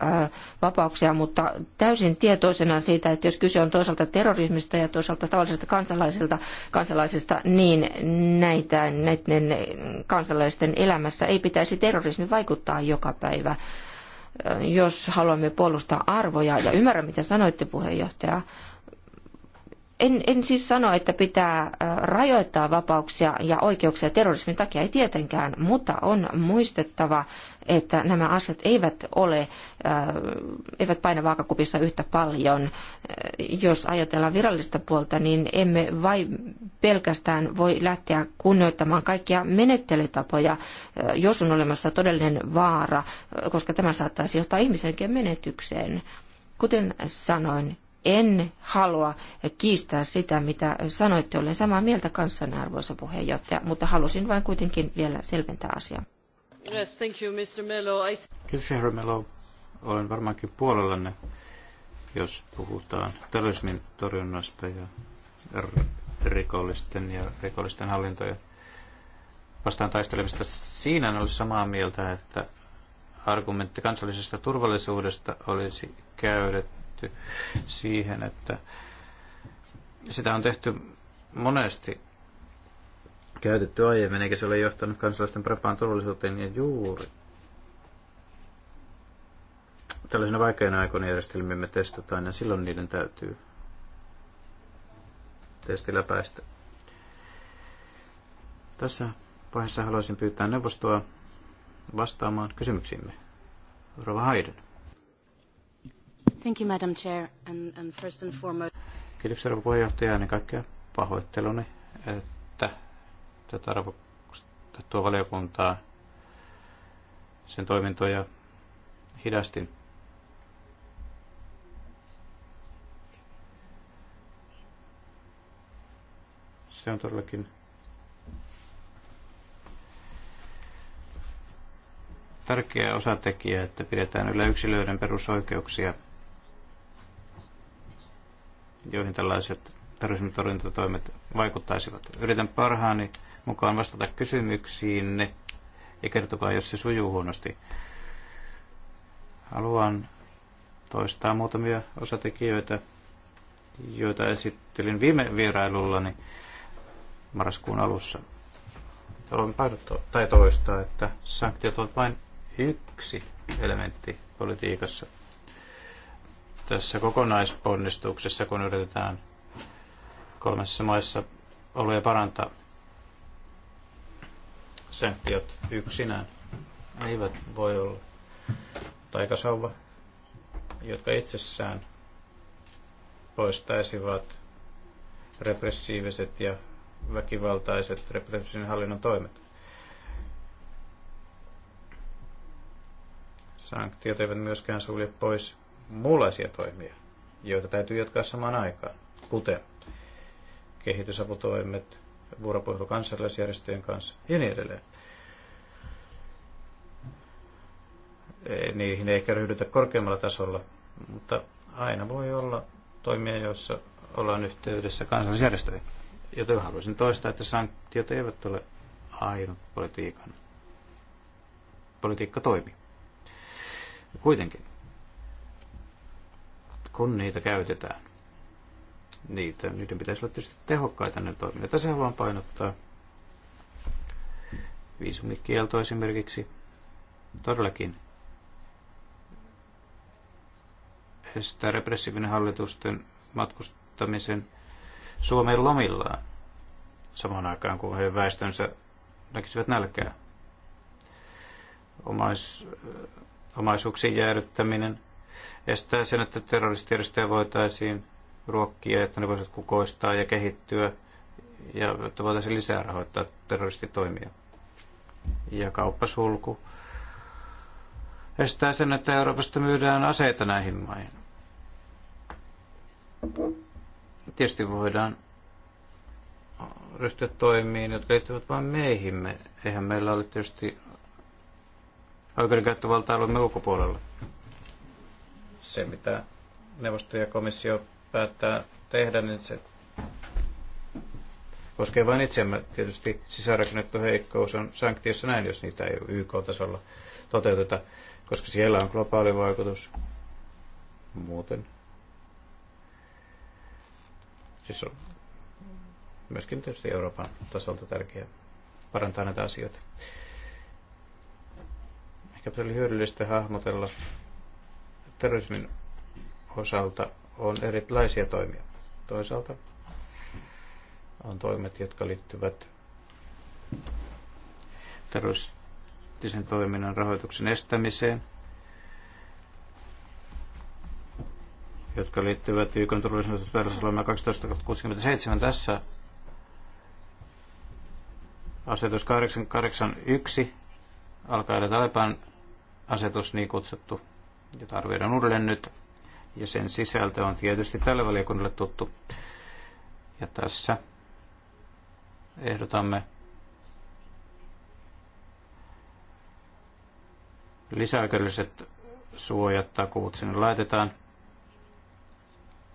vapauksia, mutta täysin tietoisena siitä, että jos kyse on toisaalta terrorismista ja toisaalta tavallisesta kansalaisilta, kansalaisista, niin näitä, näiden kansalaisten elämässä ei pitäisi terrorismi vaikuttaa joka päivä. Jos haluamme puolustaa arvoja, ja ymmärrän mitä sanoitte puheenjohtaja, en, en siis sano, että pitää rajoittaa vapauksia ja oikeuksia terrorismin takia, ei tietenkään, mutta on muistettava, että nämä asiat eivät ole, eivät paina vaakakupissa yhtä paljon. Jos ajatellaan virallista puolta, niin emme vai pelkästään voi lähteä kunnioittamaan kaikkia menettelytapoja, jos on olemassa todellinen vaara, koska tämä saattaisi johtaa ihmisenkin menetykseen. Kuten sanoin, en halua kiistää sitä, mitä sanoitte. Olen samaa mieltä kanssanne, arvoisa puheenjohtaja, mutta halusin vain kuitenkin vielä selventää asiaa. Yes, thank you, Mr. Mello. I... Kiitos, herra Mello. Olen varmaankin puolellanne, jos puhutaan terrorismin torjunnasta ja rikollisten ja rikollisten hallintojen vastaan taistelevista, Siinä en ole samaa mieltä, että argumentti kansallisesta turvallisuudesta olisi käydetty päästy siihen, että sitä on tehty monesti käytetty aiemmin, eikä se ole johtanut kansalaisten parempaan turvallisuuteen ja juuri. Tällaisena vaikeina aikoina järjestelmiä me testataan ja silloin niiden täytyy testillä päästä. Tässä vaiheessa haluaisin pyytää neuvostoa vastaamaan kysymyksiimme. Rova Haiden. Thank you, Madam Chair, and, and first and foremost... puheenjohtaja, ja ennen kaikkea pahoitteluni, että tätä arvostettua valiokuntaa, sen toimintoja hidastin. Se on todellakin tärkeä osatekijä, että pidetään yllä yksilöiden perusoikeuksia – joihin tällaiset terrorismitorjuntatoimet vaikuttaisivat. Yritän parhaani mukaan vastata kysymyksiinne ja kertokaa, jos se sujuu huonosti. Haluan toistaa muutamia osatekijöitä, joita esittelin viime vierailullani marraskuun alussa. Haluan painottaa tai toistaa, että sanktiot ovat vain yksi elementti politiikassa – tässä kokonaisponnistuksessa, kun yritetään kolmessa maissa oloja parantaa. Sanktiot yksinään eivät voi olla taikasauva, jotka itsessään poistaisivat repressiiviset ja väkivaltaiset repressiivisen hallinnon toimet. Sanktiot eivät myöskään sulje pois muunlaisia toimia, joita täytyy jatkaa samaan aikaan, kuten kehitysaputoimet, vuoropuhelu kansalaisjärjestöjen kanssa ja niin edelleen. E, niihin ei ehkä ryhdytä korkeammalla tasolla, mutta aina voi olla toimia, joissa ollaan yhteydessä kansalaisjärjestöihin. Joten haluaisin toistaa, että sanktiot eivät ole ainut politiikan politiikka toimi. Kuitenkin kun niitä käytetään. Niitä, niiden pitäisi olla tietysti tehokkaita ne toimia. Tässä haluan painottaa viisumikielto esimerkiksi. Todellakin estää repressiivinen hallitusten matkustamisen Suomen lomillaan samaan aikaan, kun heidän väestönsä näkisivät nälkää. Omais, omaisuuksien jäädyttäminen – estää sen, että terroristijärjestöjä voitaisiin ruokkia, että ne voisivat kukoistaa ja kehittyä ja että voitaisiin lisää rahoittaa terroristitoimia. Ja kauppasulku estää sen, että Euroopasta myydään aseita näihin maihin. Tietysti voidaan ryhtyä toimiin, jotka liittyvät vain meihimme. Eihän meillä ole tietysti oikeudenkäyttövaltaa alueemme ulkopuolella se, mitä neuvosto ja komissio päättää tehdä, niin se koskee vain itseämme. Tietysti sisärakennettu heikkous on sanktiossa näin, jos niitä ei YK-tasolla toteuteta, koska siellä on globaali vaikutus muuten. Siis on myöskin tietysti Euroopan tasolta tärkeää parantaa näitä asioita. Ehkä se oli hyödyllistä hahmotella terrorismin osalta on erilaisia toimia. Toisaalta on toimet, jotka liittyvät terroristisen toiminnan rahoituksen estämiseen, jotka liittyvät YK turvallisuusversoimaan 1267 tässä asetus 881 alkaa Taleban asetus niin kutsuttu jota arvioidaan uudelleen nyt, ja sen sisältö on tietysti tälle valiokunnalle tuttu. Ja tässä ehdotamme lisäoikeudelliset suojat, takuut sinne laitetaan,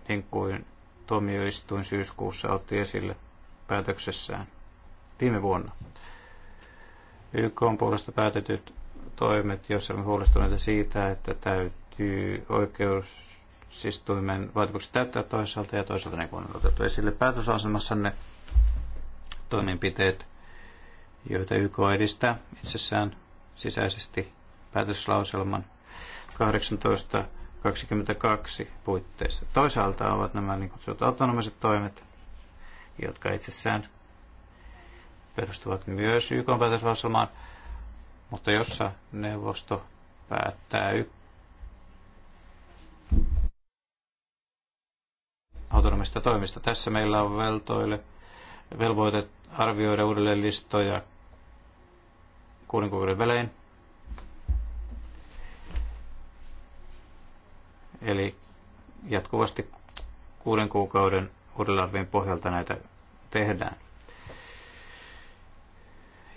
niin kuin tuomioistuin syyskuussa otti esille päätöksessään viime vuonna. YK on puolesta päätetyt toimet, jos olemme huolestuneita siitä, että täytyy oikeusistuimen vaatimukset täyttää toisaalta ja toisaalta niin kuin on otettu esille ne toimenpiteet, joita YK edistää itsessään sisäisesti päätöslauselman 18.22 puitteissa. Toisaalta ovat nämä niin kutsutut autonomiset toimet, jotka itsessään perustuvat myös YK päätöslauselmaan mutta jossa neuvosto päättää y- autonomista toimista. Tässä meillä on veltoille velvoite arvioida uudelleen listoja kuuden välein. Eli jatkuvasti kuuden kuukauden uudelleenarvion pohjalta näitä tehdään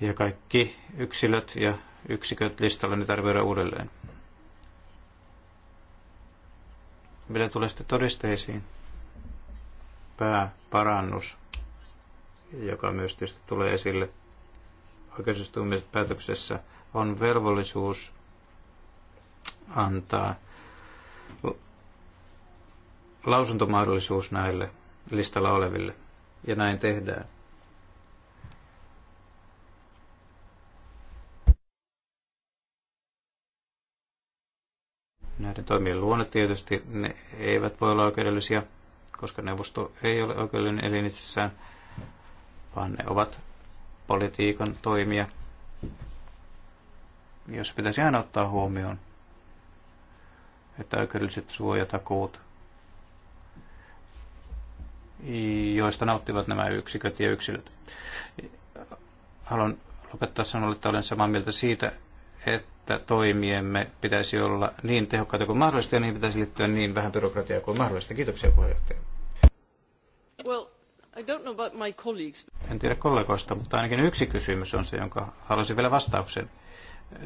ja kaikki yksilöt ja yksiköt listalla nyt arvioida uudelleen. Mitä tulee sitten todisteisiin? Pääparannus, joka myös tietysti tulee esille päätöksessä on velvollisuus antaa lausuntomahdollisuus näille listalla oleville. Ja näin tehdään. toimien luonne tietysti ne eivät voi olla oikeudellisia, koska neuvosto ei ole oikeudellinen elin itsessään, vaan ne ovat politiikan toimia, jos pitäisi aina ottaa huomioon, että oikeudelliset suojatakuut, joista nauttivat nämä yksiköt ja yksilöt. Haluan lopettaa sanoa, että olen samaa mieltä siitä, että että toimiemme pitäisi olla niin tehokkaita kuin mahdollista ja niihin pitäisi liittyä niin vähän byrokratiaa kuin mahdollista. Kiitoksia puheenjohtaja. Well, I don't know about my colleagues. En tiedä kollegoista, mutta ainakin yksi kysymys on se, jonka haluaisin vielä vastauksen.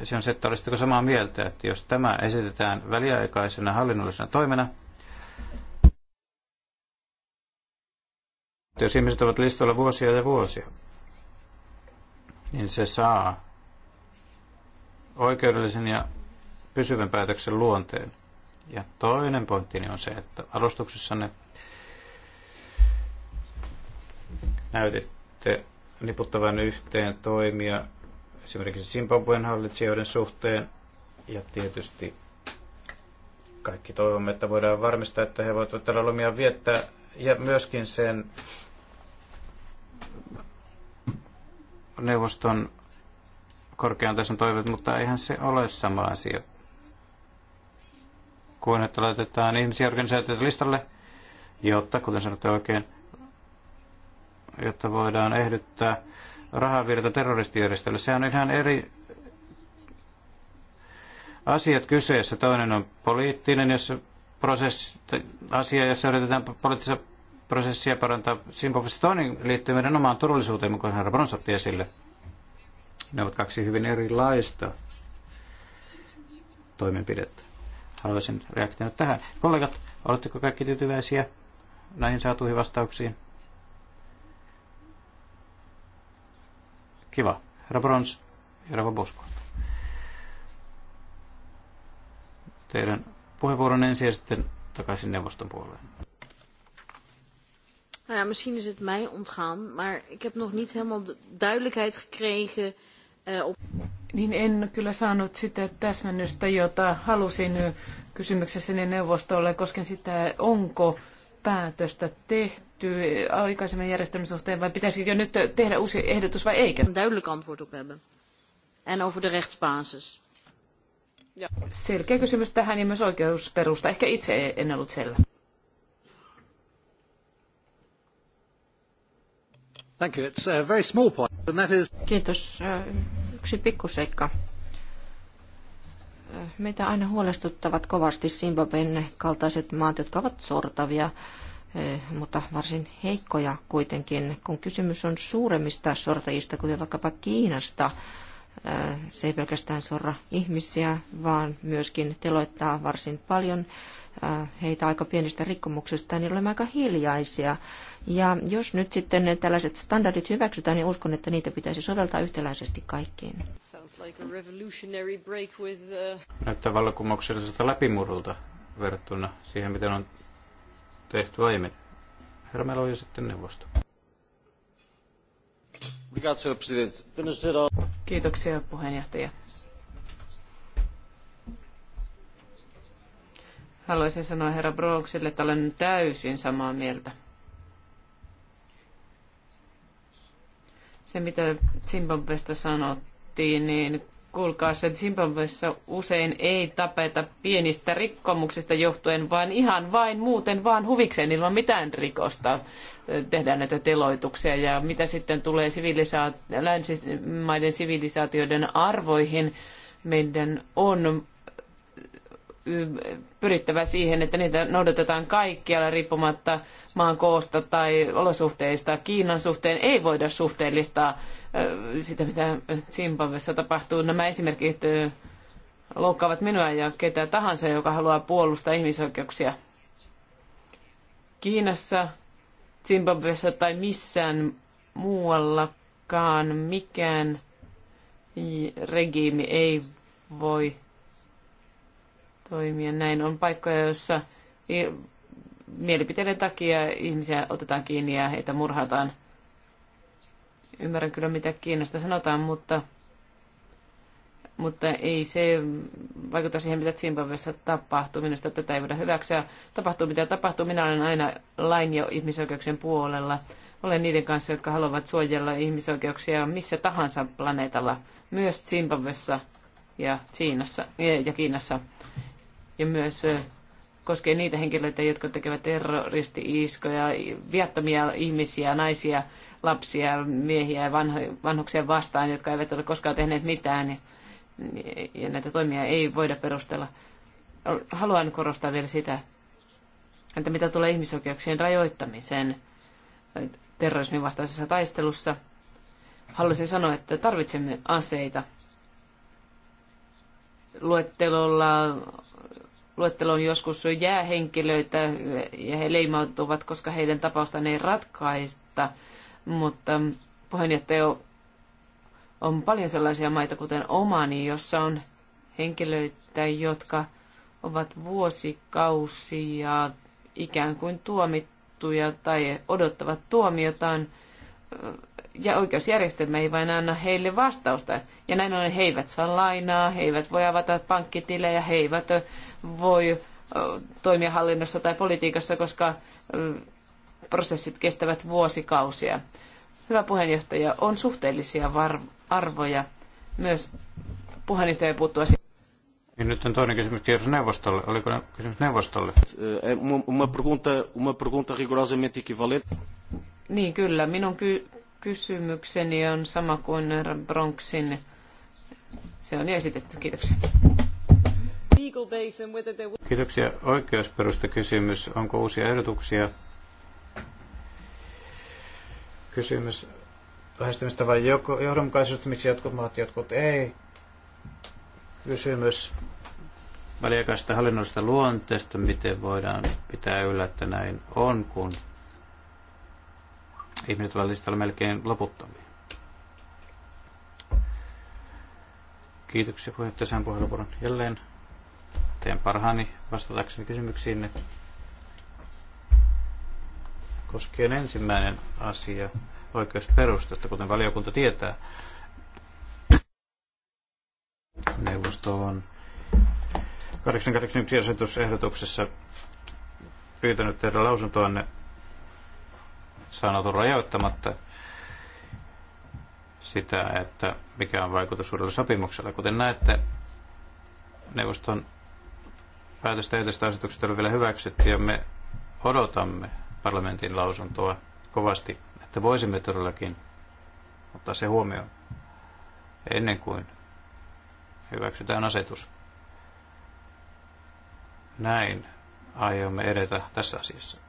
Se on se, että olisitteko samaa mieltä, että jos tämä esitetään väliaikaisena hallinnollisena toimena, jos ihmiset ovat listoilla vuosia ja vuosia, niin se saa oikeudellisen ja pysyvän päätöksen luonteen. Ja toinen pointti on se, että alustuksessanne näytitte niputtavan yhteen toimia esimerkiksi Zimbabwen hallitsijoiden suhteen ja tietysti kaikki toivomme, että voidaan varmistaa, että he voivat tällä lomia viettää ja myöskin sen neuvoston korkean tason toiveet, mutta eihän se ole sama asia kuin että laitetaan ihmisiä organisaatioita listalle, jotta, kuten sanotte oikein, jotta voidaan ehdyttää rahavirta terroristijärjestölle. Se on ihan eri asiat kyseessä. Toinen on poliittinen jossa prosessi, asia, jossa yritetään poliittista prosessia parantaa Zimbabwessa. Toinen liittyy meidän omaan turvallisuuteen, kun herra Bronsotti esille. Ne ovat kaksi hyvin erilaista toimenpidettä. Haluaisin reaktioida tähän. Kollegat, oletteko kaikki tyytyväisiä näihin saatuihin vastauksiin? Kiva. Herra Brons ja Rava Bosko. Teidän puheenvuoron ensin ja sitten takaisin neuvoston puoleen. Nou ja, misschien is het mij ontgaan, maar ik heb nog niet helemaal duidelijkheid gekregen niin en kyllä saanut sitä täsmennystä, jota halusin kysymyksessäni neuvostolle koskien sitä, onko päätöstä tehty aikaisemmin järjestelmän suhteen vai pitäisikö nyt tehdä uusi ehdotus vai eikö? Duidelijk antwoord op hebben. En over de rechtsbasis. Selkeä kysymys tähän ja myös oikeusperusta. Ehkä itse en ollut selvä. Thank you. It's a very small point, and that is... Kiitos. Yksi pikkuseikka. Meitä aina huolestuttavat kovasti Zimbabwen kaltaiset maat, jotka ovat sortavia mutta varsin heikkoja kuitenkin. Kun kysymys on suuremmista sortajista, kuten vaikkapa Kiinasta, se ei pelkästään sorra ihmisiä, vaan myöskin teloittaa varsin paljon Äh, heitä aika pienistä rikkomuksista, niin olemme aika hiljaisia. Ja jos nyt sitten tällaiset standardit hyväksytään, niin uskon, että niitä pitäisi soveltaa yhtäläisesti kaikkiin. Uh, Näyttää vallankumoukselliselta läpimurulta verrattuna siihen, miten on tehty aiemmin. Herra Melo ja sitten neuvosto. Kiitoksia puheenjohtaja. Haluaisin sanoa herra Brooksille, että olen täysin samaa mieltä. Se, mitä Zimbabwesta sanottiin, niin kuulkaa se, Zimbabwessa usein ei tapeta pienistä rikkomuksista johtuen, vaan ihan vain muuten vaan huvikseen ilman mitään rikosta tehdään näitä teloituksia. Ja mitä sitten tulee sivilisaat- länsimaiden sivilisaatioiden arvoihin, meidän on pyrittävä siihen, että niitä noudatetaan kaikkialla riippumatta maan koosta tai olosuhteista. Kiinan suhteen ei voida suhteellistaa sitä, mitä Zimbabwessa tapahtuu. Nämä esimerkit loukkaavat minua ja ketä tahansa, joka haluaa puolustaa ihmisoikeuksia. Kiinassa, Zimbabwessa tai missään muuallakaan mikään regiimi ei voi toimia. Näin on paikkoja, joissa mielipiteiden takia ihmisiä otetaan kiinni ja heitä murhataan. Ymmärrän kyllä, mitä Kiinasta sanotaan, mutta, mutta ei se vaikuta siihen, mitä Zimbabwessa tapahtuu. Minusta tätä ei voida hyväksyä. Tapahtuu, mitä tapahtuu. Minä olen aina lain ja ihmisoikeuksien puolella. Olen niiden kanssa, jotka haluavat suojella ihmisoikeuksia missä tahansa planeetalla, myös Zimbabwessa ja, Kiinassa. ja Kiinassa ja myös koskee niitä henkilöitä, jotka tekevät terroristi-iskoja, viattomia ihmisiä, naisia, lapsia, miehiä ja vanhuksia vastaan, jotka eivät ole koskaan tehneet mitään. Ja näitä toimia ei voida perustella. Haluan korostaa vielä sitä, että mitä tulee ihmisoikeuksien rajoittamiseen terrorismin vastaisessa taistelussa, haluaisin sanoa, että tarvitsemme aseita. Luettelolla luetteloon joskus jää henkilöitä ja he leimautuvat, koska heidän tapaustaan ei ratkaista. Mutta puheenjohtaja on paljon sellaisia maita, kuten omani, jossa on henkilöitä, jotka ovat vuosikausia ikään kuin tuomittuja tai odottavat tuomiotaan – ja oikeusjärjestelmä ei vain anna heille vastausta. Ja näin ollen he eivät saa lainaa, he eivät voi avata pankkitilejä, he eivät voi toimia hallinnossa tai politiikassa, koska prosessit kestävät vuosikausia. Hyvä puheenjohtaja, on suhteellisia arvoja myös puheenjohtaja puuttua niin nyt on toinen kysymys kierros neuvostolle. Oliko ne kysymys neuvostolle? Uma pergunta, uma pergunta rigorosamente equivalente. Niin kyllä, minun ky- kysymykseni on sama kuin Bronxin. Se on esitetty. Kiitoksia. Kiitoksia. Oikeusperusta kysymys. Onko uusia ehdotuksia? Kysymys lähestymistä vai johdonmukaisuudesta, miksi jotkut maat, jotkut ei? Kysymys väliaikaisesta hallinnollisesta luonteesta, miten voidaan pitää yllä, että näin on, kun ihmiset ovat listalla melkein loputtomia. Kiitoksia puheenjohtaja Sään puheenvuoron jälleen. Teen parhaani vastatakseni kysymyksiin. Koskien ensimmäinen asia oikeusperustasta, kuten valiokunta tietää, neuvosto on 881 asetusehdotuksessa pyytänyt tehdä lausuntoanne sanotun rajoittamatta sitä, että mikä on vaikutus uudella sopimuksella. Kuten näette, neuvoston päätöstä edestä asetuksesta oli vielä hyväksytty ja me odotamme parlamentin lausuntoa kovasti, että voisimme todellakin ottaa se huomioon ennen kuin hyväksytään asetus. Näin aiomme edetä tässä asiassa.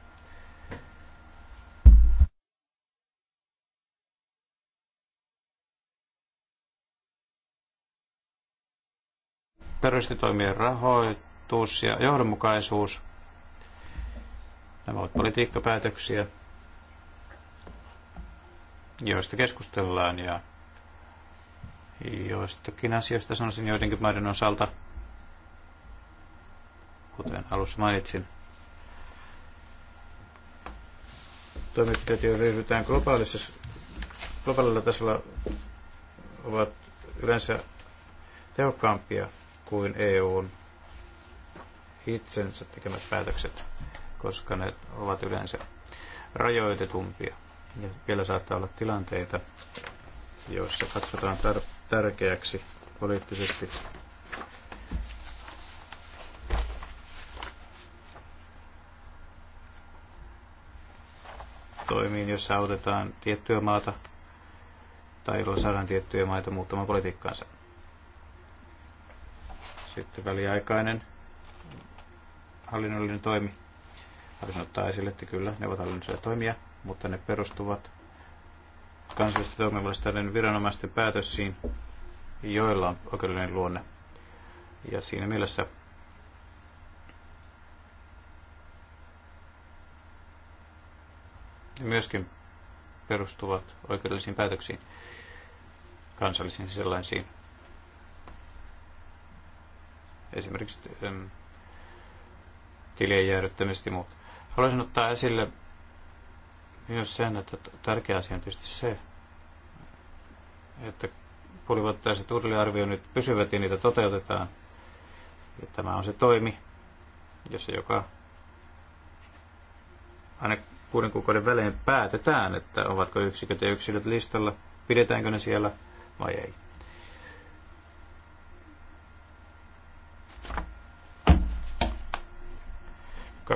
terroristitoimien rahoitus ja johdonmukaisuus. Nämä ovat politiikkapäätöksiä, joista keskustellaan ja joistakin asioista sanoisin joidenkin maiden osalta, kuten alussa mainitsin. Toimittajat, joihin ryhdytään globaalissa, globaalilla tasolla, ovat yleensä tehokkaampia kuin EUn itsensä tekemät päätökset, koska ne ovat yleensä rajoitetumpia. Ja vielä saattaa olla tilanteita, joissa katsotaan tar- tärkeäksi poliittisesti toimiin, jossa autetaan tiettyä maata tai saadaan tiettyjä maita muuttamaan politiikkaansa. Sitten väliaikainen hallinnollinen toimi. Haluaisin ottaa esille, että kyllä ne ovat hallinnollisia toimia, mutta ne perustuvat kansallisesti toimivallistaiden viranomaisten päätöksiin, joilla on oikeudellinen luonne. Ja siinä mielessä myöskin perustuvat oikeudellisiin päätöksiin, kansallisiin sellaisiin esimerkiksi tilien jäädyttämistä ja muut. Haluaisin ottaa esille myös sen, että tärkeä asia on tietysti se, että puolivuottaiset uudelleenarvioinnit pysyvät ja niitä toteutetaan. Ja tämä on se toimi, jossa joka aina kuuden kuukauden välein päätetään, että ovatko yksiköt ja yksilöt listalla, pidetäänkö ne siellä vai ei.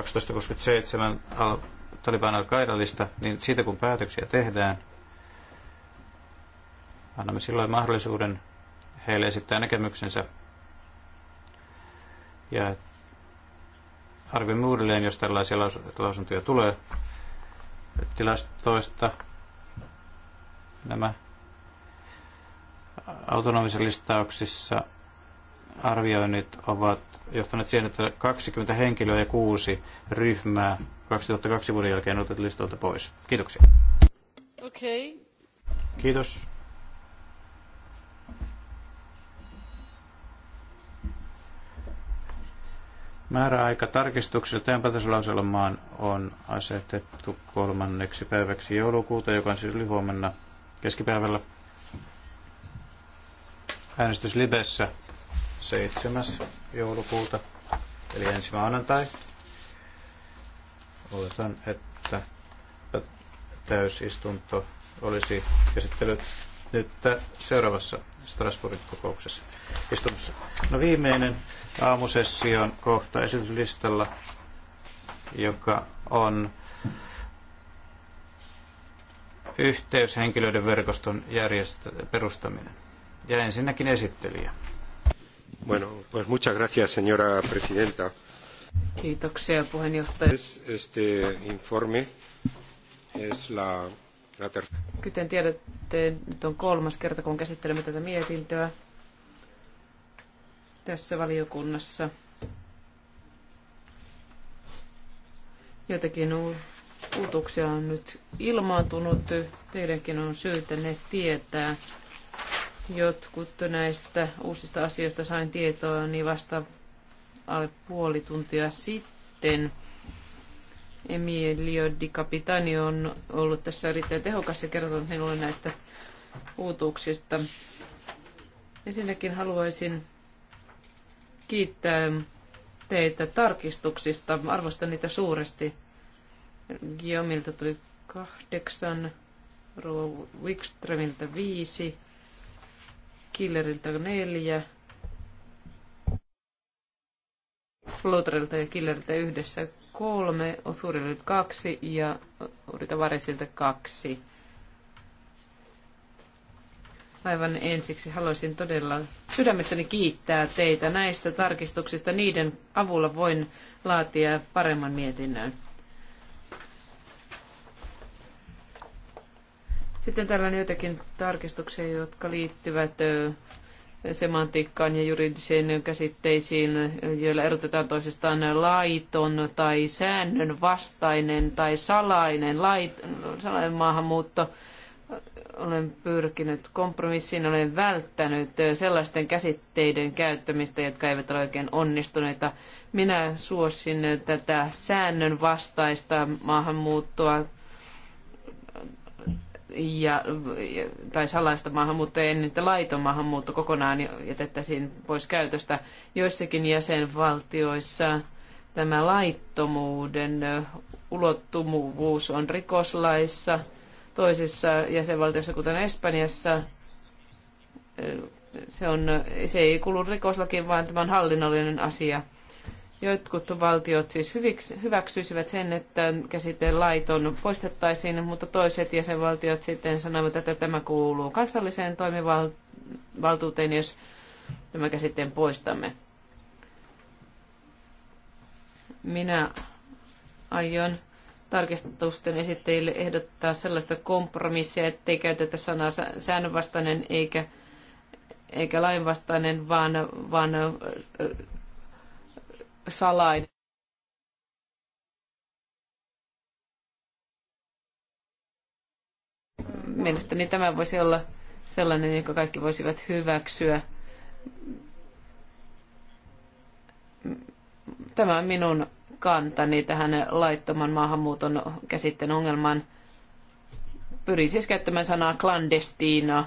1267 al- Taliban al qaidalista niin siitä kun päätöksiä tehdään, annamme silloin mahdollisuuden heille esittää näkemyksensä ja arvioimme uudelleen, jos tällaisia lausuntoja tulee tilastoista nämä autonomisen listauksissa arvioinnit ovat johtaneet siihen, että 20 henkilöä ja kuusi ryhmää 2002 vuoden jälkeen otettu listalta pois. Kiitoksia. Okei. Okay. Kiitos. Määräaika tarkistuksille tämän päätöslauselmaan on asetettu kolmanneksi päiväksi joulukuuta, joka on siis huomenna keskipäivällä äänestyslibessä. Libessä 7. joulukuuta, eli ensi maanantai. Oletan, että täysistunto olisi käsittely nyt seuraavassa Strasbourgin kokouksessa istunnossa. No viimeinen aamusession kohta esityslistalla, joka on yhteyshenkilöiden verkoston järjestä- perustaminen. Ja ensinnäkin esittelijä. Bueno, pues muchas gracias, señora presidenta. Kiitoksia, puheenjohtaja. Este informe es la, la Kuten tiedätte, nyt on kolmas kerta, kun käsittelemme tätä mietintöä tässä valiokunnassa. Joitakin uutuuksia on nyt ilmaantunut. Teidänkin on syytä ne tietää. Jotkut näistä uusista asioista sain tietoa niin vasta alle puoli tuntia sitten. Emilio Di Capitani on ollut tässä erittäin tehokas ja kertonut minulle näistä uutuuksista. Ensinnäkin haluaisin kiittää teitä tarkistuksista. Arvostan niitä suuresti. Guillaumilta tuli kahdeksan, Rova Wikströmiltä viisi, Killeriltä neljä. Flutterilta ja Killeriltä yhdessä kolme, Othurilta kaksi ja Urita Varesilta kaksi. Aivan ensiksi haluaisin todella sydämestäni kiittää teitä näistä tarkistuksista. Niiden avulla voin laatia paremman mietinnön. Sitten täällä on joitakin tarkistuksia, jotka liittyvät semantiikkaan ja juridisiin käsitteisiin, joilla erotetaan toisistaan laiton tai säännön vastainen tai salainen, lait, salainen maahanmuutto. Olen pyrkinyt kompromissiin, olen välttänyt sellaisten käsitteiden käyttämistä, jotka eivät ole oikein onnistuneita. Minä suosin tätä säännön vastaista maahanmuuttoa ja, tai salaista maahanmuuttoa ja että laiton maahanmuutto kokonaan jätettäisiin pois käytöstä. Joissakin jäsenvaltioissa tämä laittomuuden ulottuvuus on rikoslaissa. Toisissa jäsenvaltioissa, kuten Espanjassa, se, on, se ei kuulu rikoslakiin, vaan tämä on hallinnollinen asia – Jotkut valtiot siis hyviksi, hyväksyisivät sen, että käsitteen laiton poistettaisiin, mutta toiset jäsenvaltiot sitten sanoivat, että tämä kuuluu kansalliseen toimivaltuuteen, jos tämä käsitteen poistamme. Minä aion tarkistusten esittäjille ehdottaa sellaista kompromissia, ettei käytetä sanaa säännönvastainen eikä, eikä lainvastainen, vaan, vaan salainen. Mielestäni tämä voisi olla sellainen, jonka kaikki voisivat hyväksyä. Tämä on minun kantani tähän laittoman maahanmuuton käsitteen ongelmaan. Pyrin siis käyttämään sanaa clandestino,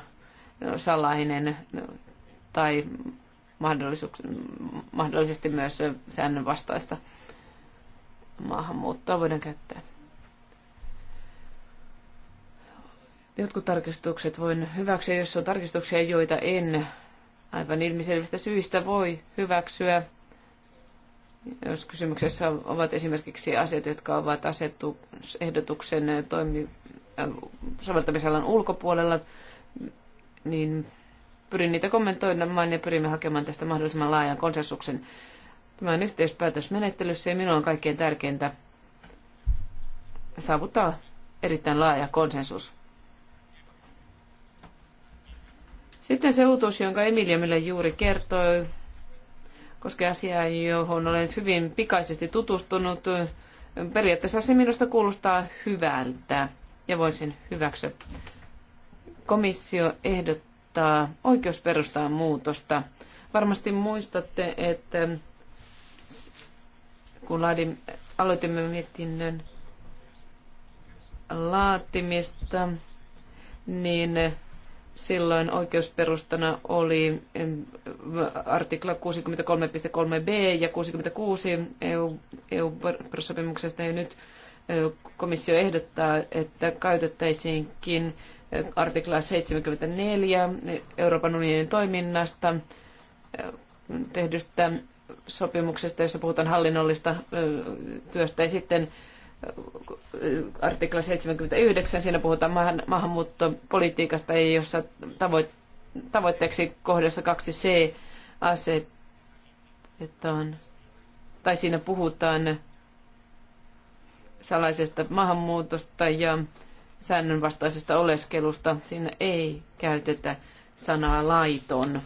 salainen tai mahdollisesti myös vastaista maahanmuuttoa voidaan käyttää. Jotkut tarkistukset voin hyväksyä, jos on tarkistuksia, joita en aivan ilmiselvistä syistä voi hyväksyä. Jos kysymyksessä ovat esimerkiksi asiat, jotka ovat ehdotuksen toimi, soveltamisalan ulkopuolella, niin pyrin niitä kommentoimaan ja pyrimme hakemaan tästä mahdollisimman laajan konsensuksen. Tämä on yhteispäätösmenettelyssä ja minulla on kaikkein tärkeintä saavuttaa erittäin laaja konsensus. Sitten se uutuus, jonka Emilia meille juuri kertoi, koskee asiaa, johon olen hyvin pikaisesti tutustunut. Periaatteessa se minusta kuulostaa hyvältä ja voisin hyväksyä. Komissio ehdottaa, kannattaa oikeusperustaan muutosta. Varmasti muistatte, että kun laadin, aloitimme mietinnön laatimista, niin silloin oikeusperustana oli artikla 63.3b ja 66 EU-sopimuksesta EU ja nyt komissio ehdottaa, että käytettäisiinkin artikla 74 Euroopan unionin toiminnasta tehdystä sopimuksesta, jossa puhutaan hallinnollista työstä ja sitten artikla 79, siinä puhutaan maahanmuuttopolitiikasta ja jossa tavoitteeksi kohdassa 2c asetetaan, tai siinä puhutaan salaisesta maahanmuutosta ja säännönvastaisesta oleskelusta. Siinä ei käytetä sanaa laiton.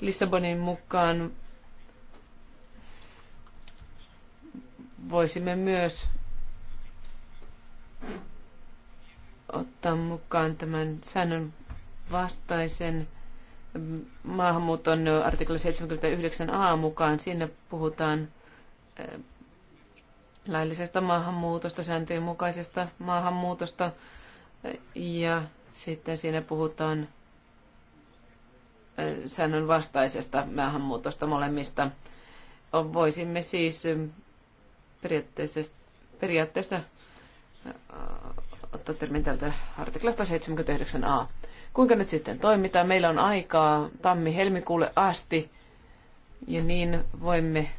Lissabonin mukaan voisimme myös ottaa mukaan tämän säännön vastaisen maahanmuuton artikla 79a mukaan. Siinä puhutaan laillisesta maahanmuutosta, sääntöjen mukaisesta maahanmuutosta ja sitten siinä puhutaan säännön vastaisesta maahanmuutosta molemmista. Voisimme siis periaatteessa, periaatteessa ottaa termin tältä artiklasta 79a. Kuinka nyt sitten toimitaan? Meillä on aikaa tammi-helmikuulle asti ja niin voimme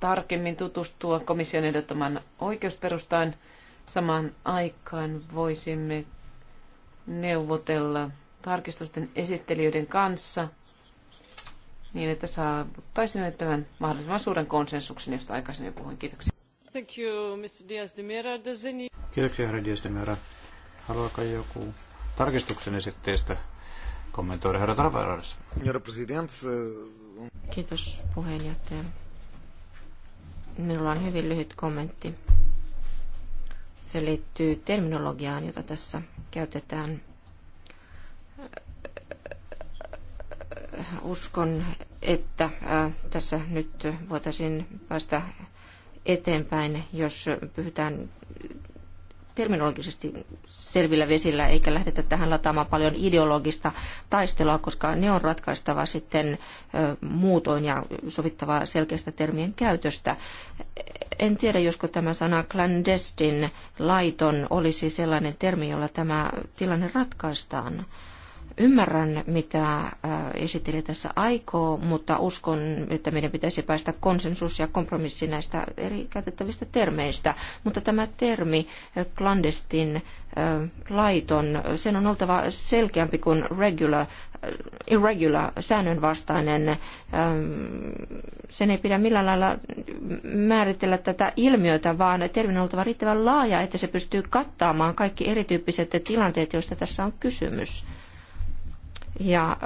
tarkemmin tutustua komission ehdottoman oikeusperustaan. Samaan aikaan voisimme neuvotella tarkistusten esittelijöiden kanssa niin, että saavuttaisimme tämän mahdollisimman suuren konsensuksen, josta aikaisemmin puhuin. Kiitoksia. Thank you, Mr. Diaz de Mera. any... Kiitoksia, herra Diaz de Mera. Haluaako joku tarkistuksen esitteestä kommentoida herra Tavares? Kiitos puheenjohtaja. Minulla on hyvin lyhyt kommentti. Se liittyy terminologiaan, jota tässä käytetään. Uskon, että tässä nyt voitaisiin päästä eteenpäin, jos pyytään terminologisesti selvillä vesillä, eikä lähdetä tähän lataamaan paljon ideologista taistelua, koska ne on ratkaistava sitten muutoin ja sovittava selkeästä termien käytöstä. En tiedä, josko tämä sana clandestin, laiton, olisi sellainen termi, jolla tämä tilanne ratkaistaan. Ymmärrän, mitä äh, esitteli tässä aikoo, mutta uskon, että meidän pitäisi päästä konsensus ja kompromissi näistä eri käytettävistä termeistä. Mutta tämä termi äh, clandestin äh, laiton, sen on oltava selkeämpi kuin regular, irregular, säännönvastainen. Ähm, sen ei pidä millään lailla määritellä tätä ilmiötä, vaan termin on oltava riittävän laaja, että se pystyy kattamaan kaikki erityyppiset tilanteet, joista tässä on kysymys. Ja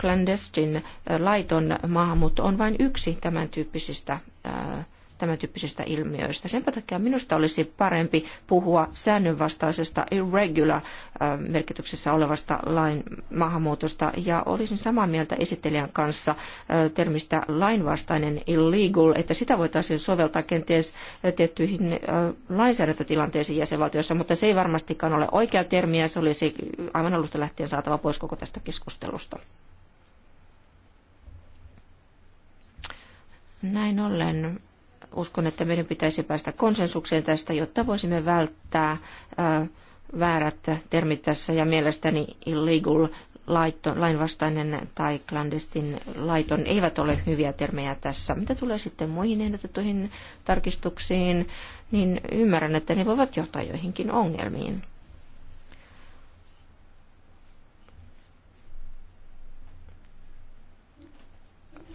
clandestine laiton maahanmuutto on vain yksi tämän tyyppisistä tämän tyyppisistä ilmiöistä. Sen takia minusta olisi parempi puhua säännönvastaisesta irregular merkityksessä olevasta lain maahanmuutosta ja olisin samaa mieltä esittelijän kanssa termistä lainvastainen illegal, että sitä voitaisiin soveltaa kenties tiettyihin lainsäädäntötilanteisiin jäsenvaltioissa, mutta se ei varmastikaan ole oikea termi ja se olisi aivan alusta lähtien saatava pois koko tästä keskustelusta. Näin ollen uskon, että meidän pitäisi päästä konsensukseen tästä, jotta voisimme välttää väärät termit tässä ja mielestäni illegal lainvastainen tai clandestin laiton eivät ole hyviä termejä tässä. Mitä tulee sitten muihin ehdotettuihin tarkistuksiin, niin ymmärrän, että ne voivat johtaa joihinkin ongelmiin.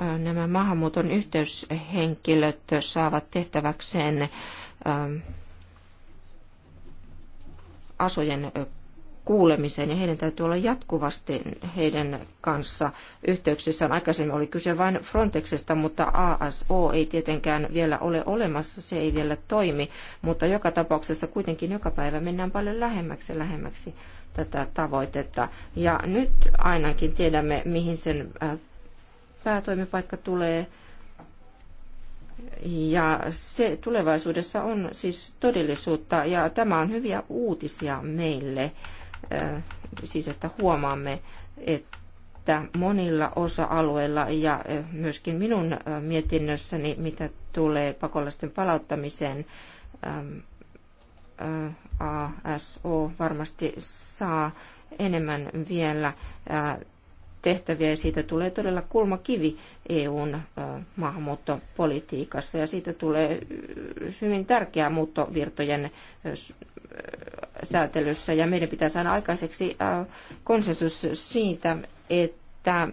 Äh, nämä maahanmuuton yhteyshenkilöt saavat tehtäväkseen ähm, asujen äh, kuulemiseen ja heidän täytyy olla jatkuvasti heidän kanssa yhteyksissä. Aikaisemmin oli kyse vain Frontexista, mutta ASO ei tietenkään vielä ole olemassa, se ei vielä toimi, mutta joka tapauksessa kuitenkin joka päivä mennään paljon lähemmäksi ja lähemmäksi tätä tavoitetta. Ja nyt ainakin tiedämme, mihin sen äh, päätoimipaikka tulee. Ja se tulevaisuudessa on siis todellisuutta ja tämä on hyviä uutisia meille, siis että huomaamme, että monilla osa-alueilla ja myöskin minun mietinnössäni, mitä tulee pakolaisten palauttamiseen, ASO varmasti saa enemmän vielä tehtäviä ja siitä tulee todella kulmakivi EUn maahanmuuttopolitiikassa ja siitä tulee hyvin tärkeää muuttovirtojen säätelyssä ja meidän pitää saada aikaiseksi konsensus siitä, että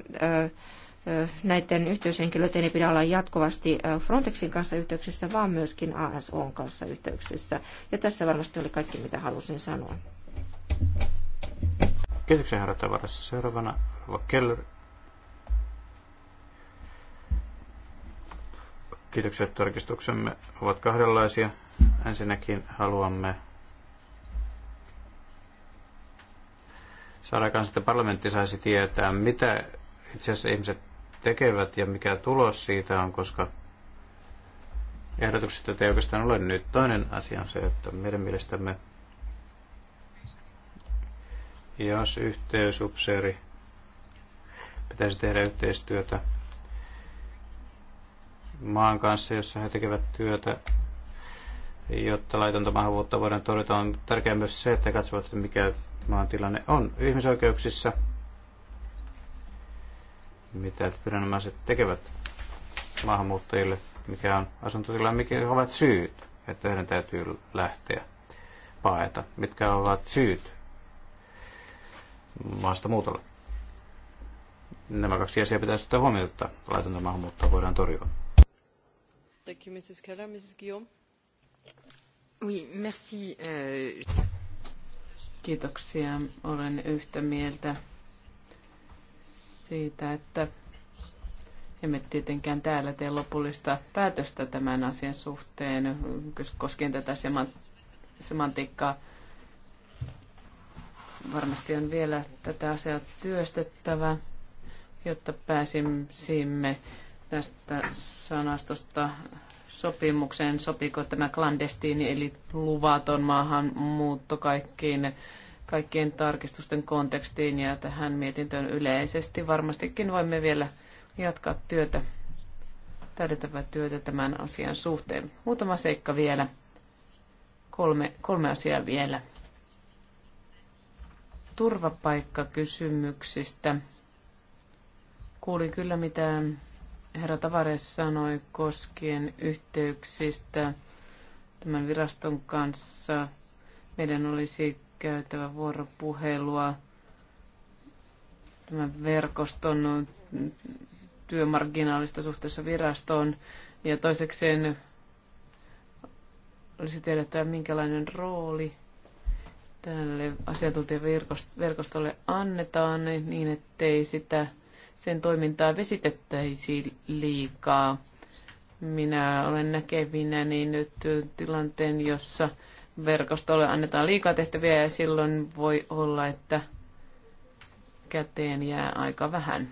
näiden yhteyshenkilöiden ei pidä olla jatkuvasti Frontexin kanssa yhteyksissä, vaan myöskin ASOn kanssa yhteyksissä. Ja tässä varmasti oli kaikki, mitä halusin sanoa. Kiitoksia herra Tavaras. Seuraavana Keller. Kiitokset tarkistuksemme ovat kahdenlaisia. Ensinnäkin haluamme saada kanssa, että parlamentti saisi tietää, mitä itse asiassa ihmiset tekevät ja mikä tulos siitä on, koska ehdotukset, ei oikeastaan ole nyt. Toinen asia on se, että meidän mielestämme jos yhteysupseeri pitäisi tehdä yhteistyötä maan kanssa, jossa he tekevät työtä, jotta laitonta maahanmuuttoa voidaan torjuta. On tärkeää myös se, että katsovat, että mikä maan tilanne on ihmisoikeuksissa, mitä viranomaiset tekevät maahanmuuttajille, mikä on asuntotilanne, mikä ovat syyt, että heidän täytyy lähteä paeta, mitkä ovat syyt maasta muutolle. Nämä kaksi asiaa pitäisi ottaa huomioon, että laitonta maahanmuuttoa voidaan torjua. Thank you, Mrs. Keller. Mrs. Guillaume. Oui, merci. Euh, Kiitoksia. Olen yhtä mieltä siitä, että emme tietenkään täällä tee lopullista päätöstä tämän asian suhteen koskien tätä semantiikkaa. Varmasti on vielä tätä asiaa työstettävä jotta pääsisimme tästä sanastosta sopimukseen. Sopiko tämä klandestiini eli luvaton maahanmuutto kaikkiin kaikkien tarkistusten kontekstiin ja tähän mietintöön yleisesti. Varmastikin voimme vielä jatkaa työtä, täydentävää työtä tämän asian suhteen. Muutama seikka vielä, kolme, kolme asiaa vielä. Turvapaikkakysymyksistä. kysymyksistä kuulin kyllä, mitä herra Tavares sanoi koskien yhteyksistä tämän viraston kanssa. Meidän olisi käytävä vuoropuhelua tämän verkoston työmarginaalista suhteessa virastoon. Ja toisekseen olisi tiedettävä, minkälainen rooli tälle asiantuntijaverkostolle annetaan niin, ettei sitä sen toimintaa vesitettäisiin liikaa. Minä olen näkevinä niin nyt tilanteen, jossa verkostolle annetaan liikaa tehtäviä ja silloin voi olla, että käteen jää aika vähän.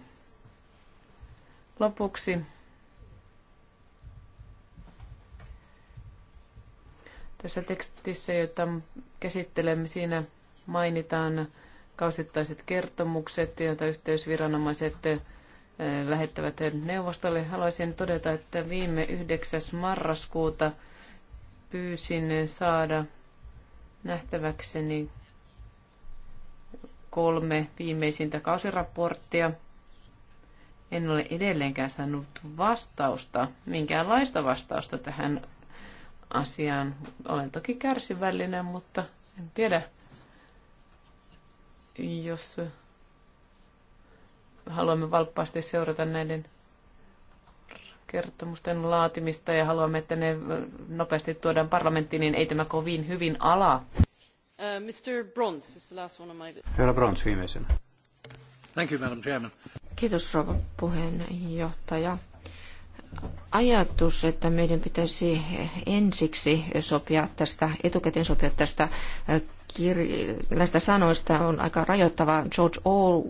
Lopuksi tässä tekstissä, jota käsittelemme, siinä mainitaan kausittaiset kertomukset, joita yhteysviranomaiset eh, lähettävät neuvostolle. Haluaisin todeta, että viime 9. marraskuuta pyysin saada nähtäväkseni kolme viimeisintä kausiraporttia. En ole edelleenkään saanut vastausta, minkäänlaista vastausta tähän asiaan. Olen toki kärsivällinen, mutta en tiedä jos haluamme valppaasti seurata näiden kertomusten laatimista ja haluamme, että ne nopeasti tuodaan parlamenttiin, niin ei tämä kovin hyvin ala. Uh, Mr. Brons is the last one my... Herra Brons viimeisenä. Thank you, Madam Chairman. Kiitos, rouva puheenjohtaja ajatus, että meidän pitäisi ensiksi sopia tästä, etukäteen sopia tästä kir- näistä sanoista on aika rajoittava. George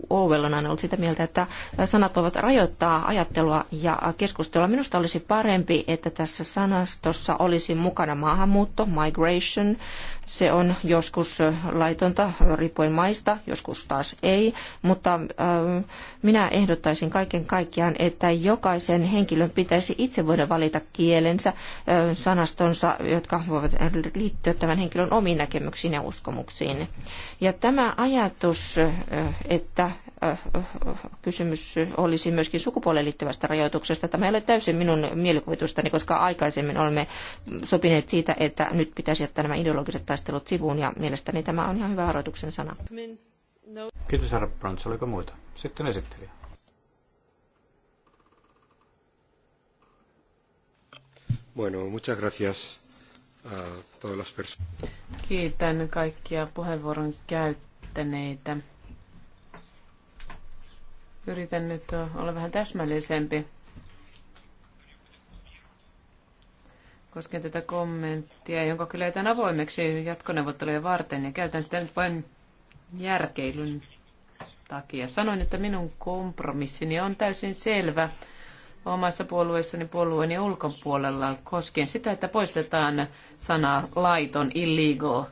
Orwell on aina ollut sitä mieltä, että sanat voivat rajoittaa ajattelua ja keskustelua. Minusta olisi parempi, että tässä sanastossa olisi mukana maahanmuutto, migration. Se on joskus laitonta, riippuen maista, joskus taas ei. Mutta äh, minä ehdottaisin kaiken kaikkiaan, että jokaisen henkilön pitäisi itse voida valita kielensä, äh, sanastonsa, jotka voivat liittyä tämän henkilön omiin näkemyksiin ja uskomuksiin uskomuksiin. Ja tämä ajatus, että kysymys olisi myöskin sukupuoleen liittyvästä rajoituksesta. Tämä ei ole täysin minun mielikuvitustani, koska aikaisemmin olemme sopineet siitä, että nyt pitäisi jättää nämä ideologiset taistelut sivuun, ja mielestäni tämä on ihan hyvä varoituksen sana. Kiitos, herra Brons. Oliko muita? Sitten esittelijä. Bueno, muchas gracias las personas. Kiitän kaikkia puheenvuoron käyttäneitä. Yritän nyt olla vähän täsmällisempi. koskien tätä kommenttia, jonka kyllä jätän avoimeksi jatkoneuvotteluja varten, ja käytän sitä nyt vain järkeilyn takia. Sanoin, että minun kompromissini on täysin selvä omassa puolueessani puolueeni ulkopuolella koskien sitä, että poistetaan sana laiton, illegal.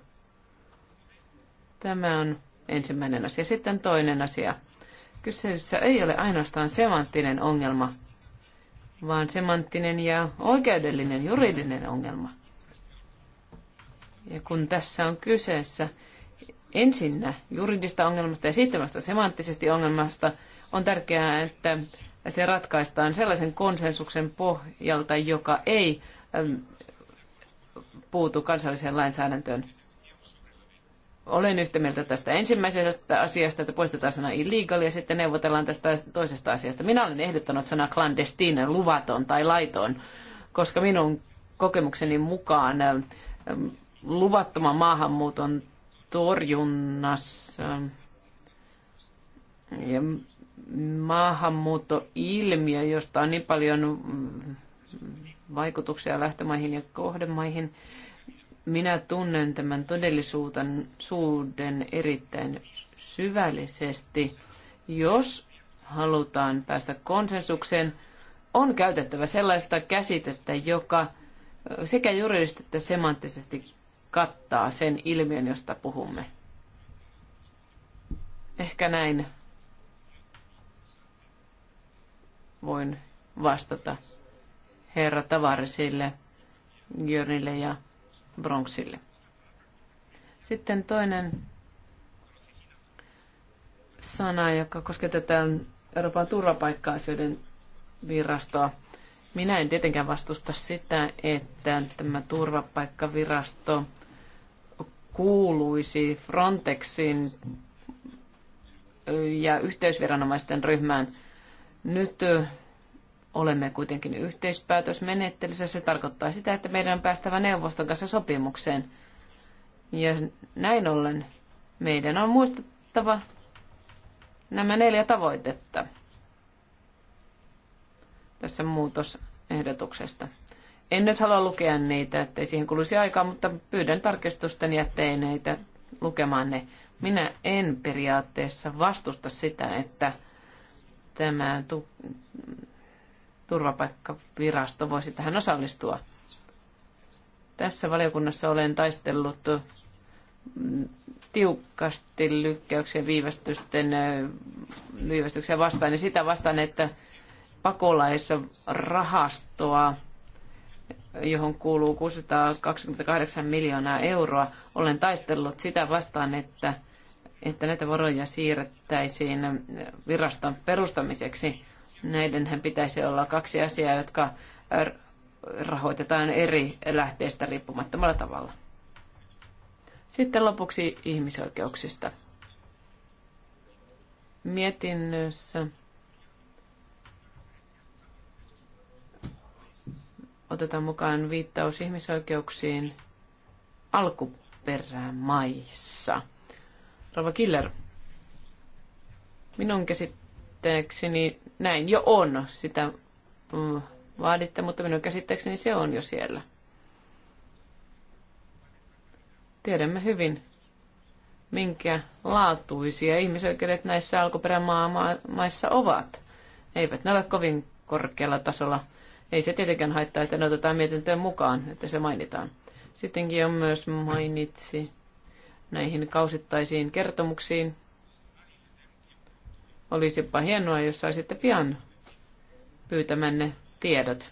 Tämä on ensimmäinen asia. Sitten toinen asia. Kyseessä ei ole ainoastaan semanttinen ongelma, vaan semanttinen ja oikeudellinen, juridinen ongelma. Ja kun tässä on kyseessä ensinnä juridista ongelmasta ja sitten vasta semanttisesti ongelmasta, on tärkeää, että se ratkaistaan sellaisen konsensuksen pohjalta, joka ei puutu kansalliseen lainsäädäntöön. Olen yhtä mieltä tästä ensimmäisestä asiasta, että poistetaan sana illegal ja sitten neuvotellaan tästä toisesta asiasta. Minä olen ehdottanut sana clandestine, luvaton tai laiton, koska minun kokemukseni mukaan luvattoman maahanmuuton torjunnassa maahanmuuttoilmiö, josta on niin paljon vaikutuksia lähtömaihin ja kohdemaihin. Minä tunnen tämän todellisuuden erittäin syvällisesti. Jos halutaan päästä konsensukseen, on käytettävä sellaista käsitettä, joka sekä juridisesti että semanttisesti kattaa sen ilmiön, josta puhumme. Ehkä näin voin vastata herra Tavarisille, Jörnille ja Bronxille. Sitten toinen sana, joka koskee tätä Euroopan turvapaikka-asioiden virastoa. Minä en tietenkään vastusta sitä, että tämä turvapaikkavirasto kuuluisi Frontexin ja yhteysviranomaisten ryhmään – nyt olemme kuitenkin yhteispäätösmenettelyssä. Se tarkoittaa sitä, että meidän on päästävä neuvoston kanssa sopimukseen. Ja näin ollen meidän on muistettava nämä neljä tavoitetta tässä muutosehdotuksesta. En nyt halua lukea niitä, ettei siihen kuluisi aikaa, mutta pyydän tarkistusten ja teineitä lukemaan ne. Minä en periaatteessa vastusta sitä, että tämä tu- turvapaikkavirasto voisi tähän osallistua. Tässä valiokunnassa olen taistellut mm, tiukasti lykkäyksen viivästysten, viivästyksen vastaan ja sitä vastaan, että pakolaisrahastoa, johon kuuluu 628 miljoonaa euroa, olen taistellut sitä vastaan, että että näitä varoja siirrettäisiin viraston perustamiseksi. Näidenhän pitäisi olla kaksi asiaa, jotka rahoitetaan eri lähteistä riippumattomalla tavalla. Sitten lopuksi ihmisoikeuksista. Mietinnössä otetaan mukaan viittaus ihmisoikeuksiin alkuperämaissa. Rova Killer, minun käsittääkseni näin jo on. Sitä mm, vaaditte, mutta minun käsittääkseni se on jo siellä. Tiedämme hyvin, minkä laatuisia ihmisoikeudet näissä alkuperämaissa ovat. Eivät ne ole kovin korkealla tasolla. Ei se tietenkään haittaa, että ne otetaan mietintöön mukaan, että se mainitaan. Sittenkin on myös mainitsi näihin kausittaisiin kertomuksiin. Olisipa hienoa, jos saisitte pian pyytämänne tiedot.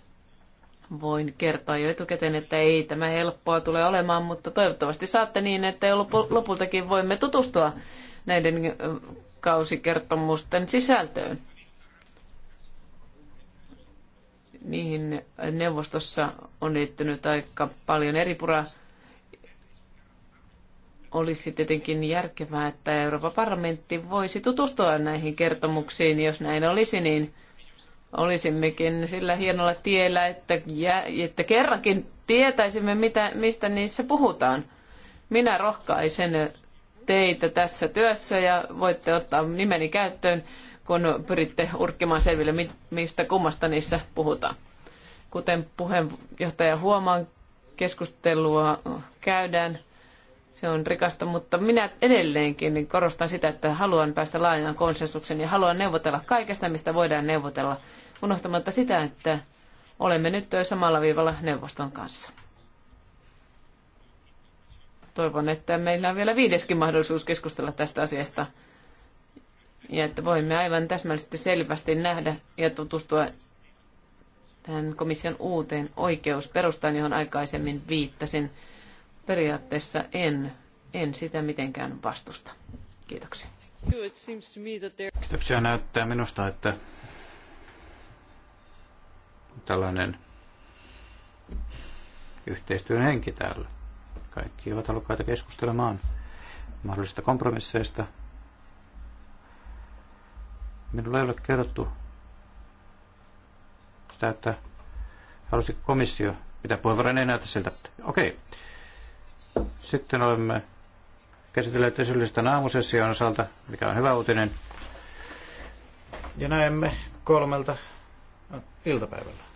Voin kertoa jo etukäteen, että ei tämä helppoa tule olemaan, mutta toivottavasti saatte niin, että lopultakin voimme tutustua näiden kausikertomusten sisältöön. Niihin neuvostossa on liittynyt aika paljon eri puraa olisi tietenkin järkevää, että Euroopan parlamentti voisi tutustua näihin kertomuksiin. Jos näin olisi, niin olisimmekin sillä hienolla tiellä, että, jä, että kerrankin tietäisimme, mitä, mistä niissä puhutaan. Minä rohkaisen teitä tässä työssä ja voitte ottaa nimeni käyttöön, kun pyritte urkkimaan selville, mistä kummasta niissä puhutaan. Kuten puheenjohtaja huomaan, keskustelua käydään se on rikasta, mutta minä edelleenkin korostan sitä, että haluan päästä laajaan konsensuksen ja haluan neuvotella kaikesta, mistä voidaan neuvotella, unohtamatta sitä, että olemme nyt samalla viivalla neuvoston kanssa. Toivon, että meillä on vielä viideskin mahdollisuus keskustella tästä asiasta ja että voimme aivan täsmällisesti selvästi nähdä ja tutustua tähän komission uuteen oikeusperustaan, johon aikaisemmin viittasin periaatteessa en, en sitä mitenkään vastusta. Kiitoksia. Kiitoksia. Näyttää minusta, että tällainen yhteistyön henki täällä. Kaikki ovat halukkaita keskustelemaan mahdollisista kompromisseista. Minulle ei ole kerrottu sitä, että halusi komissio pitää puheenvuoron, ei näytä siltä. Okei. Okay. Sitten olemme käsitelleet esillistä naamusession osalta, mikä on hyvä uutinen. Ja näemme kolmelta iltapäivällä.